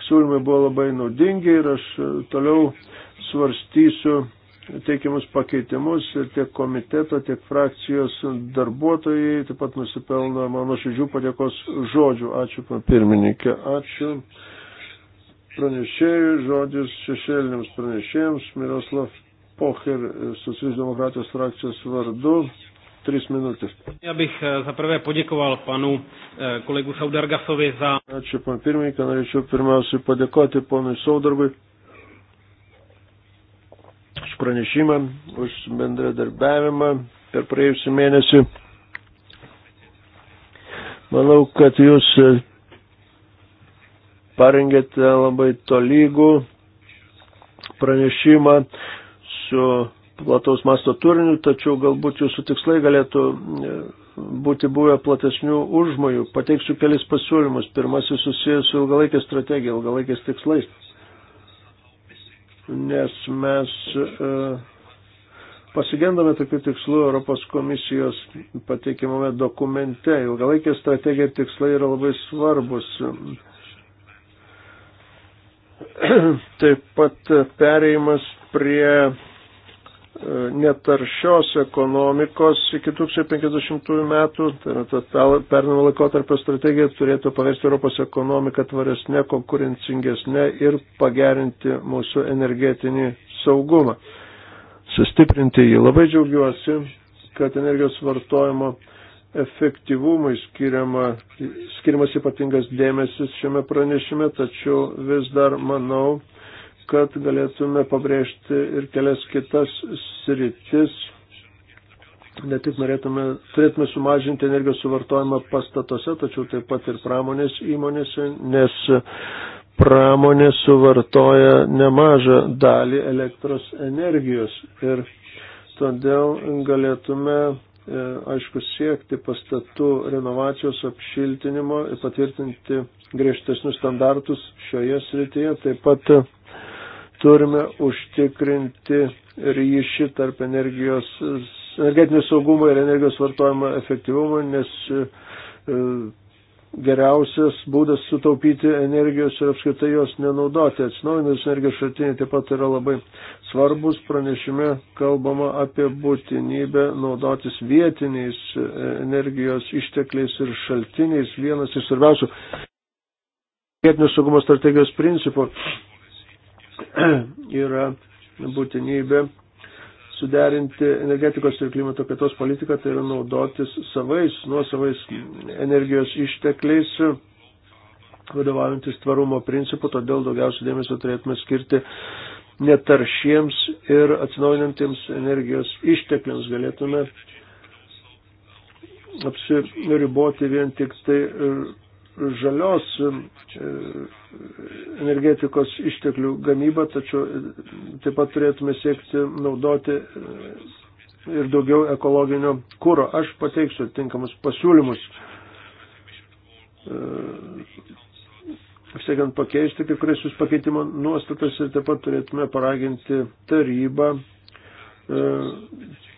S1: pasiūlymai buvo labai naudingi ir aš toliau svarstysiu teikiamus pakeitimus ir tiek komiteto, tiek frakcijos darbuotojai taip pat nusipelno mano širdžių padėkos žodžių. Ačiū, pirmininkė. Ačiū. Pranešėjų žodis šešėliniams pranešėjams Miroslav Pocher, socialdemokratijos frakcijos vardu. Tris minutės.
S3: Ja bych e, za prvé podėkoval panu e, kolegu Saudargasovi za.
S1: Ačiū, pan pirmininkė, norėčiau pirmiausiai padėkoti ponui Saudargui už pranešimą, už bendradarbiavimą per praėjusią mėnesį. Manau, kad jūs parengėte labai tolygų pranešimą su plataus masto turiniu, tačiau galbūt jūsų tikslai galėtų e, būti buvę platesnių užmojų. Pateiksiu kelis pasiūlymus. Pirmasis susijęs su ilgalaikė strategija, ilgalaikės tikslais nes mes e, pasigendame tokių tikslų Europos komisijos pateikimame dokumente. Ilgalaikė strategija ir tikslai yra labai svarbus. Taip pat pereimas prie E, netaršios ekonomikos iki 2050 metų, tai yra ta pernamo laikotarpio strategija turėtų paversti Europos ekonomiką tvaresnė, konkurencingesnė ir pagerinti mūsų energetinį saugumą, sustiprinti jį. Labai džiaugiuosi, kad energijos vartojimo efektyvumui skiriama, skiriamas ypatingas dėmesys šiame pranešime, tačiau vis dar manau, kad galėtume pabrėžti ir kelias kitas sritis. Ne tik norėtume, turėtume sumažinti energijos suvartojimą pastatuose, tačiau taip pat ir pramonės įmonėse, nes pramonė suvartoja nemažą dalį elektros energijos ir todėl galėtume e, aišku, siekti pastatų renovacijos apšiltinimo ir patvirtinti griežtesnius standartus šioje srityje. Taip pat turime užtikrinti ryšį tarp energijos, energetinio saugumo ir energijos vartojimo efektyvumo, nes e, geriausias būdas sutaupyti energijos ir apskritai jos nenaudoti. Atsinaujinus energijos šaltiniai taip pat yra labai svarbus. Pranešime kalbama apie būtinybę naudotis vietiniais e, energijos ištekliais ir šaltiniais. Vienas iš svarbiausių energetinio saugumo strategijos principų yra būtinybė suderinti energetikos ir klimato kaitos politiką, tai yra naudotis savais, nuosavais energijos ištekliais, vadovaujantis tvarumo principu, todėl daugiausiai dėmesio turėtume skirti netaršiems ir atsinaujinantiems energijos ištekliams. Galėtume apsiriboti vien tik tai žalios energetikos išteklių gamybą, tačiau taip pat turėtume siekti naudoti ir daugiau ekologinio kūro. Aš pateiksiu tinkamus pasiūlymus, siekiant pakeisti kai kurias jūs pakeitimo nuostatas ir taip pat turėtume paraginti tarybą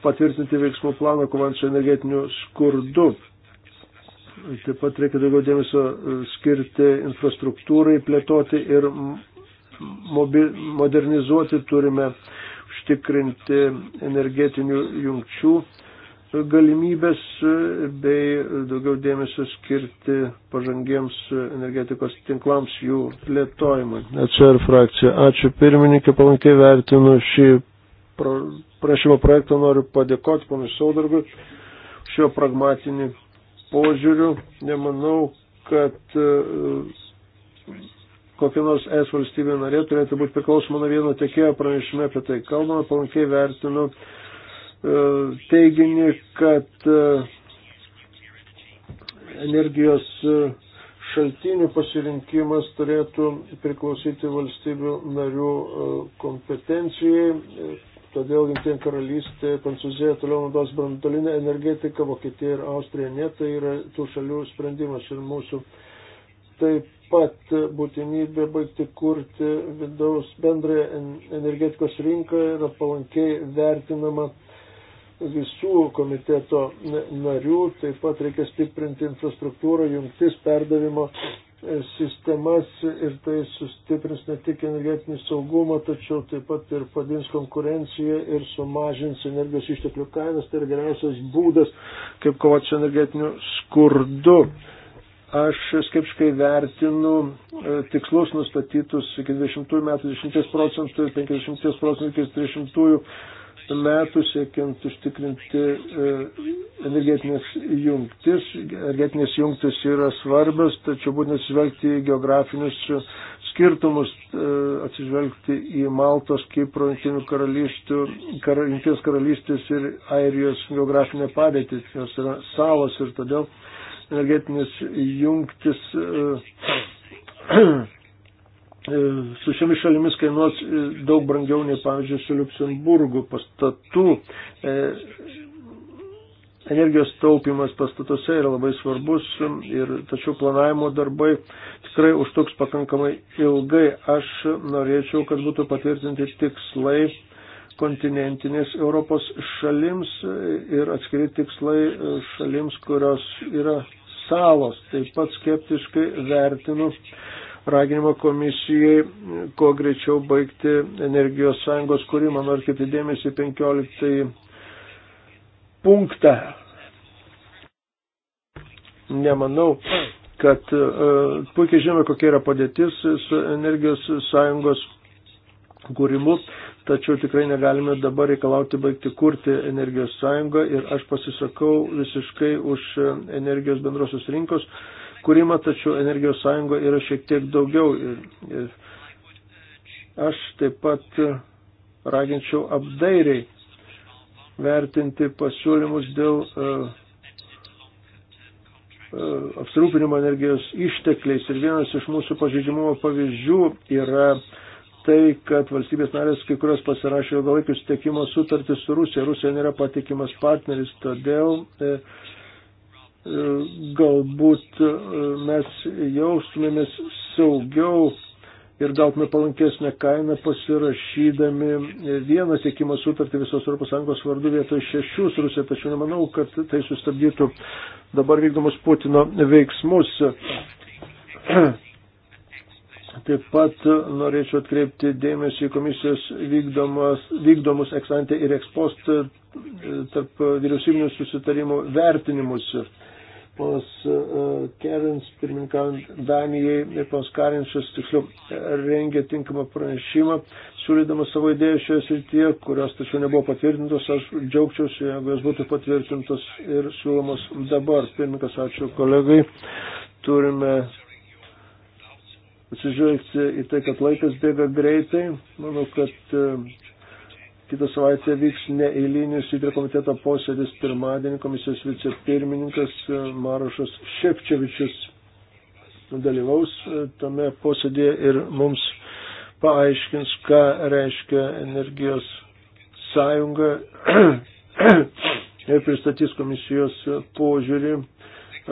S1: patvirtinti veiksmų planą kovant su energetiniu skurdu Taip pat reikia daugiau dėmesio e, skirti infrastruktūrai, plėtoti ir modernizuoti turime užtikrinti energetinių jungčių galimybės e, bei daugiau dėmesio skirti pažangiems energetikos tinklams jų plėtojimui. Ačiū ir frakcija. Ačiū pirmininkė, palankiai vertinu šį prašymo projektą, noriu padėkoti ponui Saudargui šio pragmatinį požiūriu nemanau, kad e, kokia nors es valstybė narė turėtų būti priklausoma nuo vieno tiekėjo pranešime apie tai. Kalbama, palankiai vertinu e, teiginį, kad e, energijos šaltinių pasirinkimas turėtų priklausyti valstybių narių kompetencijai Todėl Jungtinė karalystė, Prancūzija toliau naudos brandolinę energetiką, Vokietija ir Austrija ne, tai yra tų šalių sprendimas ir mūsų taip pat būtinybė baigti kurti vidaus bendrąją energetikos rinką yra palankiai vertinama visų komiteto narių, taip pat reikia stiprinti infrastruktūrą, jungtis, perdavimo sistemas ir tai sustiprins ne tik energetinį saugumą, tačiau taip pat ir padins konkurenciją ir sumažins energijos išteklių kainas. Tai yra geriausias būdas, kaip kovoti su energetiniu skurdu. Aš skeptiškai vertinu e, tikslus nustatytus iki 20 metų 10 procentų ir 50 procentų iki 30 metų siekiant užtikrinti e, energetinės jungtis. Energetinės jungtis yra svarbios, tačiau būtent atsižvelgti į geografinius skirtumus, e, atsižvelgti į Maltos, Kipro, Jungtinių karalystų, kar, Jungtinės karalystės ir Airijos geografinę padėtį, jos yra salos ir todėl energetinės jungtis e, E, su šiomis šalimis kainuos e, daug brangiau nei, pavyzdžiui, su Luxemburgu pastatų. E, energijos taupimas pastatuose yra labai svarbus ir tačiau planavimo darbai tikrai užtruks pakankamai ilgai. Aš norėčiau, kad būtų patvirtinti tikslai kontinentinės Europos šalims ir atskiri tikslai šalims, kurios yra salos. Taip pat skeptiškai vertinu raginimą komisijai kuo greičiau baigti energijos sąjungos kūrimą. Noriu kaip įdėmėsi 15 punktą. Nemanau, kad e, puikiai žinome, kokia yra padėtis su energijos sąjungos kūrimu, tačiau tikrai negalime dabar reikalauti baigti kurti energijos sąjungą ir aš pasisakau visiškai už energijos bendrosios rinkos kūrimą, tačiau energijos sąjunga yra šiek tiek daugiau. Ir, ir aš taip pat raginčiau apdairiai vertinti pasiūlymus dėl uh, uh, apsirūpinimo energijos ištekliais. Ir vienas iš mūsų pažeidžiamumo pavyzdžių yra tai, kad valstybės narės kai kurios pasirašė ilgalaikius tiekimo sutartį su Rusija. Rusija nėra patikimas partneris, todėl uh, galbūt e, mes jaustumėmės saugiau ir gautume palankesnę kainą pasirašydami vieną tiekimo sutartį visos ES vardu vietoj šešių su Rusija, tačiau nemanau, kad tai sustabdytų dabar vykdomus Putino veiksmus. Taip pat norėčiau atkreipti dėmesį į komisijos vykdomas, vykdomus eksantė ir ekspost tarp vyriausybinių susitarimų vertinimus pas e, Kerins, pirmininkant Danijai ir pas Karinčius, tiksliau, e, rengė tinkamą pranešimą, siūlydamas savo idėją šioje srityje, kurios tačiau nebuvo patvirtintos, aš džiaugčiausi, jeigu jos būtų patvirtintos ir siūlomos dabar. Pirmininkas, ačiū kolegai. Turime atsižvelgti į tai, kad laikas bėga greitai. Manau, kad e, Kitą savaitę vyks neeilinis įtrio komiteto posėdis pirmadienį komisijos vicepirmininkas e, Marošas Šepčevičius dalyvaus e, tame posėdėje ir mums paaiškins, ką reiškia energijos sąjunga ir pristatys komisijos požiūrį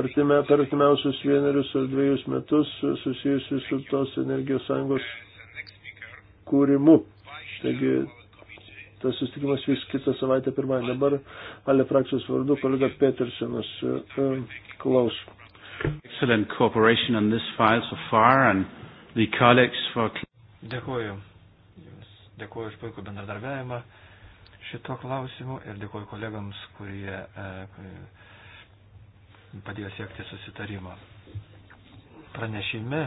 S1: artime, per artimiausius vienerius ar dviejus metus susijusius su tos energijos sąjungos kūrimu. Taigi tas susitikimas vyks kitą savaitę pirmąjį. Dabar Ale frakcijos vardu kolega Petersenas e, e, klaus.
S3: Excellent cooperation on this file so far and the colleagues for...
S1: Dėkuoju.
S4: Jums dėkuoju už puikų bendradarbiavimą šito klausimu ir dėkuoju kolegams, kurie, e, kurie padėjo siekti susitarimo. Pranešime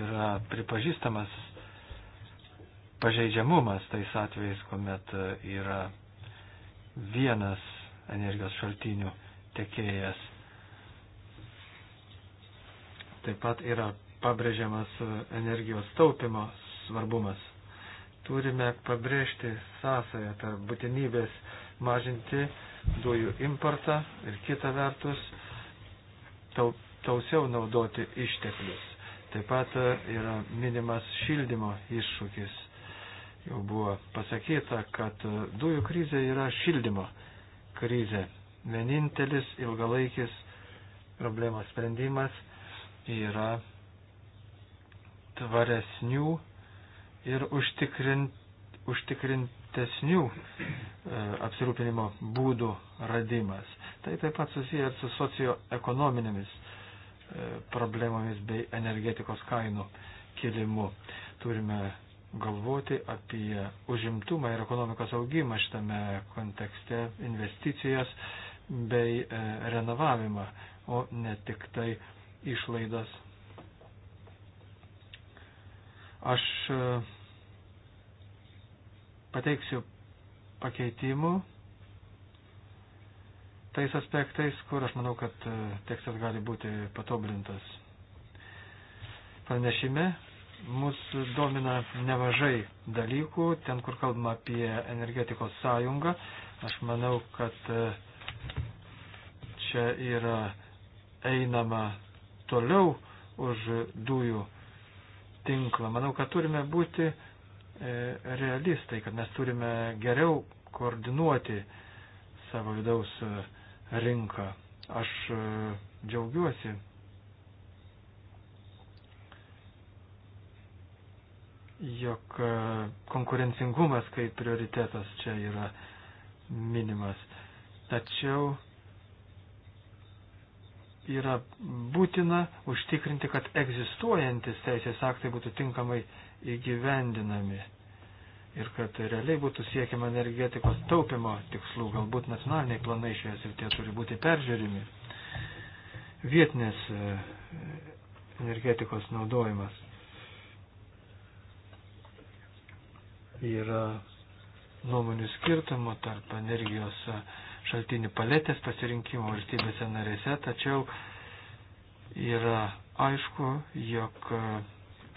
S4: yra pripažįstamas pažeidžiamumas tais atvejais, kuomet e, yra vienas energijos šaltinių tekėjas. Taip pat yra pabrėžiamas e, energijos taupimo svarbumas. Turime pabrėžti sąsąją tarp būtinybės mažinti dujų importą ir kita vertus tausiau naudoti išteklius. Taip pat e, yra minimas šildymo iššūkis Jau buvo pasakyta, kad e, dujų krizė yra šildymo krizė. Vienintelis ilgalaikis problemos sprendimas yra tvaresnių ir užtikrint, užtikrintesnių e, apsirūpinimo būdų radimas. Tai taip pat susiję ir su socioekonominėmis e, problemomis bei energetikos kainų kilimu. Turime galvoti apie užimtumą ir ekonomikos augimą šitame kontekste, investicijas bei e, renovavimą, o ne tik tai išlaidas. Aš e, pateiksiu pakeitimų tais aspektais, kur aš manau, kad e, tekstas gali būti patobulintas. Pranešime Mūsų domina nemažai dalykų, ten kur kalbama apie energetikos sąjungą. Aš manau, kad e, čia yra einama toliau už dujų tinklą. Manau, kad turime būti e, realistai, kad mes turime geriau koordinuoti savo vidaus e, rinką. Aš džiaugiuosi jog e, konkurencingumas kaip prioritetas čia yra minimas. Tačiau yra būtina užtikrinti, kad egzistuojantis teisės aktai būtų tinkamai įgyvendinami ir kad realiai būtų siekiama energetikos taupimo tikslų. Galbūt nacionaliniai planai šioje srityje turi būti peržiūrimi. Vietinės e, energetikos naudojimas yra nuomonių skirtumų tarp energijos šaltinių paletės pasirinkimo valstybėse narėse, tačiau yra aišku, jog e,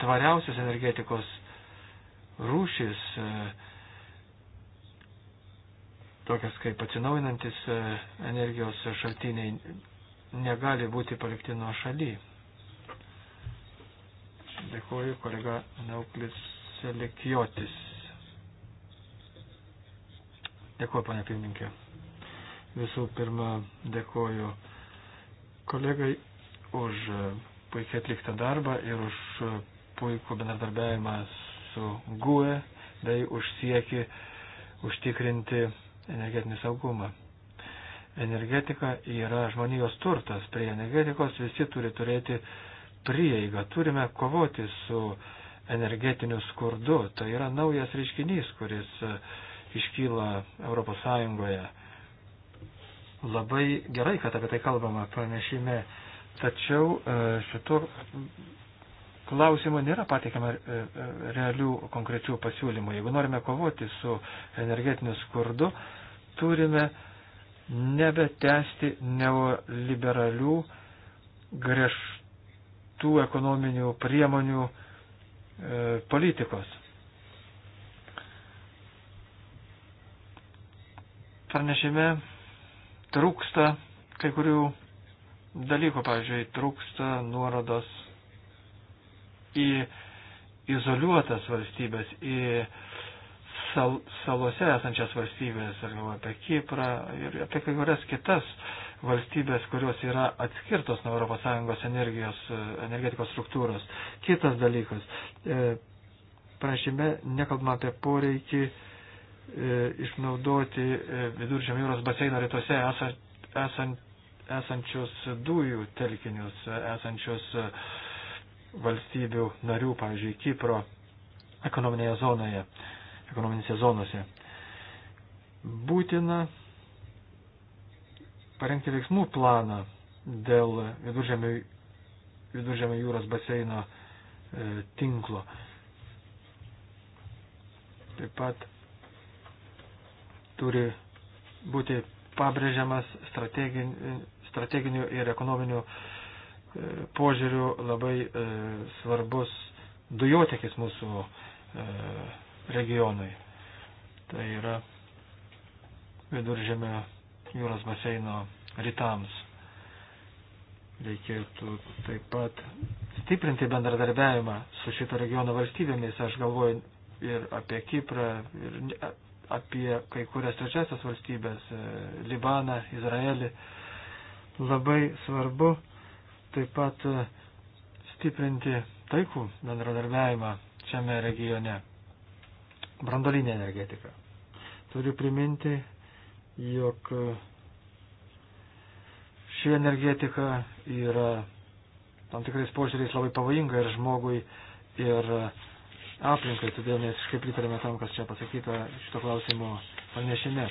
S4: tvariausios energetikos rūšis, e, tokias kaip atsinaujinantis e, energijos šaltiniai, negali būti palikti nuo šaly. Dėkuoju kolega Neuklis Selikijotis. Dėkuoju, panė pirmininkė. Visų pirma, dėkuoju kolegai už puikiai atliktą darbą ir už puikų bendradarbiavimą su GUE bei už sieki užtikrinti energetinį saugumą. Energetika yra žmonijos turtas. Prie energetikos visi turi turėti prieigą. Turime kovoti su energetiniu skurdu. Tai yra naujas reiškinys, kuris uh, iškyla Europos Sąjungoje. Labai gerai, kad apie tai kalbama pranešime, tačiau e, šituo klausimu nėra pateikiama e, e, realių konkrečių pasiūlymų. Jeigu norime kovoti su energetiniu skurdu, turime nebetesti neoliberalių griežtų ekonominių priemonių e, politikos. pranešime trūksta kai kurių dalykų, pavyzdžiui, trūksta nuorodos į izoliuotas valstybės, į sal, salose esančias valstybės, ar galvoju apie Kiprą ir apie kai kurias kitas valstybės, kurios yra atskirtos nuo ES energijos, energetikos struktūros. Kitas dalykas, e, pranešime nekalbama apie poreikį E, išnaudoti e, viduržėmio jūros baseino rytuose esančius dujų telkinius, esančius e, valstybių narių, pavyzdžiui, Kipro ekonominėje zonoje, ekonominėse zonose. Būtina parengti veiksmų planą dėl viduržėmio, viduržėmio jūros baseino e, tinklo. Taip pat turi būti pabrėžiamas strateginių ir ekonominių e, požiūrių labai e, svarbus dujotekis mūsų e, regionui. Tai yra viduržėmio jūros baseino rytams. Reikėtų taip pat stiprinti bendradarbiavimą su šito regiono valstybėmis. Aš galvoju ir apie Kiprą, ir apie kai kurias trečiasias valstybės e, - Libaną, Izraelį. Labai svarbu taip pat e, stiprinti taikų bendradarbiavimą šiame regione. Brandolinė energetika. Turiu priminti, jog e, ši energetika yra tam tikrais požiūriais labai pavojinga ir žmogui, ir uh, aplinkai, todėl mes kaip pritarėme tam, kas čia pasakyta šito klausimo panešime.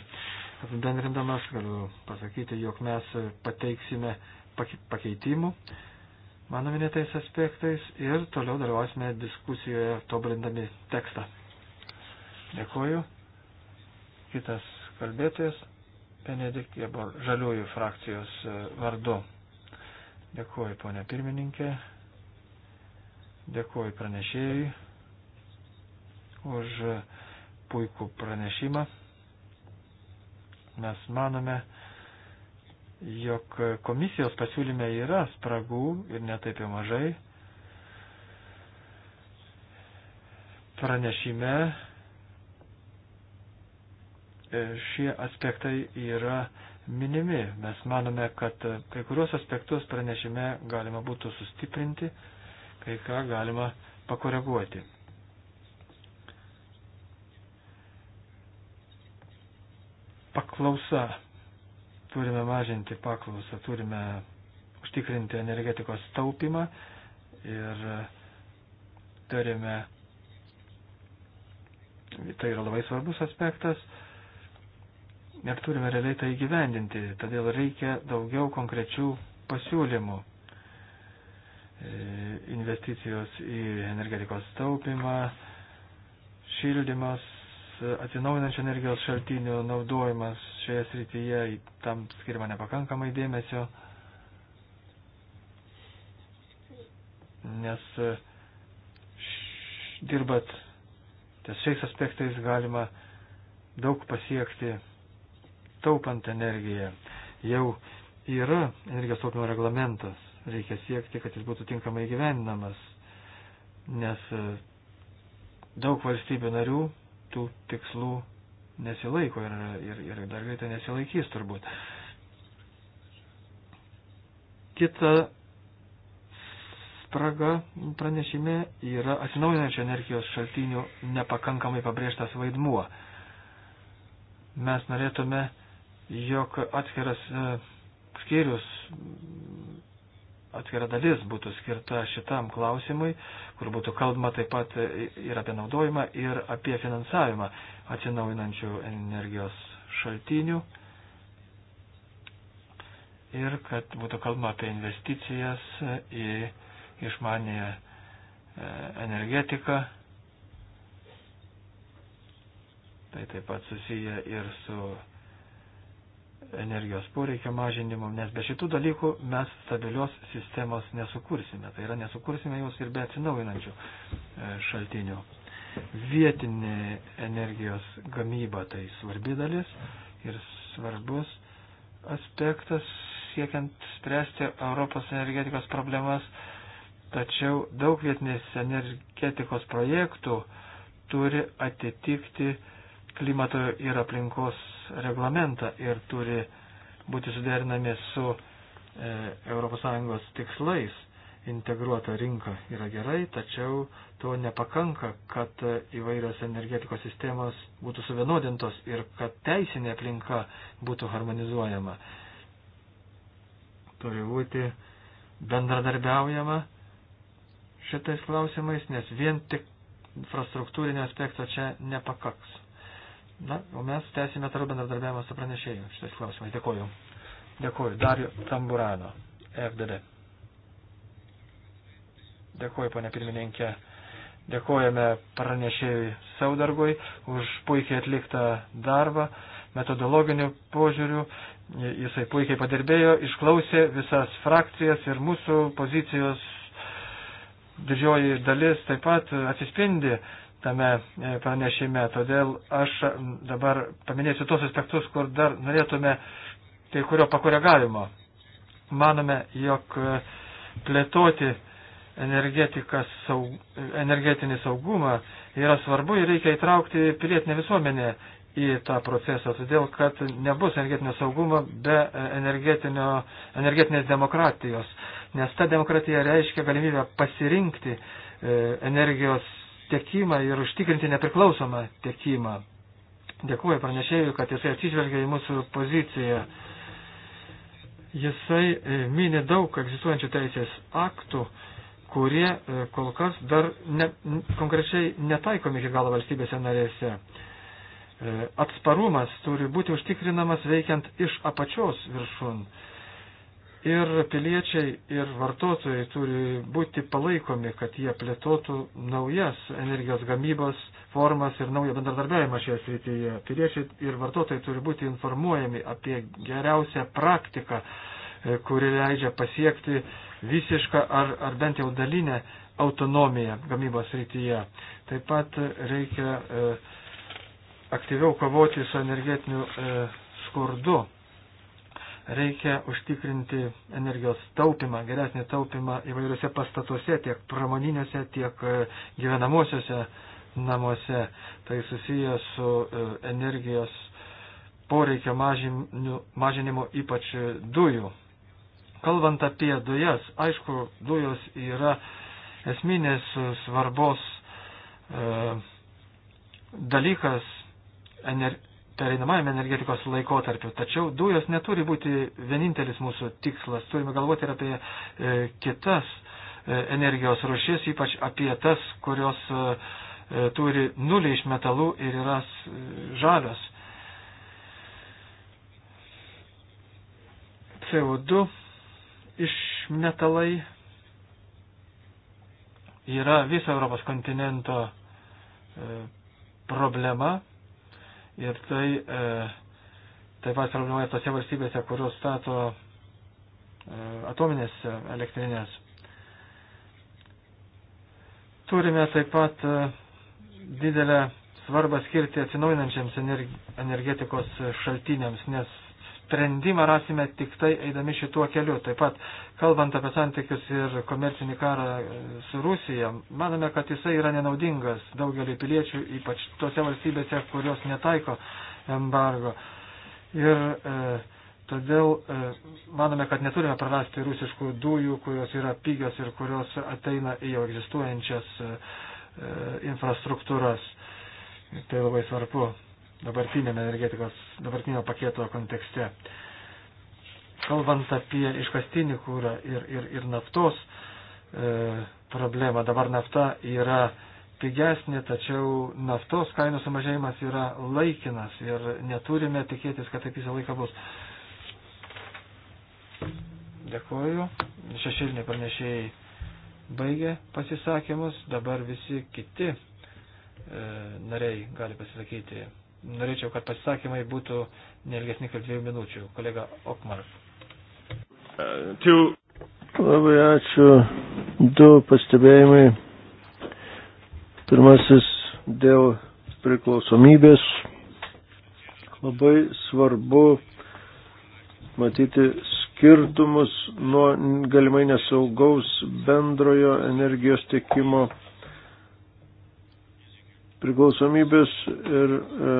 S4: Apibendrindamas galiu pasakyti, jog mes pateiksime pakeitimų mano minėtais aspektais ir toliau dalyvausime diskusijoje tobulindami tekstą. Dėkoju. Kitas kalbėtojas, Benedikt Jebor, žaliųjų frakcijos e, vardu. Dėkoju, ponė pirmininkė. Dėkoju pranešėjui už puikų pranešimą. Mes manome, jog komisijos pasiūlyme yra spragų ir netaip jau mažai. Pranešime e, šie aspektai yra minimi. Mes manome, kad kai kurios aspektus pranešime galima būtų sustiprinti, kai ką galima pakoreguoti. paklausa. Turime mažinti paklausą, turime užtikrinti energetikos taupimą ir turime, tai yra labai svarbus aspektas, ir turime realiai tai gyvendinti, todėl reikia daugiau konkrečių pasiūlymų. E, investicijos į energetikos taupimą, šildymas, atsinaujinančių energijos šaltinių naudojimas šioje srityje tam skirima nepakankamai dėmesio, nes dirbat ties šiais aspektais galima daug pasiekti taupant energiją. Jau yra energijos taupimo reglamentas, reikia siekti, kad jis būtų tinkamai gyveninamas, nes e, daug valstybių narių tų tikslų nesilaiko ir, ir, ir dar greitai nesilaikys turbūt. Kita spraga pranešime yra atsinaujinančio energijos šaltinių nepakankamai pabrėžtas vaidmuo. Mes norėtume, jog atskiras e, skyrius atvira dalis būtų skirta šitam klausimui, kur būtų kalbama taip pat ir apie naudojimą, ir apie finansavimą atsinaujinančių energijos šaltinių. Ir kad būtų kalbama apie investicijas į išmanę e, energetiką. Tai taip pat susiję ir su energijos poreikio mažinimo, nes be šitų dalykų mes stabilios sistemos nesukursime. Tai yra nesukursime jos ir be atsinaujinančių e, šaltinių. Vietinė energijos gamyba tai svarbi dalis ir svarbus aspektas siekiant spręsti Europos energetikos problemas, tačiau daug vietinės energetikos projektų turi atitikti klimato ir aplinkos reglamentą ir turi būti suderinami su e, ES tikslais. Integruota rinka yra gerai, tačiau to nepakanka, kad e, įvairios energetikos sistemos būtų suvienodintos ir kad teisinė aplinka būtų harmonizuojama. Turi būti bendradarbiaujama šitais klausimais, nes vien tik infrastruktūrinio aspekto čia nepakaks. Na, o mes tęsime tarp bendradarbiavimą su pranešėju. Šitas klausimas. Dėkoju. Dėkoju. Dario Tamburano, FDD. Dėkoju, ponė pirmininkė. Dėkojame pranešėjui Saudargui už puikiai atliktą darbą, metodologinių požiūrių. Jisai puikiai padirbėjo, išklausė visas frakcijas ir mūsų pozicijos didžioji dalis taip pat atsispindi tame e, pranešime. Todėl aš dabar paminėsiu tos aspektus, kur dar norėtume kai kurio pakoregavimo. Manome, jog e, plėtoti saug, energetinį saugumą yra svarbu ir reikia įtraukti pilietinę visuomenę į tą procesą, todėl kad nebus energetinio saugumo be e, energetinės demokratijos, nes ta demokratija reiškia galimybę pasirinkti energijos tiekimą ir užtikrinti nepriklausomą tiekimą. Dėkuoju pranešėjui, kad jisai atsižvelgia į mūsų poziciją. Jisai e, mini daug egzistuojančių teisės aktų, kurie e, kol kas dar ne, konkrečiai netaikomi iki galo valstybėse narėse. E, atsparumas turi būti užtikrinamas veikiant iš apačios viršun ir piliečiai, ir vartotojai turi būti palaikomi, kad jie plėtotų naujas energijos gamybos formas ir naują bendradarbiavimą šioje srityje. Piliečiai ir vartotojai turi būti informuojami apie geriausią praktiką, e, kuri leidžia pasiekti visišką ar, ar bent jau dalinę autonomiją gamybos srityje. Taip pat reikia e, aktyviau kovoti su energetiniu e, skurdu Reikia užtikrinti energijos taupimą, geresnį taupimą įvairiuose pastatuose, tiek pramoniniuose, tiek e, gyvenamosiuose namuose. Tai susiję su e, energijos poreikio mažinimu, ypač e, dujų. Kalbant apie dujas, aišku, dujos yra esminės svarbos e, dalykas ener, pereinamajame energetikos laikotarpiu. Tačiau dujos neturi būti vienintelis mūsų tikslas. Turime galvoti ir apie e, kitas e, energijos rušis, ypač apie tas, kurios e, e turi nulį iš metalų ir yra e, žalios. CO2 iš metalai yra viso Europos kontinento e, problema ir tai e, taip pat problema tose valstybėse, kurios stato e, atominės elektrinės. Turime taip pat e, didelę svarbą skirti atsinaujinančiams energetikos šaltiniams, nes sprendimą rasime tik tai eidami šituo keliu. Taip pat, kalbant apie santykius ir komercinį karą e, su Rusija, manome, kad jisai yra nenaudingas daugeliu piliečių, ypač tose valstybėse, kurios netaiko embargo. Ir e, todėl e, manome, kad neturime prarasti rusiškų dujų, kurios yra pigios ir kurios ateina į jau egzistuojančias e, e infrastruktūras. Tai labai svarbu dabartinėme energetikos, dabartinio paketo kontekste. Kalbant apie iškastinį kūrą ir, ir, ir naftos e, problemą, dabar nafta yra pigesnė, tačiau naftos kainų sumažėjimas yra laikinas ir neturime tikėtis, kad taip visą laiką bus. Dėkuoju. Šešėliniai pranešėjai baigė pasisakymus, dabar visi kiti e, nariai gali pasisakyti norėčiau, kad pasisakymai būtų nelgesni kaip dviejų minučių. Kolega Okmar.
S1: Uh, Labai ačiū. Du pastebėjimai. Pirmasis dėl priklausomybės. Labai svarbu matyti skirtumus nuo galimai nesaugaus bendrojo energijos tiekimo priklausomybės ir e,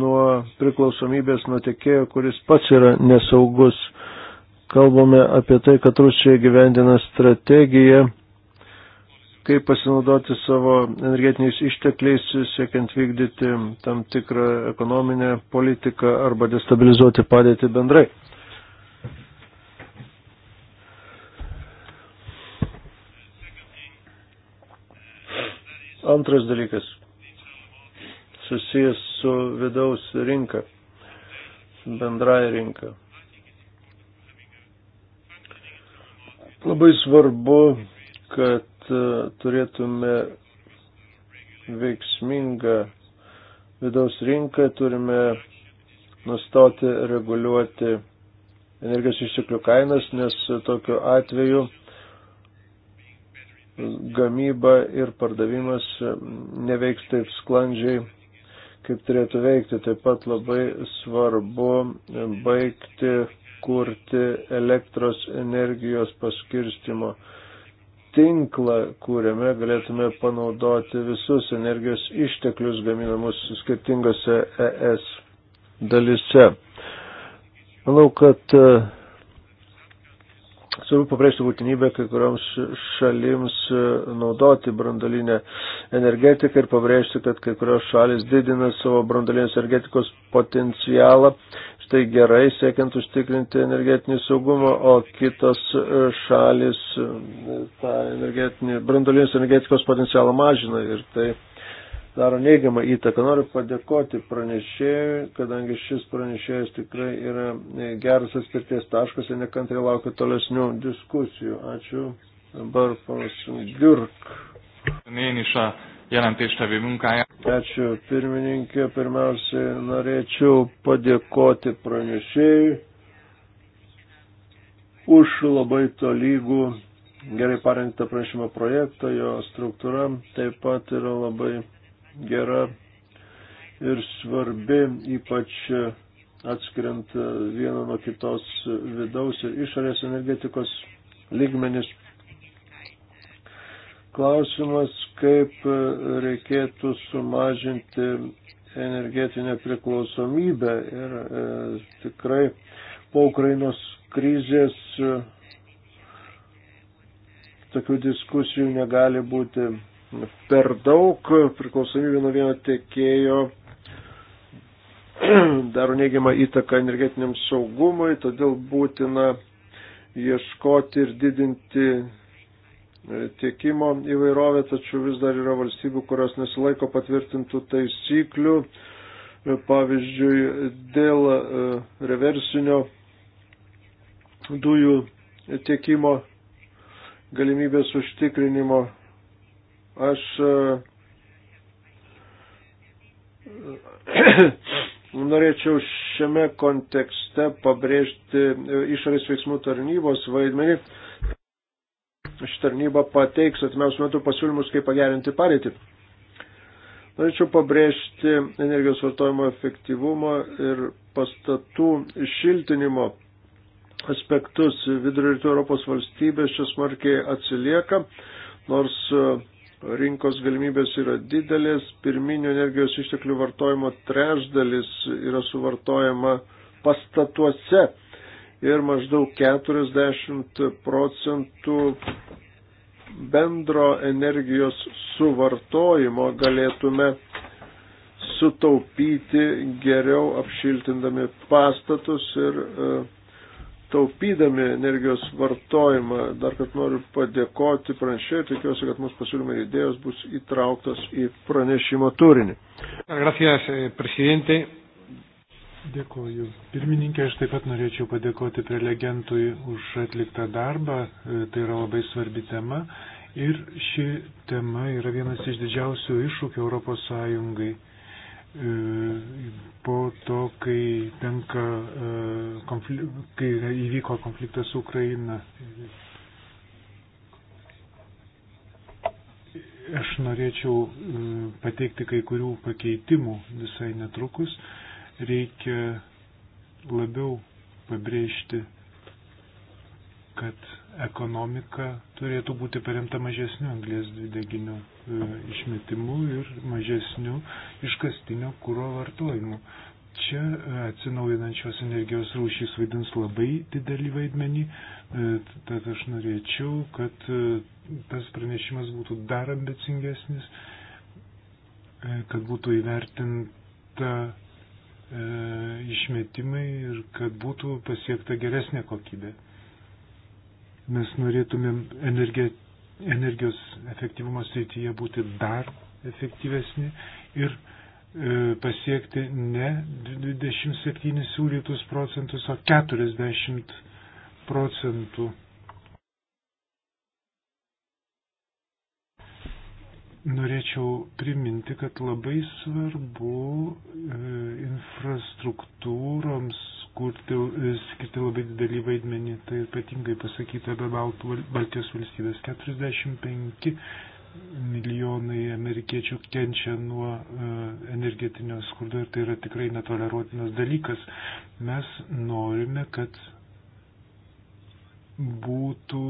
S1: nuo priklausomybės nuo tiekėjo, kuris pats yra nesaugus. Kalbame apie tai, kad Rusija gyvendina strategiją, kaip pasinaudoti savo energetiniais ištekliais, siekiant vykdyti tam tikrą ekonominę politiką arba destabilizuoti padėtį bendrai. Antras dalykas susijęs su vidaus rinka, bendrai rinka. Labai svarbu, kad e, turėtume veiksmingą vidaus rinką, turime nustoti reguliuoti energijos išteklių kainas, nes tokiu atveju gamyba ir pardavimas neveiks taip sklandžiai, kaip turėtų veikti. Taip pat labai svarbu baigti kurti elektros energijos paskirstimo tinklą, kuriame galėtume panaudoti visus energijos išteklius gaminamus skirtingose ES dalise. Manau, kad Svarbu pabrėžti būtinybę kai kurioms šalims e, naudoti brandalinę energetiką ir pabrėžti, kad kai kurios šalis didina savo brandalinės energetikos potencialą. Štai gerai siekiant užtikrinti energetinį saugumą, o kitos e, šalis e, tą energetinį, brandalinės energetikos potencialą mažina ir tai daro neigiamą įtaką. Noriu padėkoti pranešėjui, kadangi šis pranešėjas tikrai yra geras atspirties taškas ir nekantrai laukia tolesnių diskusijų. Ačiū. Dabar palasim Gürk. Ačiū pirmininkė. Pirmiausiai norėčiau padėkoti pranešėjui už labai tolygų gerai parengtą prašymo projektą, jo struktūra taip pat yra labai gera ir svarbi, ypač atskiriant vieną nuo kitos vidaus ir išorės energetikos lygmenis. Klausimas, kaip reikėtų sumažinti energetinę priklausomybę ir e, tikrai po Ukrainos krizės e, tokių diskusijų negali būti per daug priklausomybė nuo vieno tiekėjo daro neigiamą įtaką energetiniam saugumui, todėl būtina ieškoti ir didinti e, tiekimo įvairovę, tačiau vis dar yra valstybių, kurios nesilaiko patvirtintų taisyklių, e, pavyzdžiui, dėl e, reversinio dujų tiekimo galimybės užtikrinimo Aš e, norėčiau šiame kontekste pabrėžti e, išorės veiksmų tarnybos vaidmenį. Ši tarnyba pateiks atmiausių metų pasiūlymus, kaip pagerinti pareitį. Norėčiau pabrėžti energijos vartojimo efektyvumo ir pastatų šiltinimo aspektus. Vidurio rytų Europos valstybės čia smarkiai atsilieka, nors e, rinkos galimybės yra didelės, pirminio energijos išteklių vartojimo trešdalis yra suvartojama pastatuose ir maždaug 40 procentų bendro energijos suvartojimo galėtume sutaupyti geriau apšiltindami pastatus ir uh, taupydami energijos vartojimą. Dar kad noriu padėkoti pranešėjai, tikiuosi, kad mūsų pasiūlymai ir idėjos bus įtrauktos į pranešimo turinį. Gracias, eh,
S2: prezidente. Dėkoju. Pirmininkė, aš taip pat norėčiau padėkoti prelegentui už atliktą darbą. E, tai yra labai svarbi tema. Ir ši tema yra vienas iš didžiausių iššūkių Europos Sąjungai E, po to, kai, tenka, e, konflik, kai įvyko konfliktas su Ukraina. Aš norėčiau e, pateikti kai kurių pakeitimų visai netrukus. Reikia labiau pabrėžti, kad ekonomika turėtų būti paremta mažesniu anglės dvideginiu e, išmetimu ir mažesniu iškastinio kūro vartojimu. Čia e, atsinaujinančios energijos rūšys vaidins labai didelį vaidmenį, e, tad aš norėčiau, kad tas pranešimas būtų dar ambicingesnis, kad būtų įvertinta išmetimai ir kad būtų pasiekta geresnė kokybė. Mes norėtumėm energijos efektyvumo srityje būti dar efektyvesni ir e, pasiekti ne 27 siūlytus procentus, o 40 procentų. Norėčiau priminti, kad labai svarbu e, infrastruktūroms, kurti, e, skirti labai didelį vaidmenį, tai ypatingai pasakyta apie Baltijos valstybės. 45 milijonai amerikiečių kenčia nuo e, energetinio skurdo ir tai yra tikrai netoleruotinas dalykas. Mes norime, kad būtų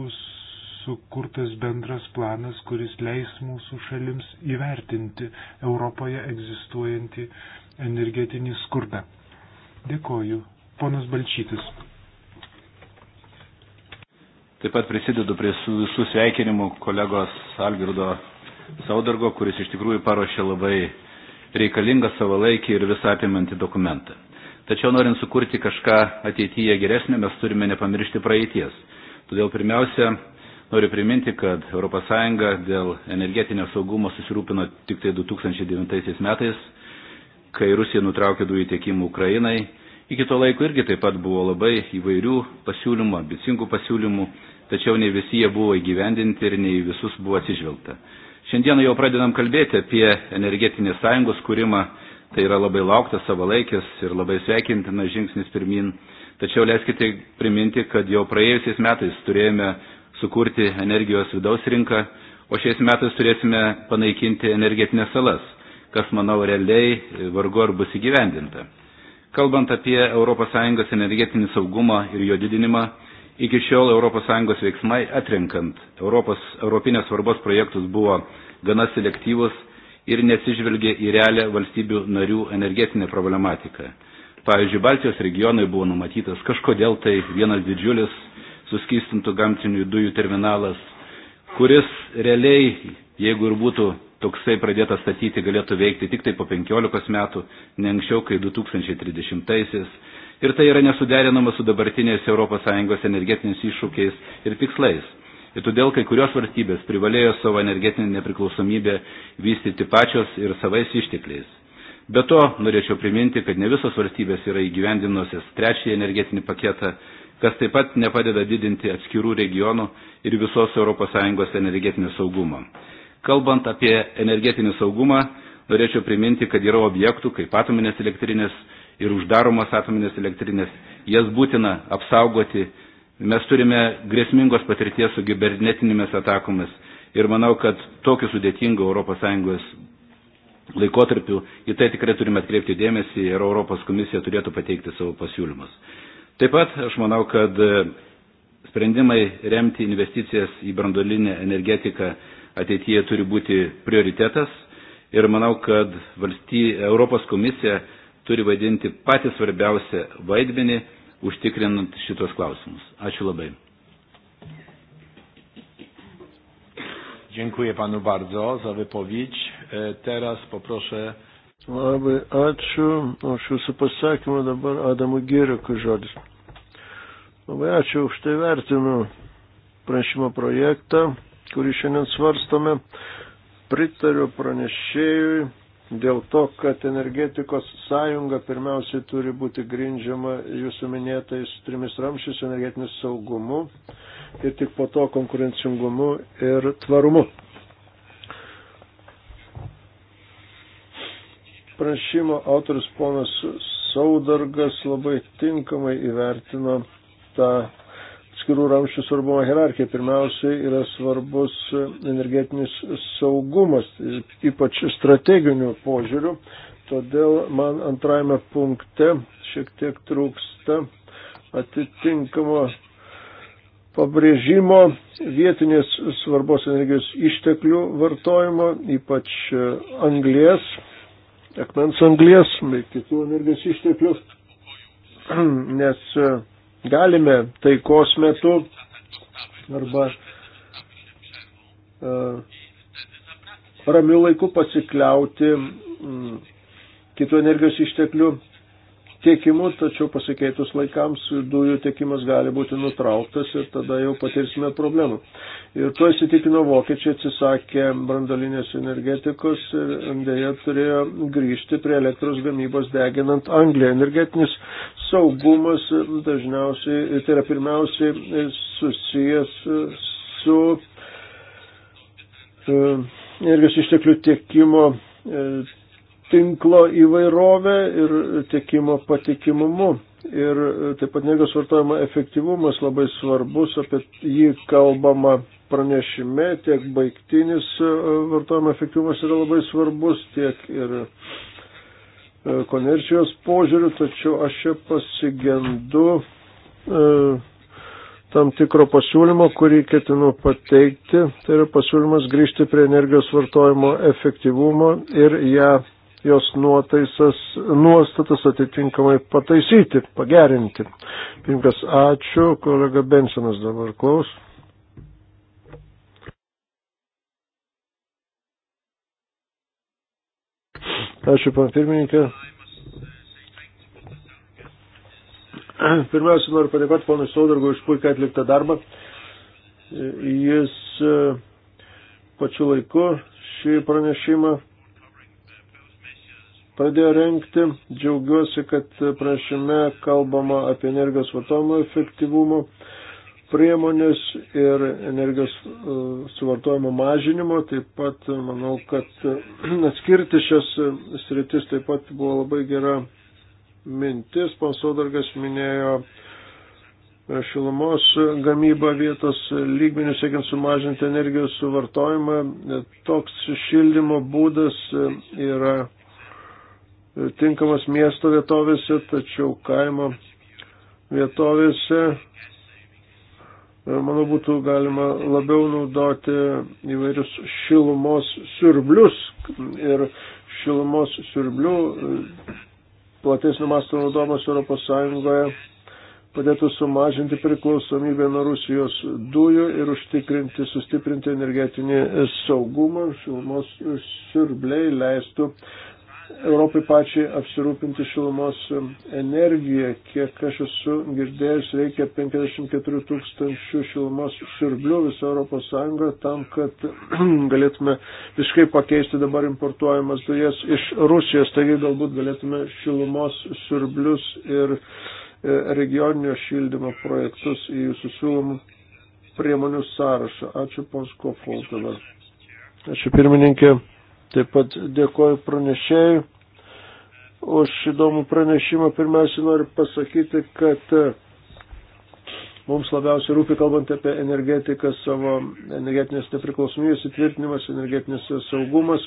S2: sukurtas bendras planas, kuris leis mūsų šalims įvertinti Europoje egzistuojantį energetinį skurdą. Dėkoju. Ponas Balčytis.
S3: Taip pat prisidedu prie visų sveikinimų kolegos Algirdo Saudargo, kuris iš tikrųjų paruošė labai reikalingą savalaikį ir visą apimantį dokumentą. Tačiau norint sukurti kažką ateityje geresnio, mes turime nepamiršti praeities. Todėl pirmiausia, noriu priminti, kad ES dėl energetinio saugumo susirūpino tik tai 2009 metais, kai Rusija nutraukė dujų tiekimą Ukrainai Iki to laiko irgi taip pat buvo labai įvairių pasiūlymų, ambicingų pasiūlymų, tačiau ne visi jie buvo įgyvendinti ir ne į visus buvo atsižvelgta. Šiandieną jau pradedam kalbėti apie energetinės sąjungos kūrimą, tai yra labai lauktas, savalaikis ir labai sveikintinas žingsnis pirmin, tačiau leiskite priminti, kad jau praėjusiais metais turėjome sukurti energijos vidaus rinką, o šiais metais turėsime panaikinti energetinės salas, kas, manau, realiai vargu ar bus įgyvendinta. Kalbant apie ES energetinį saugumą ir jo didinimą, iki šiol ES veiksmai atrenkant Europos, Europinės svarbos projektus buvo gana selektyvus ir nesižvelgė į realią valstybių narių energetinę problematiką. Pavyzdžiui, Baltijos regionai buvo numatytas kažkodėl tai vienas didžiulis suskystintų gamtinių dujų terminalas, kuris realiai, jeigu ir būtų toksai pradėtas statyti galėtų veikti tik tai po 15 metų, ne anksčiau, kai 2030-aisiais. Ir tai yra nesuderinama su dabartiniais ES energetiniais iššūkiais ir tikslais. Ir todėl kai kurios valstybės privalėjo savo energetinę nepriklausomybę vystyti pačios ir savais ištekliais. Be to, norėčiau priminti, kad ne visos valstybės yra įgyvendinusios trečiąjį energetinį paketą, kas taip pat nepadeda didinti atskirų regionų ir visos ES energetinio saugumo. Kalbant apie energetinį saugumą, norėčiau priminti, kad yra objektų kaip atominės elektrinės ir uždaromos atominės elektrinės. Jas būtina apsaugoti. Mes turime grėsmingos patirties su kibernetinėmis atakomis ir manau, kad tokiu sudėtingu ES laikotarpiu į tai tikrai turime atkreipti dėmesį ir Europos komisija turėtų pateikti savo pasiūlymus. Taip pat aš manau, kad e, sprendimai remti investicijas į brandolinę energetiką ateityje turi būti prioritetas ir manau, kad valsty, Europos komisija turi vaidinti patį svarbiausią vaidmenį užtikrinant šitos klausimus. Ačiū labai. Dziękuję panu bardzo za wypowiedź. E, teraz poproszę.
S1: Labai ačiū už jūsų pasakymą dabar Adamų Gėriukų žodis. Labai ačiū už tai vertinu prašymo projektą kurį šiandien svarstome, pritariu pranešėjui dėl to, kad energetikos sąjunga pirmiausiai turi būti grindžiama jūsų minėtais trimis ramšys energetiniu saugumu ir tik po to konkurencingumu ir tvarumu. Prašymo autoris ponas Saudargas labai tinkamai įvertino tą atskirų ramščių svarbumo hierarchija. Pirmiausiai yra svarbus energetinis saugumas, ypač strateginių požiūrių. Todėl man antrajame punkte šiek tiek trūksta atitinkamo pabrėžimo vietinės svarbos energijos išteklių vartojimo, ypač anglės, akmens anglės bei kitų energijos išteklių, nes galime taikos metu arba uh, e, ramių laikų pasikliauti um, kitų energijos išteklių tiekimu, tačiau pasikeitus laikams dujų tiekimas gali būti nutrauktas ir tada jau patirsime problemų. Ir tuo įsitikino vokiečiai atsisakė brandalinės energetikos ir dėja turėjo grįžti prie elektros gamybos deginant Angliją. Energetinis saugumas dažniausiai, tai yra pirmiausiai susijęs su e, energijos išteklių tiekimo e, tinklo įvairovę ir tiekimo patikimumu. Ir taip pat energijos vartojimo efektyvumas labai svarbus, apie jį kalbama pranešime, tiek baigtinis e, vartojimo efektyvumas yra labai svarbus, tiek ir e, komercijos požiūrių, tačiau aš čia pasigendu e, tam tikro pasiūlymo, kurį ketinu pateikti. Tai yra pasiūlymas grįžti prie energijos vartojimo efektyvumo ir ją jos nuotaisas, nuostatas atitinkamai pataisyti, pagerinti. Pinkas, ačiū, kolega Bensonas dabar klaus. Ačiū, pan pirmininkė. Pirmiausia, noriu padėkoti ponui Saudargui už puikiai atliktą darbą. Jis e, pačiu laiku šį pranešimą pradėjo renkti. Džiaugiuosi, kad prašyme kalbama apie energijos vartojimo efektyvumo priemonės ir energijos e, suvartojimo mažinimo. Taip pat manau, kad e, atskirti šias e, sritis taip pat buvo labai gera mintis. Pansodargas minėjo šilumos gamybą vietos lygmenių, siekiant sumažinti energijos suvartojimą. Toks šildymo būdas yra tinkamas miesto vietovėse, tačiau kaimo vietovėse, e, manau, būtų galima labiau naudoti įvairius šilumos siurblius ir šilumos siurblių e, platesnio masto naudomas Europos Sąjungoje padėtų sumažinti priklausomybę nuo Rusijos dujų ir užtikrinti, sustiprinti energetinį saugumą. Šilumos siurbliai leistų Europai pačiai apsirūpinti šilumos energiją. Kiek aš esu girdėjęs, reikia 54 tūkstančių šilumos siurblių visą Europos Sąjungą tam, kad galėtume visiškai pakeisti dabar importuojamas dujas iš Rusijos. Taigi galbūt galėtume šilumos siurblius ir e, regioninio šildymo projektus į jūsų siūlomų priemonių sąrašą. Ačiū, Ponsko Foltovar. Ačiū, pirmininkė. Taip pat dėkoju pranešėjai už įdomų pranešimą. Pirmiausia, noriu pasakyti, kad e, mums labiausiai rūpi, kalbant apie energetiką, savo energetinės nepriklausomybės įtvirtinimas, energetinės saugumas.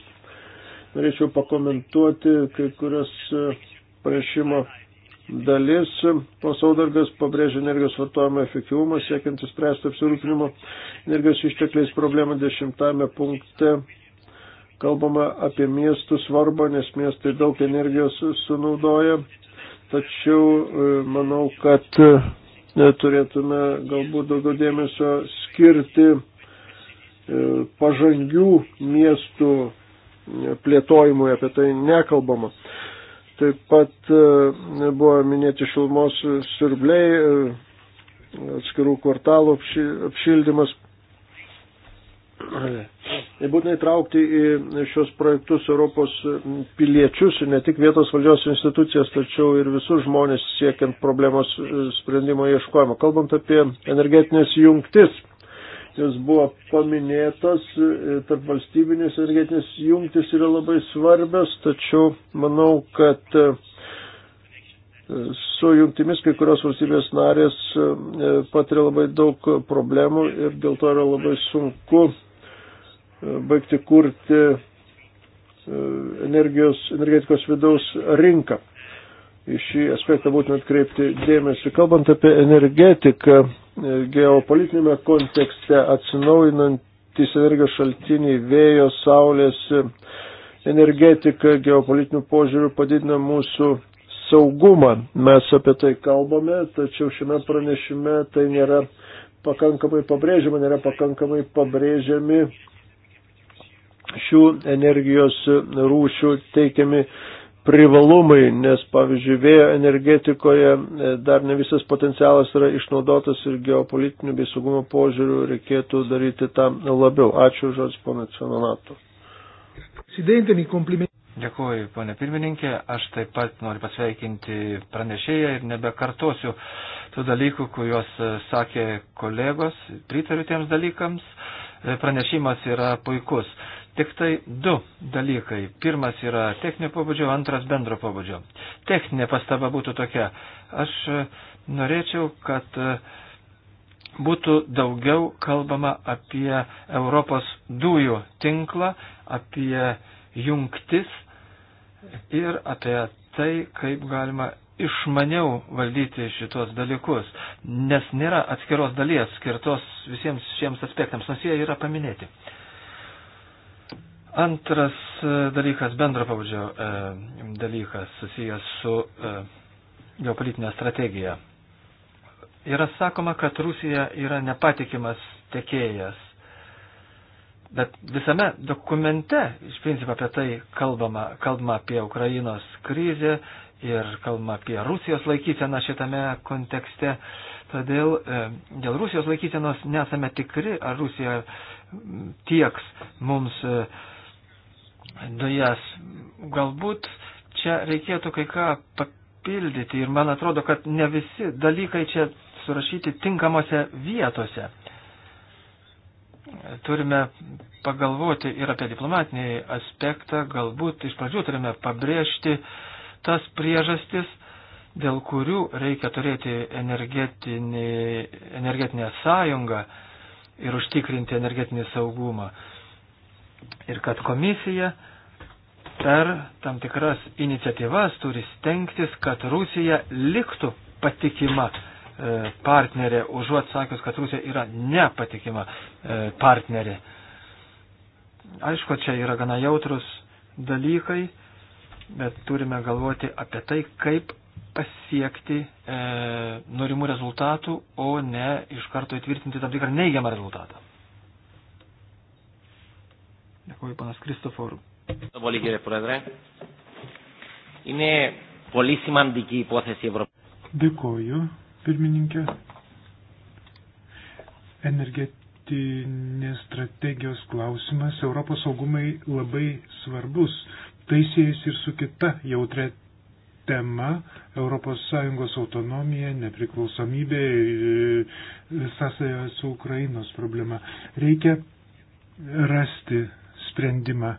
S1: Norėčiau pakomentuoti kai kurias e, pranešimo dalis. Posaudargas pabrėžia energijos vartojimo efektyvumą, siekiant įspręsti apsirūpinimo energijos ištekliais problemą dešimtame punkte kalbama apie miestų svarbą, nes miestai daug energijos sunaudoja. Tačiau e, manau, kad e, turėtume galbūt daugiau dėmesio skirti e, pažangių miestų plėtojimui, apie tai nekalbama. Taip pat buvo minėti šilumos siurbliai, atskirų kvartalų apšildymas. Būtinai traukti į šios projektus Europos piliečius ir ne tik vietos valdžios institucijas, tačiau ir visus žmonės siekiant problemos sprendimo ieškojimo. Kalbant apie energetinės jungtis, jis buvo paminėtas, tarp valstybinės energetinės jungtis yra labai svarbios, tačiau manau, kad su jungtimis kai kurios valstybės narės e, patiria labai daug problemų ir dėl to yra labai sunku baigti kurti e, energijos, energetikos vidaus rinką. Į šį aspektą būtina atkreipti dėmesį. Kalbant apie energetiką, e, geopolitinėme kontekste atsinaujinantis energijos šaltiniai vėjo, saulės e, energetika geopolitinių požiūrių padidina mūsų saugumą. Mes apie tai kalbame, tačiau šiame pranešime tai nėra pakankamai pabrėžiama, nėra pakankamai pabrėžiami šių energijos rūšių teikiami privalumai, nes pavyzdžiui vėjo energetikoje e, dar ne visas potencialas yra išnaudotas ir geopolitinių bei saugumo požiūrių reikėtų daryti tam labiau. Ačiū žodžiu, pana Cionanato.
S4: Dėkuoju, ponė pirmininkė. Aš taip pat noriu pasveikinti pranešėją ir nebekartosiu tų dalykų, kuriuos e, sakė kolegos. Pritariu tiems dalykams. E, pranešimas yra puikus tik tai du dalykai. Pirmas yra techninio pobūdžio, antras bendro pobūdžio. Techninė pastaba būtų tokia. Aš e, norėčiau, kad e, būtų daugiau kalbama apie Europos dujų tinklą, apie jungtis ir apie tai, kaip galima išmaniau valdyti šitos dalykus, nes nėra atskiros dalies skirtos visiems šiems aspektams, nors jie yra paminėti. Uh, Antras e, dalykas, bendro pabudžio e, dalykas susijęs su e, geopolitinė strategija. Yra sakoma, kad Rusija yra nepatikimas tekėjas, bet visame dokumente iš principo apie tai kalbama, kalbama apie Ukrainos krizę ir kalbama apie Rusijos laikyseną šitame kontekste. Todėl e, dėl Rusijos laikysenos nesame tikri, ar Rusija tieks mums. E, dujas. Galbūt čia reikėtų kai ką papildyti ir man atrodo, kad ne visi dalykai čia surašyti tinkamose vietose. Turime pagalvoti ir apie diplomatinį aspektą, galbūt iš pradžių turime pabrėžti tas priežastis, dėl kurių reikia turėti energetinę sąjungą ir užtikrinti energetinį saugumą. Ir kad komisija per tam tikras iniciatyvas turi stengtis, kad Rusija liktų patikima e, partnerė, užuot sakius, kad Rusija yra nepatikima e, partnerė. Aišku, čia yra gana jautrus dalykai, bet turime galvoti apie tai, kaip pasiekti e, norimų rezultatų, o ne iš karto įtvirtinti tam tikrą neigiamą rezultatą. Dėkuoju,
S2: panas Kristoforų.
S4: Πολύ κύριε Πρόεδρε. Είναι πολύ σημαντική υπόθεση Ευρωπαϊκή.
S2: Dėkoju, pirmininkė. Energetinės strategijos klausimas Europos saugumai labai svarbus. Tai siejasi ir su kita jautre tema ES autonomija, nepriklausomybė ir e, sąsaja su Ukrainos problema. Reikia rasti sprendimą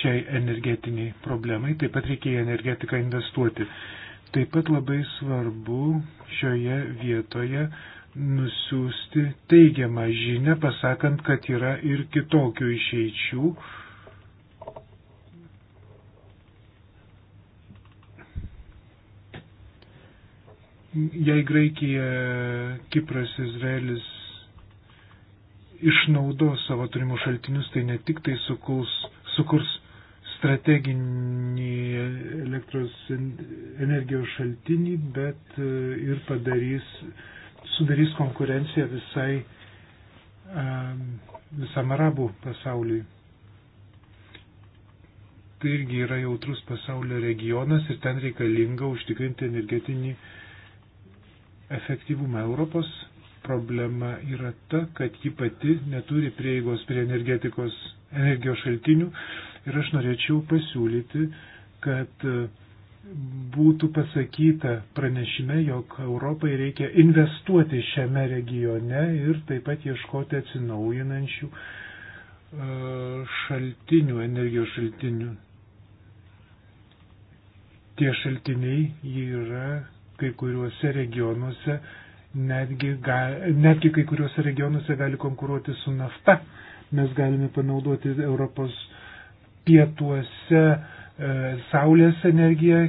S2: šiai energetiniai problemai, taip pat reikia į energetiką investuoti. Taip pat labai svarbu šioje vietoje nusiųsti teigiamą žinę, pasakant, kad yra ir kitokių išeičių. Jei Graikija, Kipras, Izraelis išnaudos savo turimų šaltinius, tai ne tik tai sukurs, sukurs strateginį elektros energijos šaltinį, bet e, ir padarys, sudarys konkurenciją visai, visam arabų pasauliui. Tai irgi yra jautrus pasaulio regionas ir ten reikalinga užtikrinti energetinį efektyvumą Europos. Problema yra ta, kad ji pati neturi prieigos prie energetikos energijos šaltinių ir aš norėčiau pasiūlyti, kad e, būtų pasakyta pranešime, jog Europai reikia investuoti šiame regione ir taip pat ieškoti atsinaujinančių e, šaltinių, energijos šaltinių. Tie šaltiniai yra kai kuriuose regionuose netgi, ga, netgi kai kuriuose regionuose gali konkuruoti su nafta mes galime panaudoti Europos pietuose e, saulės energiją,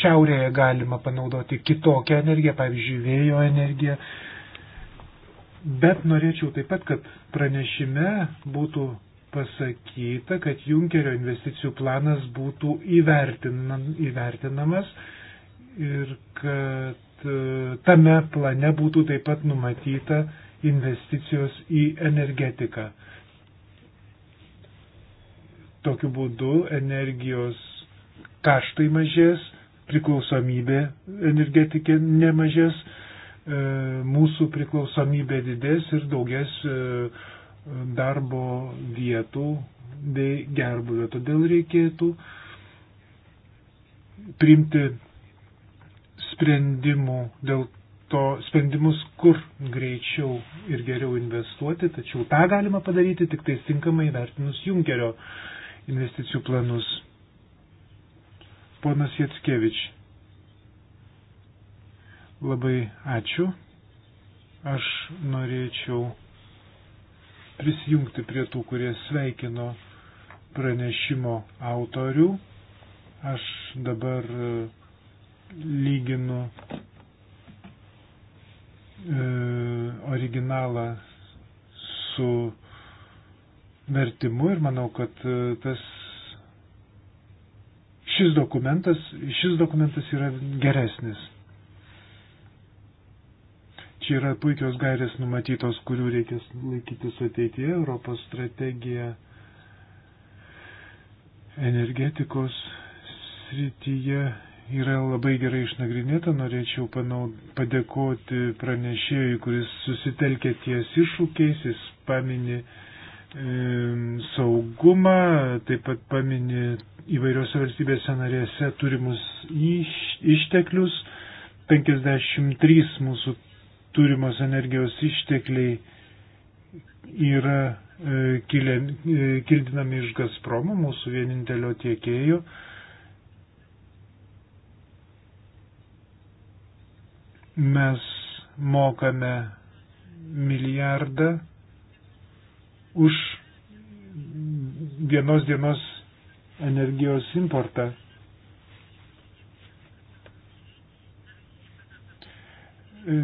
S2: šiaurėje galima panaudoti kitokią energiją, pavyzdžiui, vėjo energiją. Bet norėčiau taip pat, kad pranešime būtų pasakyta, kad Junkerio investicijų planas būtų įvertinam, įvertinamas ir kad e, tame plane būtų taip pat numatyta investicijos į energetiką. Tokiu būdu energijos kaštai mažės, priklausomybė energetikė nemažės, e, mūsų priklausomybė didės ir daugės e, darbo vietų bei gerbuvio. Todėl reikėtų priimti sprendimų dėl to sprendimus, kur greičiau ir geriau investuoti, tačiau tą galima padaryti tik tai tinkamai vertinus Junkerio uh, investicijų planus. Ponas Jatskevič. Labai ačiū. Aš norėčiau prisijungti prie tų, kurie sveikino pranešimo autorių. Aš dabar e, lyginu e, originalą su vertimu ir manau, kad e, tas, šis, dokumentas, šis dokumentas yra geresnis. Čia yra puikios gairės numatytos, kurių reikės laikytis ateityje. Europos strategija energetikos srityje yra labai gerai išnagrinėta. Norėčiau panau, padėkoti pranešėjui, kuris susitelkė ties iššūkiais, jis paminė uh, saugumą, taip pat pamini įvairiose valstybėse narėse turimus iš, išteklius. 53 mūsų turimos energijos ištekliai yra e, kilė, e, kildinami iš Gazpromo, mūsų vienintelio tiekėjo. Mes mokame milijardą už vienos dienos energijos importą. E,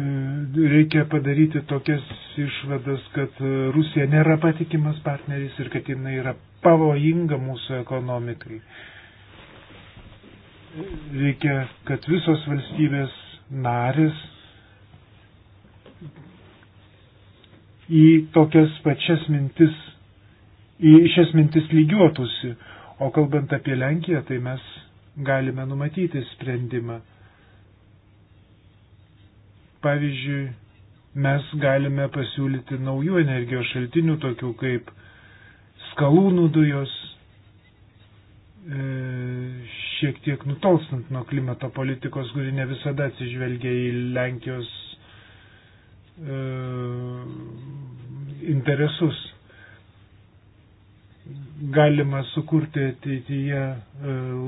S2: reikia padaryti tokias išvadas, kad Rusija nėra patikimas partneris ir kad jinai yra pavojinga mūsų ekonomikai. Reikia, kad visos valstybės narės į tokias pačias mintis, į šias mintis lygiuotųsi. O kalbant apie Lenkiją, tai mes galime numatyti sprendimą. Pavyzdžiui, mes galime pasiūlyti naujų energijos šaltinių, tokių kaip skalūnų dujos, e, šiek tiek nutolstant nuo klimato politikos, kuri ne visada atsižvelgia į Lenkijos e, interesus. Galima sukurti ateityje e,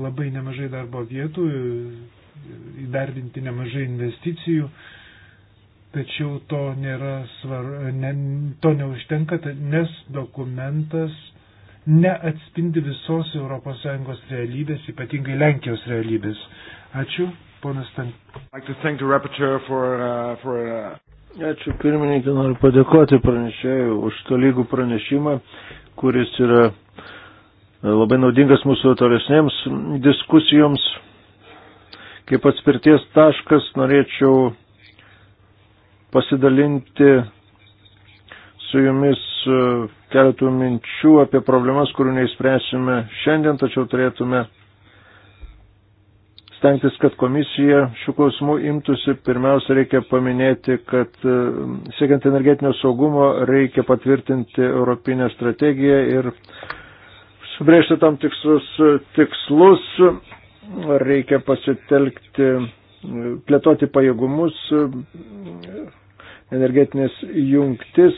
S2: labai nemažai darbo vietų, e, įdarbinti nemažai investicijų, tačiau to, nėra svar, ne, to neužtenka, nes dokumentas neatspindi visos ES realybės, ypatingai Lenkijos realybės. Ačiū, ponas
S1: Tan. Ačiū pirmininkai, noriu padėkoti pranešėjui už tolygų pranešimą, kuris yra e, labai naudingas mūsų tolesnėms diskusijoms. Kaip atspirties taškas norėčiau pasidalinti su jumis e, keletų minčių apie problemas, kurių neįspręsime šiandien, tačiau turėtume stengtis, kad komisija šių klausimų imtųsi. Pirmiausia, reikia paminėti, kad e, siekiant energetinio saugumo reikia patvirtinti Europinę strategiją ir subrėžti tam tikslus, e, tikslus reikia pasitelkti, e, plėtoti pajėgumus, energetinės jungtis,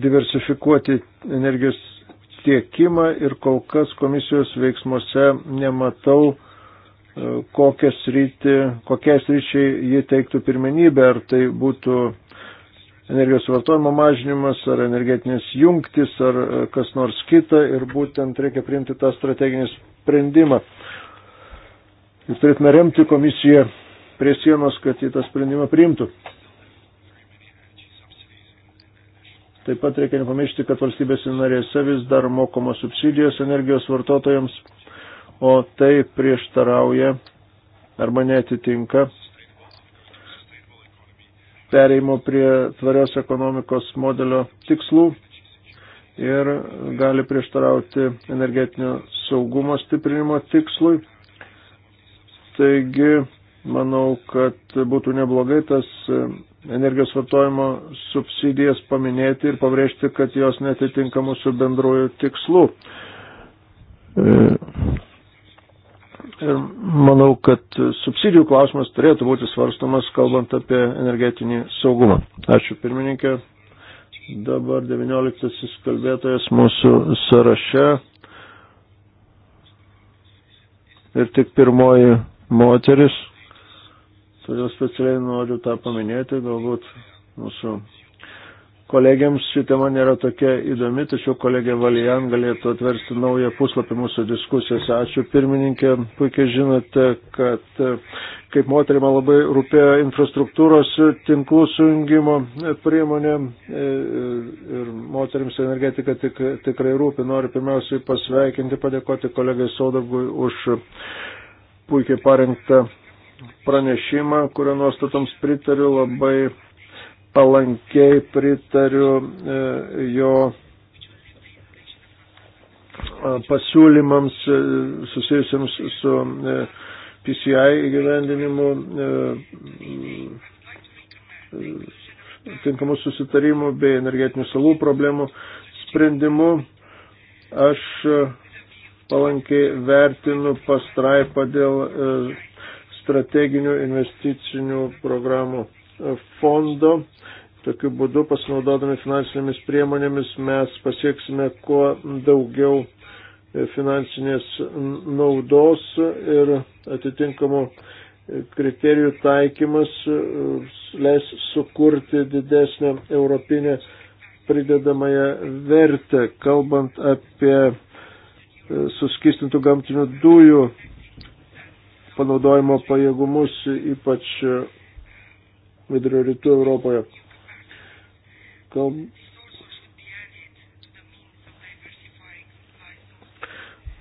S1: diversifikuoti energijos tiekimą ir kol kas komisijos veiksmuose nematau, e, kokias rytį, kokias ryčiai jie teiktų pirmenybę, ar tai būtų energijos vartojimo mažinimas, ar energetinės jungtis, ar e, kas nors kita ir būtent reikia priimti tą strateginį sprendimą. Ir turėtume remti komisiją prie sienos, kad jį tą sprendimą priimtų. Taip pat reikia nepamiršti, kad valstybėse narėse vis dar mokoma subsidijos energijos vartotojams, o tai prieštarauja arba netitinka pereimo prie tvarios ekonomikos modelio tikslų ir gali prieštarauti energetinio saugumo stiprinimo tikslui. Taigi, manau, kad būtų neblogai tas energijos vartojimo subsidijas paminėti ir pabrėžti, kad jos netitinka mūsų bendrojų tikslų. E, ir manau, kad subsidijų klausimas turėtų būti svarstomas, kalbant apie energetinį saugumą. Ačiū pirmininkė. Dabar 19 kalbėtojas mūsų sąraše. Ir tik pirmoji moteris Todėl specialiai noriu tą paminėti, galbūt mūsų kolegiams ši tema nėra tokia įdomi, tačiau kolegė Valijan galėtų atversti naują puslapį mūsų diskusijose. Ačiū pirmininkė, puikiai žinote, kad e, kaip moterį man labai rūpėjo infrastruktūros tinklų sujungimo priemonė e, ir moteriams energetika tik, tikrai rūpi. Noriu pirmiausiai pasveikinti, padėkoti kolegai Saudargui už puikiai parengtą pranešimą, kurio nuostatoms pritariu, labai palankiai pritariu e, jo e, pasiūlymams e, susijusiams su PCI įgyvendinimu tinkamų susitarimų bei energetinių salų problemų sprendimu. Aš palankiai vertinu pastraipą dėl strateginių investicinių programų fondo. Tokiu būdu, pasinaudodami finansinėmis priemonėmis, mes pasieksime kuo daugiau e, finansinės naudos ir atitinkamų kriterijų taikymas e, leis sukurti didesnę europinę pridedamąją vertę, kalbant apie e, suskistintų gamtinių dujų panaudojimo pajėgumus, ypač vidurio rytų Europoje. Kalb...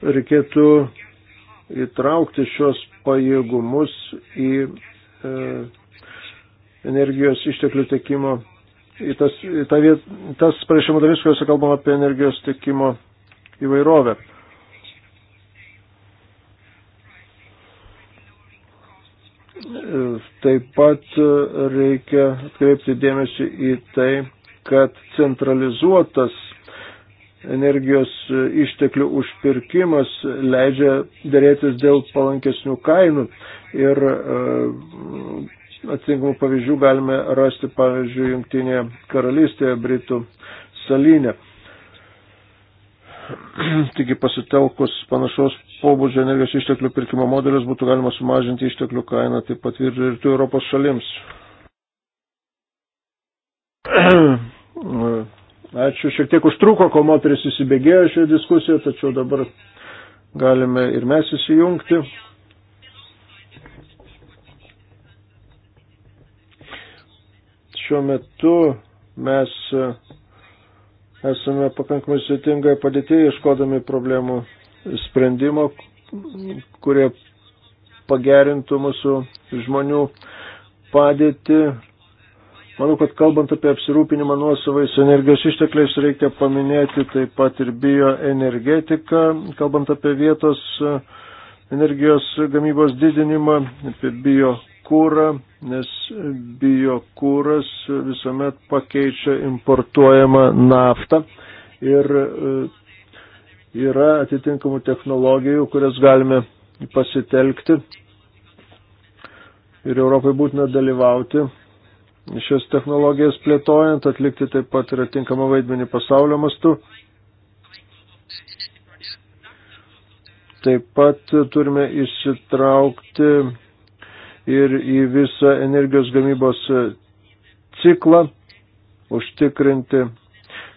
S1: Reikėtų įtraukti šios pajėgumus į e, energijos išteklių tekimo, į tas, į tą viet, tas pranešimo dalis, kuriuose kalbama apie energijos tekimo įvairovę. Taip pat e, reikia atkreipti dėmesį į tai, kad centralizuotas energijos e, išteklių užpirkimas leidžia dėrėtis dėl palankesnių kainų. Ir e, atsinkamų pavyzdžių galime rasti, pavyzdžiui, Junktinėje karalystėje, Britų salinė. Taigi pasitelkus panašaus pobūdžio energijos išteklių pirkimo modelis būtų galima sumažinti išteklių kainą taip pat ir rytų Europos šalims. Ačiū, šiek tiek užtruko, kol moteris įsibėgėjo šioje diskusijoje, tačiau dabar galime ir mes įsijungti. Šiuo metu mes esame pakankamai sėtingai padėtėjai iškodami problemų sprendimo, kurie pagerintų mūsų žmonių padėtį. Manau, kad kalbant apie apsirūpinimą nuosavais energijos ištekliais, reikia paminėti taip pat ir bioenergetiką, kalbant apie vietos e, energijos gamybos didinimą, apie biokūrą, nes biokūras visuomet pakeičia importuojamą naftą ir e, yra atitinkamų technologijų, kurias galime pasitelkti ir Europai būtina dalyvauti šias technologijas plėtojant, atlikti taip pat yra tinkama vaidmenį pasaulio mastu. Taip pat turime įsitraukti ir į visą energijos gamybos ciklą, užtikrinti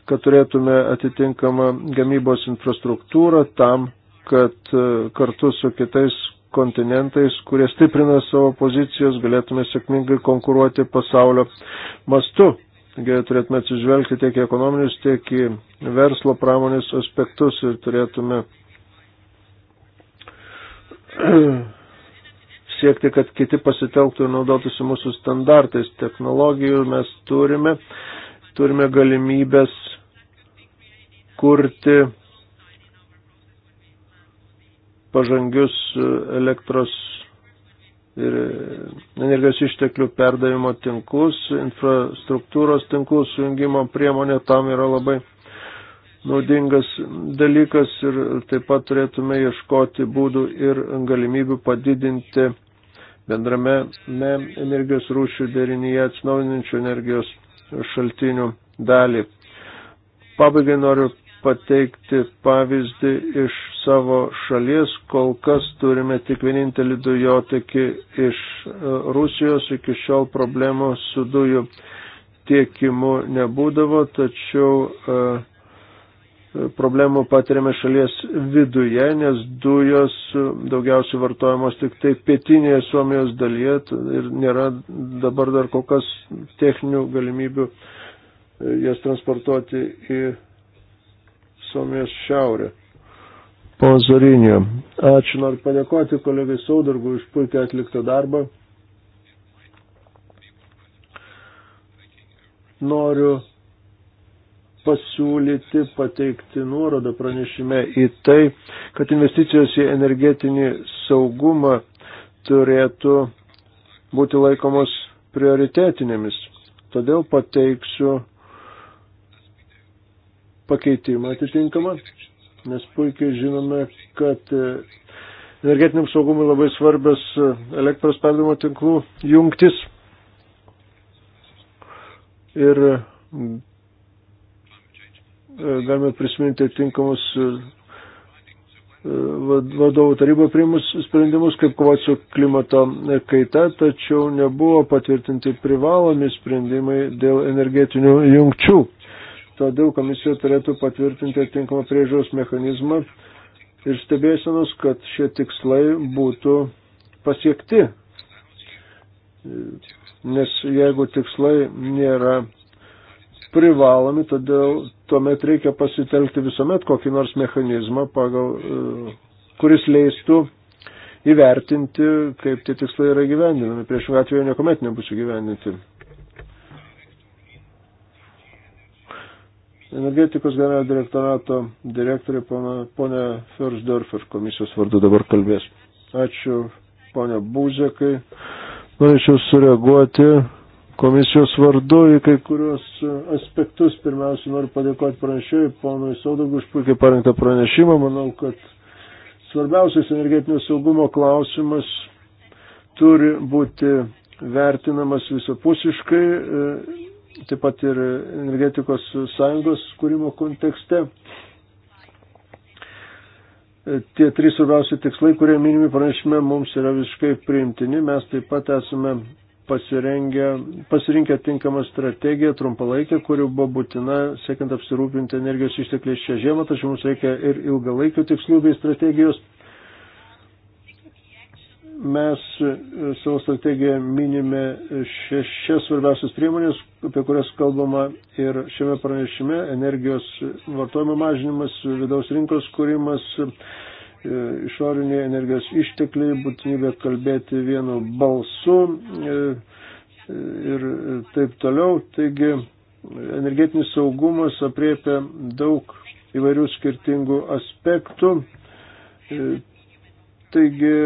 S1: kad turėtume atitinkamą gamybos infrastruktūrą tam, kad e, kartu su kitais kontinentais, kurie stiprina savo pozicijas, galėtume sėkmingai konkuruoti pasaulio mastu. Taigi turėtume atsižvelgti tiek į ekonominius, tiek į verslo pramonės aspektus ir turėtume siekti, kad kiti pasitelktų ir naudotųsi mūsų standartais technologijų. Mes turime, turime galimybės kurti pažangius elektros ir energijos išteklių perdavimo tinklus, infrastruktūros tinklų sujungimo priemonė tam yra labai naudingas dalykas ir taip pat turėtume ieškoti būdų ir galimybių padidinti bendrame energijos rūšių derinyje atsinaujinančių energijos šaltinių dalį. Pabaigai noriu pateikti pavyzdį iš savo šalies. Kol kas turime tik vienintelį dujotekį iš e, Rusijos. Iki šiol problemų su dujų tiekimu nebūdavo, tačiau e, problemų patiriame šalies viduje, nes dujos daugiausiai vartojamos tik tai pietinėje Suomijos dalyje ir nėra dabar dar kol kas techninių galimybių e, jas transportuoti į Suomijos šiaurė. Pon Zorinio, ačiū noriu padėkoti kolegai Saudargui už puikiai atliktą darbą. Noriu pasiūlyti pateikti nuorodą pranešime į tai, kad investicijos į energetinį saugumą turėtų būti laikomos prioritetinėmis. Todėl pateiksiu pakeitimą atitinkamą, nes puikiai žinome, kad e, energetiniam saugumui labai svarbios e, elektros perdavimo tinklų jungtis. Ir e, galime prisiminti tinkamus vadovų taryba priimus sprendimus, kaip kovoti su klimato kaita, tačiau nebuvo patvirtinti privalomi sprendimai dėl energetinių jungčių. Todėl komisija turėtų patvirtinti atitinkamą priežiūros mechanizmą ir stebėsenos, kad šie tikslai būtų pasiekti. Nes jeigu tikslai nėra privalomi, todėl tuomet reikia pasitelkti visuomet kokį nors mechanizmą, pagal, e, kuris leistų įvertinti, kaip tie tikslai yra gyvendinami. Priešingą atveju niekuomet nebus įgyvendinti. energetikos generalinio direktorato direktorė ponė Fersdorfer komisijos vardu dabar kalbės. Ačiū ponė Būzekai. Norėčiau sureaguoti komisijos vardu į kai kurios aspektus. Pirmiausia, noriu padėkoti pranešėjui, ponui Saudogui, už puikiai parengtą pranešimą. Manau, kad svarbiausias energetinio saugumo klausimas turi būti vertinamas visapusiškai taip pat ir energetikos sąjungos kūrimo kontekste. Tie trys svarbiausi tikslai, kurie minimi pranešime, mums yra visiškai priimtini. Mes taip pat esame pasirinkę tinkamą strategiją trumpalaikę, kuri buvo būtina, siekiant apsirūpinti energijos ištekliais šią žiemą, tačiau mums reikia ir ilgalaikių tikslų bei strategijos mes e, savo strategiją minime šešias svarbiausias priemonės, apie kurias kalbama ir šiame pranešime - energijos vartojimo mažinimas, vidaus rinkos kūrimas, e, išoriniai energijos ištekliai, būtinybė kalbėti vienu balsu e, ir taip toliau. Taigi, energetinis saugumas apriepia daug įvairių skirtingų aspektų Taigi e,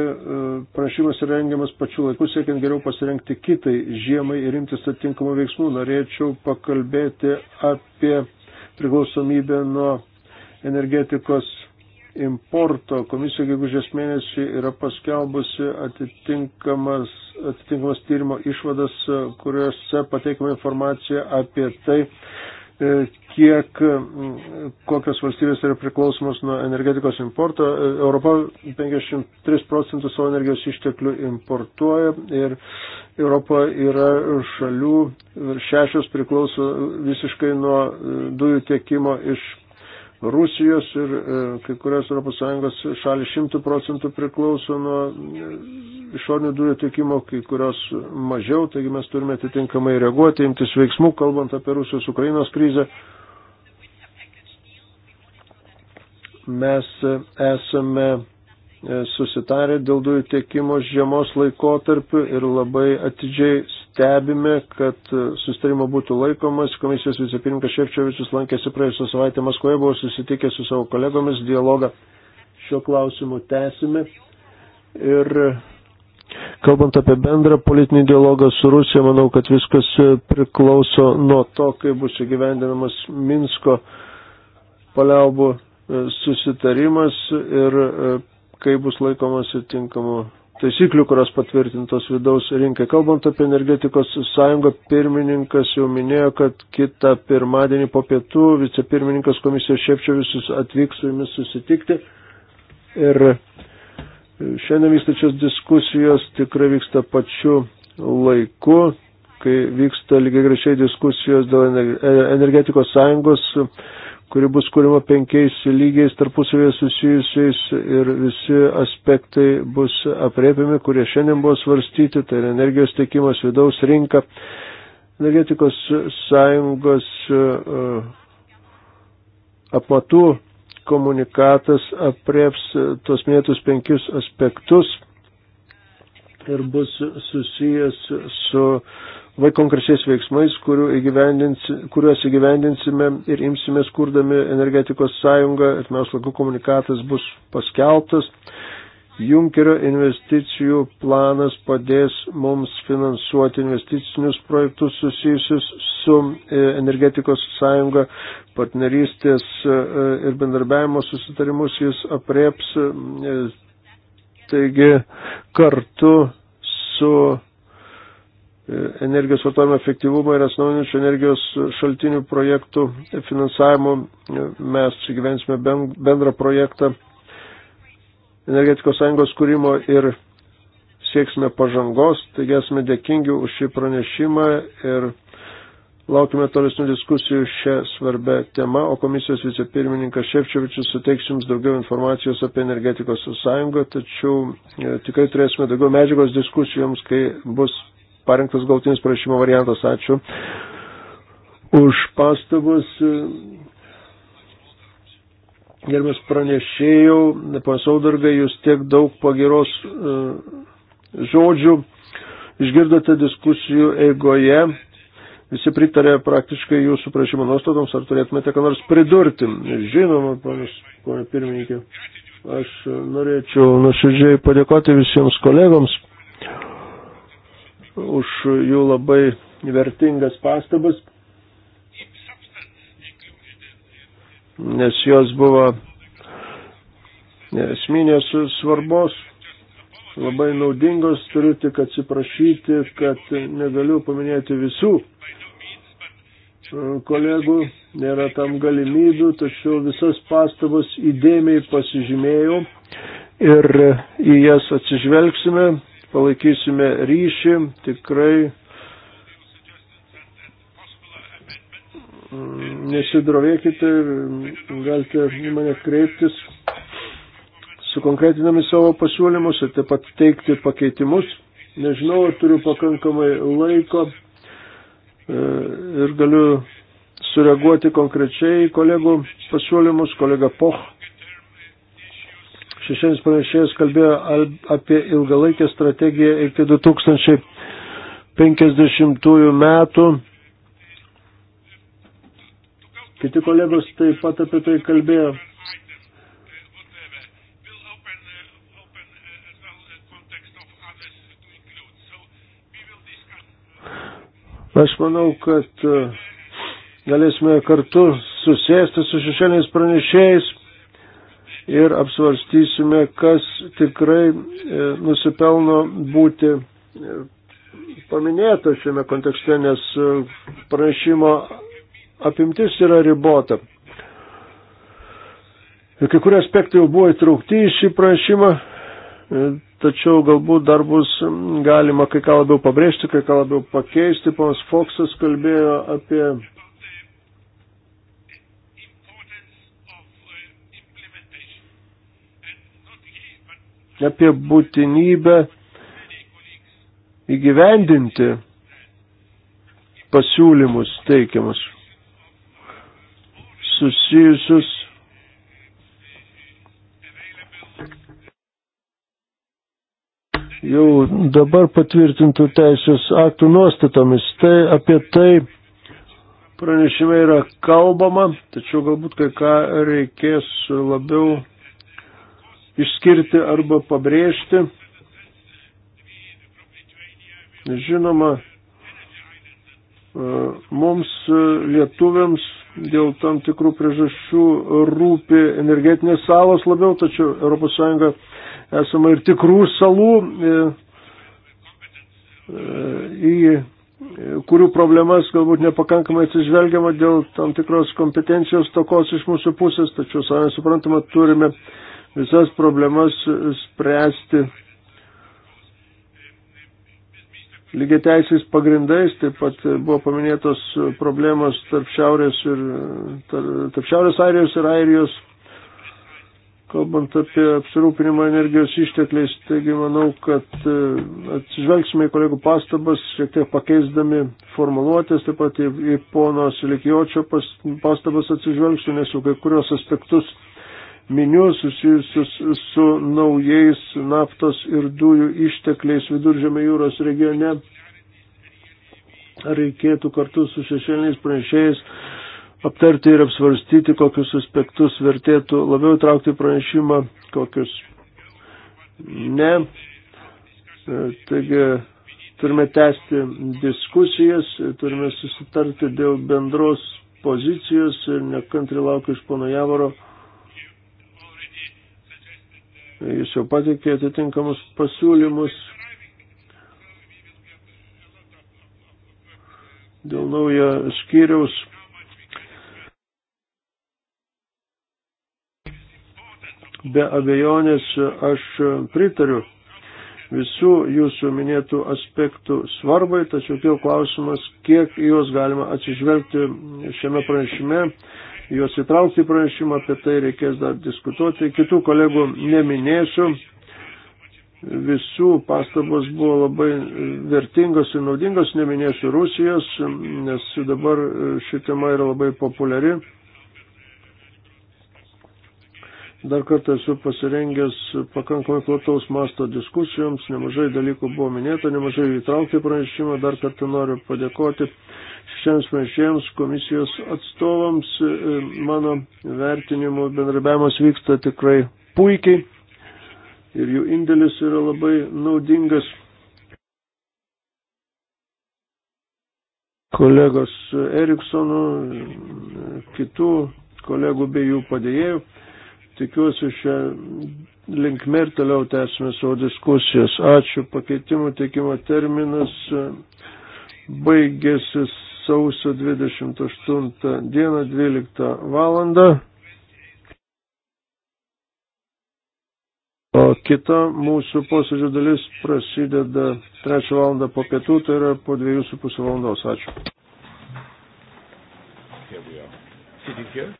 S1: prašymas rengiamas pačiu laiku, siekiant geriau pasirengti kitai žiemai ir imtis atitinkamų veiksmų. Norėčiau pakalbėti apie priklausomybę nuo energetikos importo. Komisija gegužės mėnesį yra paskelbusi atitinkamas, atitinkamas tyrimo išvadas, kuriuose pateikama informacija apie tai, E, kiek kokios valstybės yra priklausomos nuo energetikos importo. E, Europa 53 procentus savo energijos išteklių importuoja ir Europa yra šalių, šešios priklauso visiškai nuo e, dujų tiekimo iš Rusijos ir e, kai kurios ES šalis šimtų procentų priklauso nuo e, išorinių dujų tiekimo, kai kurios mažiau, taigi mes turime atitinkamai reaguoti, imtis veiksmų, kalbant apie Rusijos Ukrainos krizę. Mes e, esame E, susitarę dėl dujų tiekimo žiemos laikotarpiu ir labai atidžiai stebime, kad sustarimo būtų laikomas. Komisijos vicepirmininkas Šefčiovičius lankėsi praėjusią savaitę Maskvoje, buvo susitikę su savo kolegomis, dialogą šiuo klausimu tęsime. Ir Kalbant apie bendrą politinį dialogą su Rusija, manau, kad viskas priklauso nuo to, kaip bus įgyvendinamas Minsko paliaubų e, susitarimas ir e, kai bus laikomasi tinkamų taisyklių, kurios patvirtintos vidaus rinkai. Kalbant apie energetikos sąjungą, pirmininkas jau minėjo, kad kitą pirmadienį po pietų vicepirmininkas komisijos Šepčiovis atvyks su jumis susitikti. Ir šiandien vykstačios diskusijos tikrai vyksta pačiu laiku, kai vyksta lygiai grečiai diskusijos dėl e-, energetikos sąjungos kuri bus kūrima penkiais lygiais tarpusavėje susijusiais ir visi aspektai bus apriepiami, kurie šiandien buvo svarstyti, tai yra energijos tiekimas, vidaus rinka, energetikos sąjungos e, apmatų komunikatas aprieps tuos minėtus penkius aspektus ir bus susijęs su vai konkrečiais veiksmais, įgyvendins, kuriuos įgyvendinsime ir imsimės kurdami energetikos sąjungą ir mes laiku komunikatas bus paskeltas. Junkerio investicijų planas padės mums finansuoti investicinius projektus susijusius su e, energetikos sąjunga, partnerystės e, e, ir bendarbiavimo susitarimus jis apreps. Taigi kartu su e, energijos vartojimo efektyvumo ir atsinaujinančių energijos šaltinių projektų finansavimo. E, mes gyvensime bendrą projektą energetikos sąjungos kūrimo ir sieksime pažangos, taigi esame dėkingi už šį pranešimą ir Laukime tolesnių diskusijų šią svarbę temą, o komisijos vicepirmininkas Ševčiovičius suteiks jums daugiau informacijos apie energetikos sąjungą, tačiau e, tikrai turėsime daugiau medžiagos diskusijoms, kai bus parinktas gautinis prašymo variantas. Ačiū už pastabus. Gerbės pranešėjau, pasaudargai, jūs tiek daug pagiros e, žodžių išgirdote diskusijų eigoje. Visi pritarė praktiškai jūsų prašymo nuostatoms, ar turėtumėte ką nors pridurti? Žinoma, panas, ponė pirmininkė, aš norėčiau nuoširdžiai padėkoti visiems kolegoms už jų labai vertingas pastabas, nes jos buvo esminės svarbos, labai naudingos, turiu tik atsiprašyti, kad negaliu paminėti visų kolegų, nėra tam galimybių, tačiau visas pastabas įdėmiai pasižymėjau ir į jas atsižvelgsime, palaikysime ryšį, tikrai nesidrovėkite ir galite į mane kreiptis sukonkretinami savo pasiūlymus ir taip pat teikti pakeitimus. Nežinau, ar turiu pakankamai laiko E, ir galiu sureaguoti konkrečiai kolegų pasiūlymus. Kolega Poch šešiems pranešėjas kalbėjo apie ilgalaikę strategiją iki 2050 metų. Kiti kolegos taip pat apie tai kalbėjo. Aš manau, kad e, galėsime kartu susėsti su šešėliais pranešėjais ir apsvarstysime, kas tikrai e, nusipelno būti e, paminėta šiame kontekste, nes pranešimo apimtis yra ribota. Ir kai kurie aspektai jau buvo įtraukti į šį pranešimą, tačiau galbūt dar bus galima kai ką labiau pabrėžti, kai ką labiau pakeisti. Ponas Foksas kalbėjo apie. apie būtinybę įgyvendinti pasiūlymus teikiamus susijusius jau dabar patvirtintų teisės aktų nuostatomis. Tai apie tai pranešime yra kalbama, tačiau galbūt kai ką reikės labiau išskirti arba pabrėžti. Žinoma, mums lietuviams dėl tam tikrų priežasčių rūpi energetinės salos labiau, tačiau ES esama ir tikrų salų, e, e, į e, kurių problemas galbūt nepakankamai atsižvelgiama dėl tam tikros kompetencijos tokos iš mūsų pusės, tačiau savai suprantama, turime visas problemas spręsti lygiai teisės pagrindais, taip pat buvo paminėtos problemos tarp Šiaurės, ir, tarp šiaurės Airijos ir Airijos, kalbant apie apsirūpinimą energijos ištekliais. Taigi manau, kad e, atsižvelgsime į kolegų pastabas, šiek tiek pakeisdami formuluotės, taip pat į, į pono Silikijočio pastabas atsižvelgsiu, nes jau kai kurios aspektus minių susijusius su naujais naftos ir dujų ištekliais viduržėme jūros regione. Reikėtų kartu su šešėliniais pranešėjais aptarti ir apsvarstyti, kokius aspektus vertėtų labiau traukti pranešimą, kokius ne. E, taigi turime tęsti diskusijas, turime susitarti dėl bendros pozicijos ir nekantri laukiu iš pono Javoro Jis jau pateikė atitinkamus pasiūlymus dėl naujo skyriaus. Be abejonės aš pritariu visų jūsų minėtų aspektų svarbai, tačiau kėl klausimas, kiek juos galima atsižvelgti šiame pranešime, juos įtraukti į pranešimą, apie tai reikės dar diskutuoti. Kitų kolegų neminėsiu. Visų pastabos buvo labai vertingos ir naudingos, neminėsiu Rusijos, nes dabar ši tema yra labai populiari. Dar kartą esu pasirengęs pakankamai plataus masto diskusijoms, nemažai dalykų buvo minėta, nemažai įtraukti pranešimą, dar kartą noriu padėkoti šiems pranešėjams, komisijos atstovams. Mano vertinimu bendrabiavimas vyksta tikrai puikiai ir jų indėlis yra labai naudingas. Kolegos Eriksonų, kitų kolegų bei jų padėjėjų tikiuosi šią linkmę ir toliau tęsime savo diskusijas. Ačiū. Pakeitimų teikimo terminas e, baigėsi sausio 28 dieną 12 valandą. O kita mūsų posėdžio dalis prasideda 3 valandą po pietų, tai yra po 2,5 valandos. Ačiū.
S2: Here we are. Sitting here?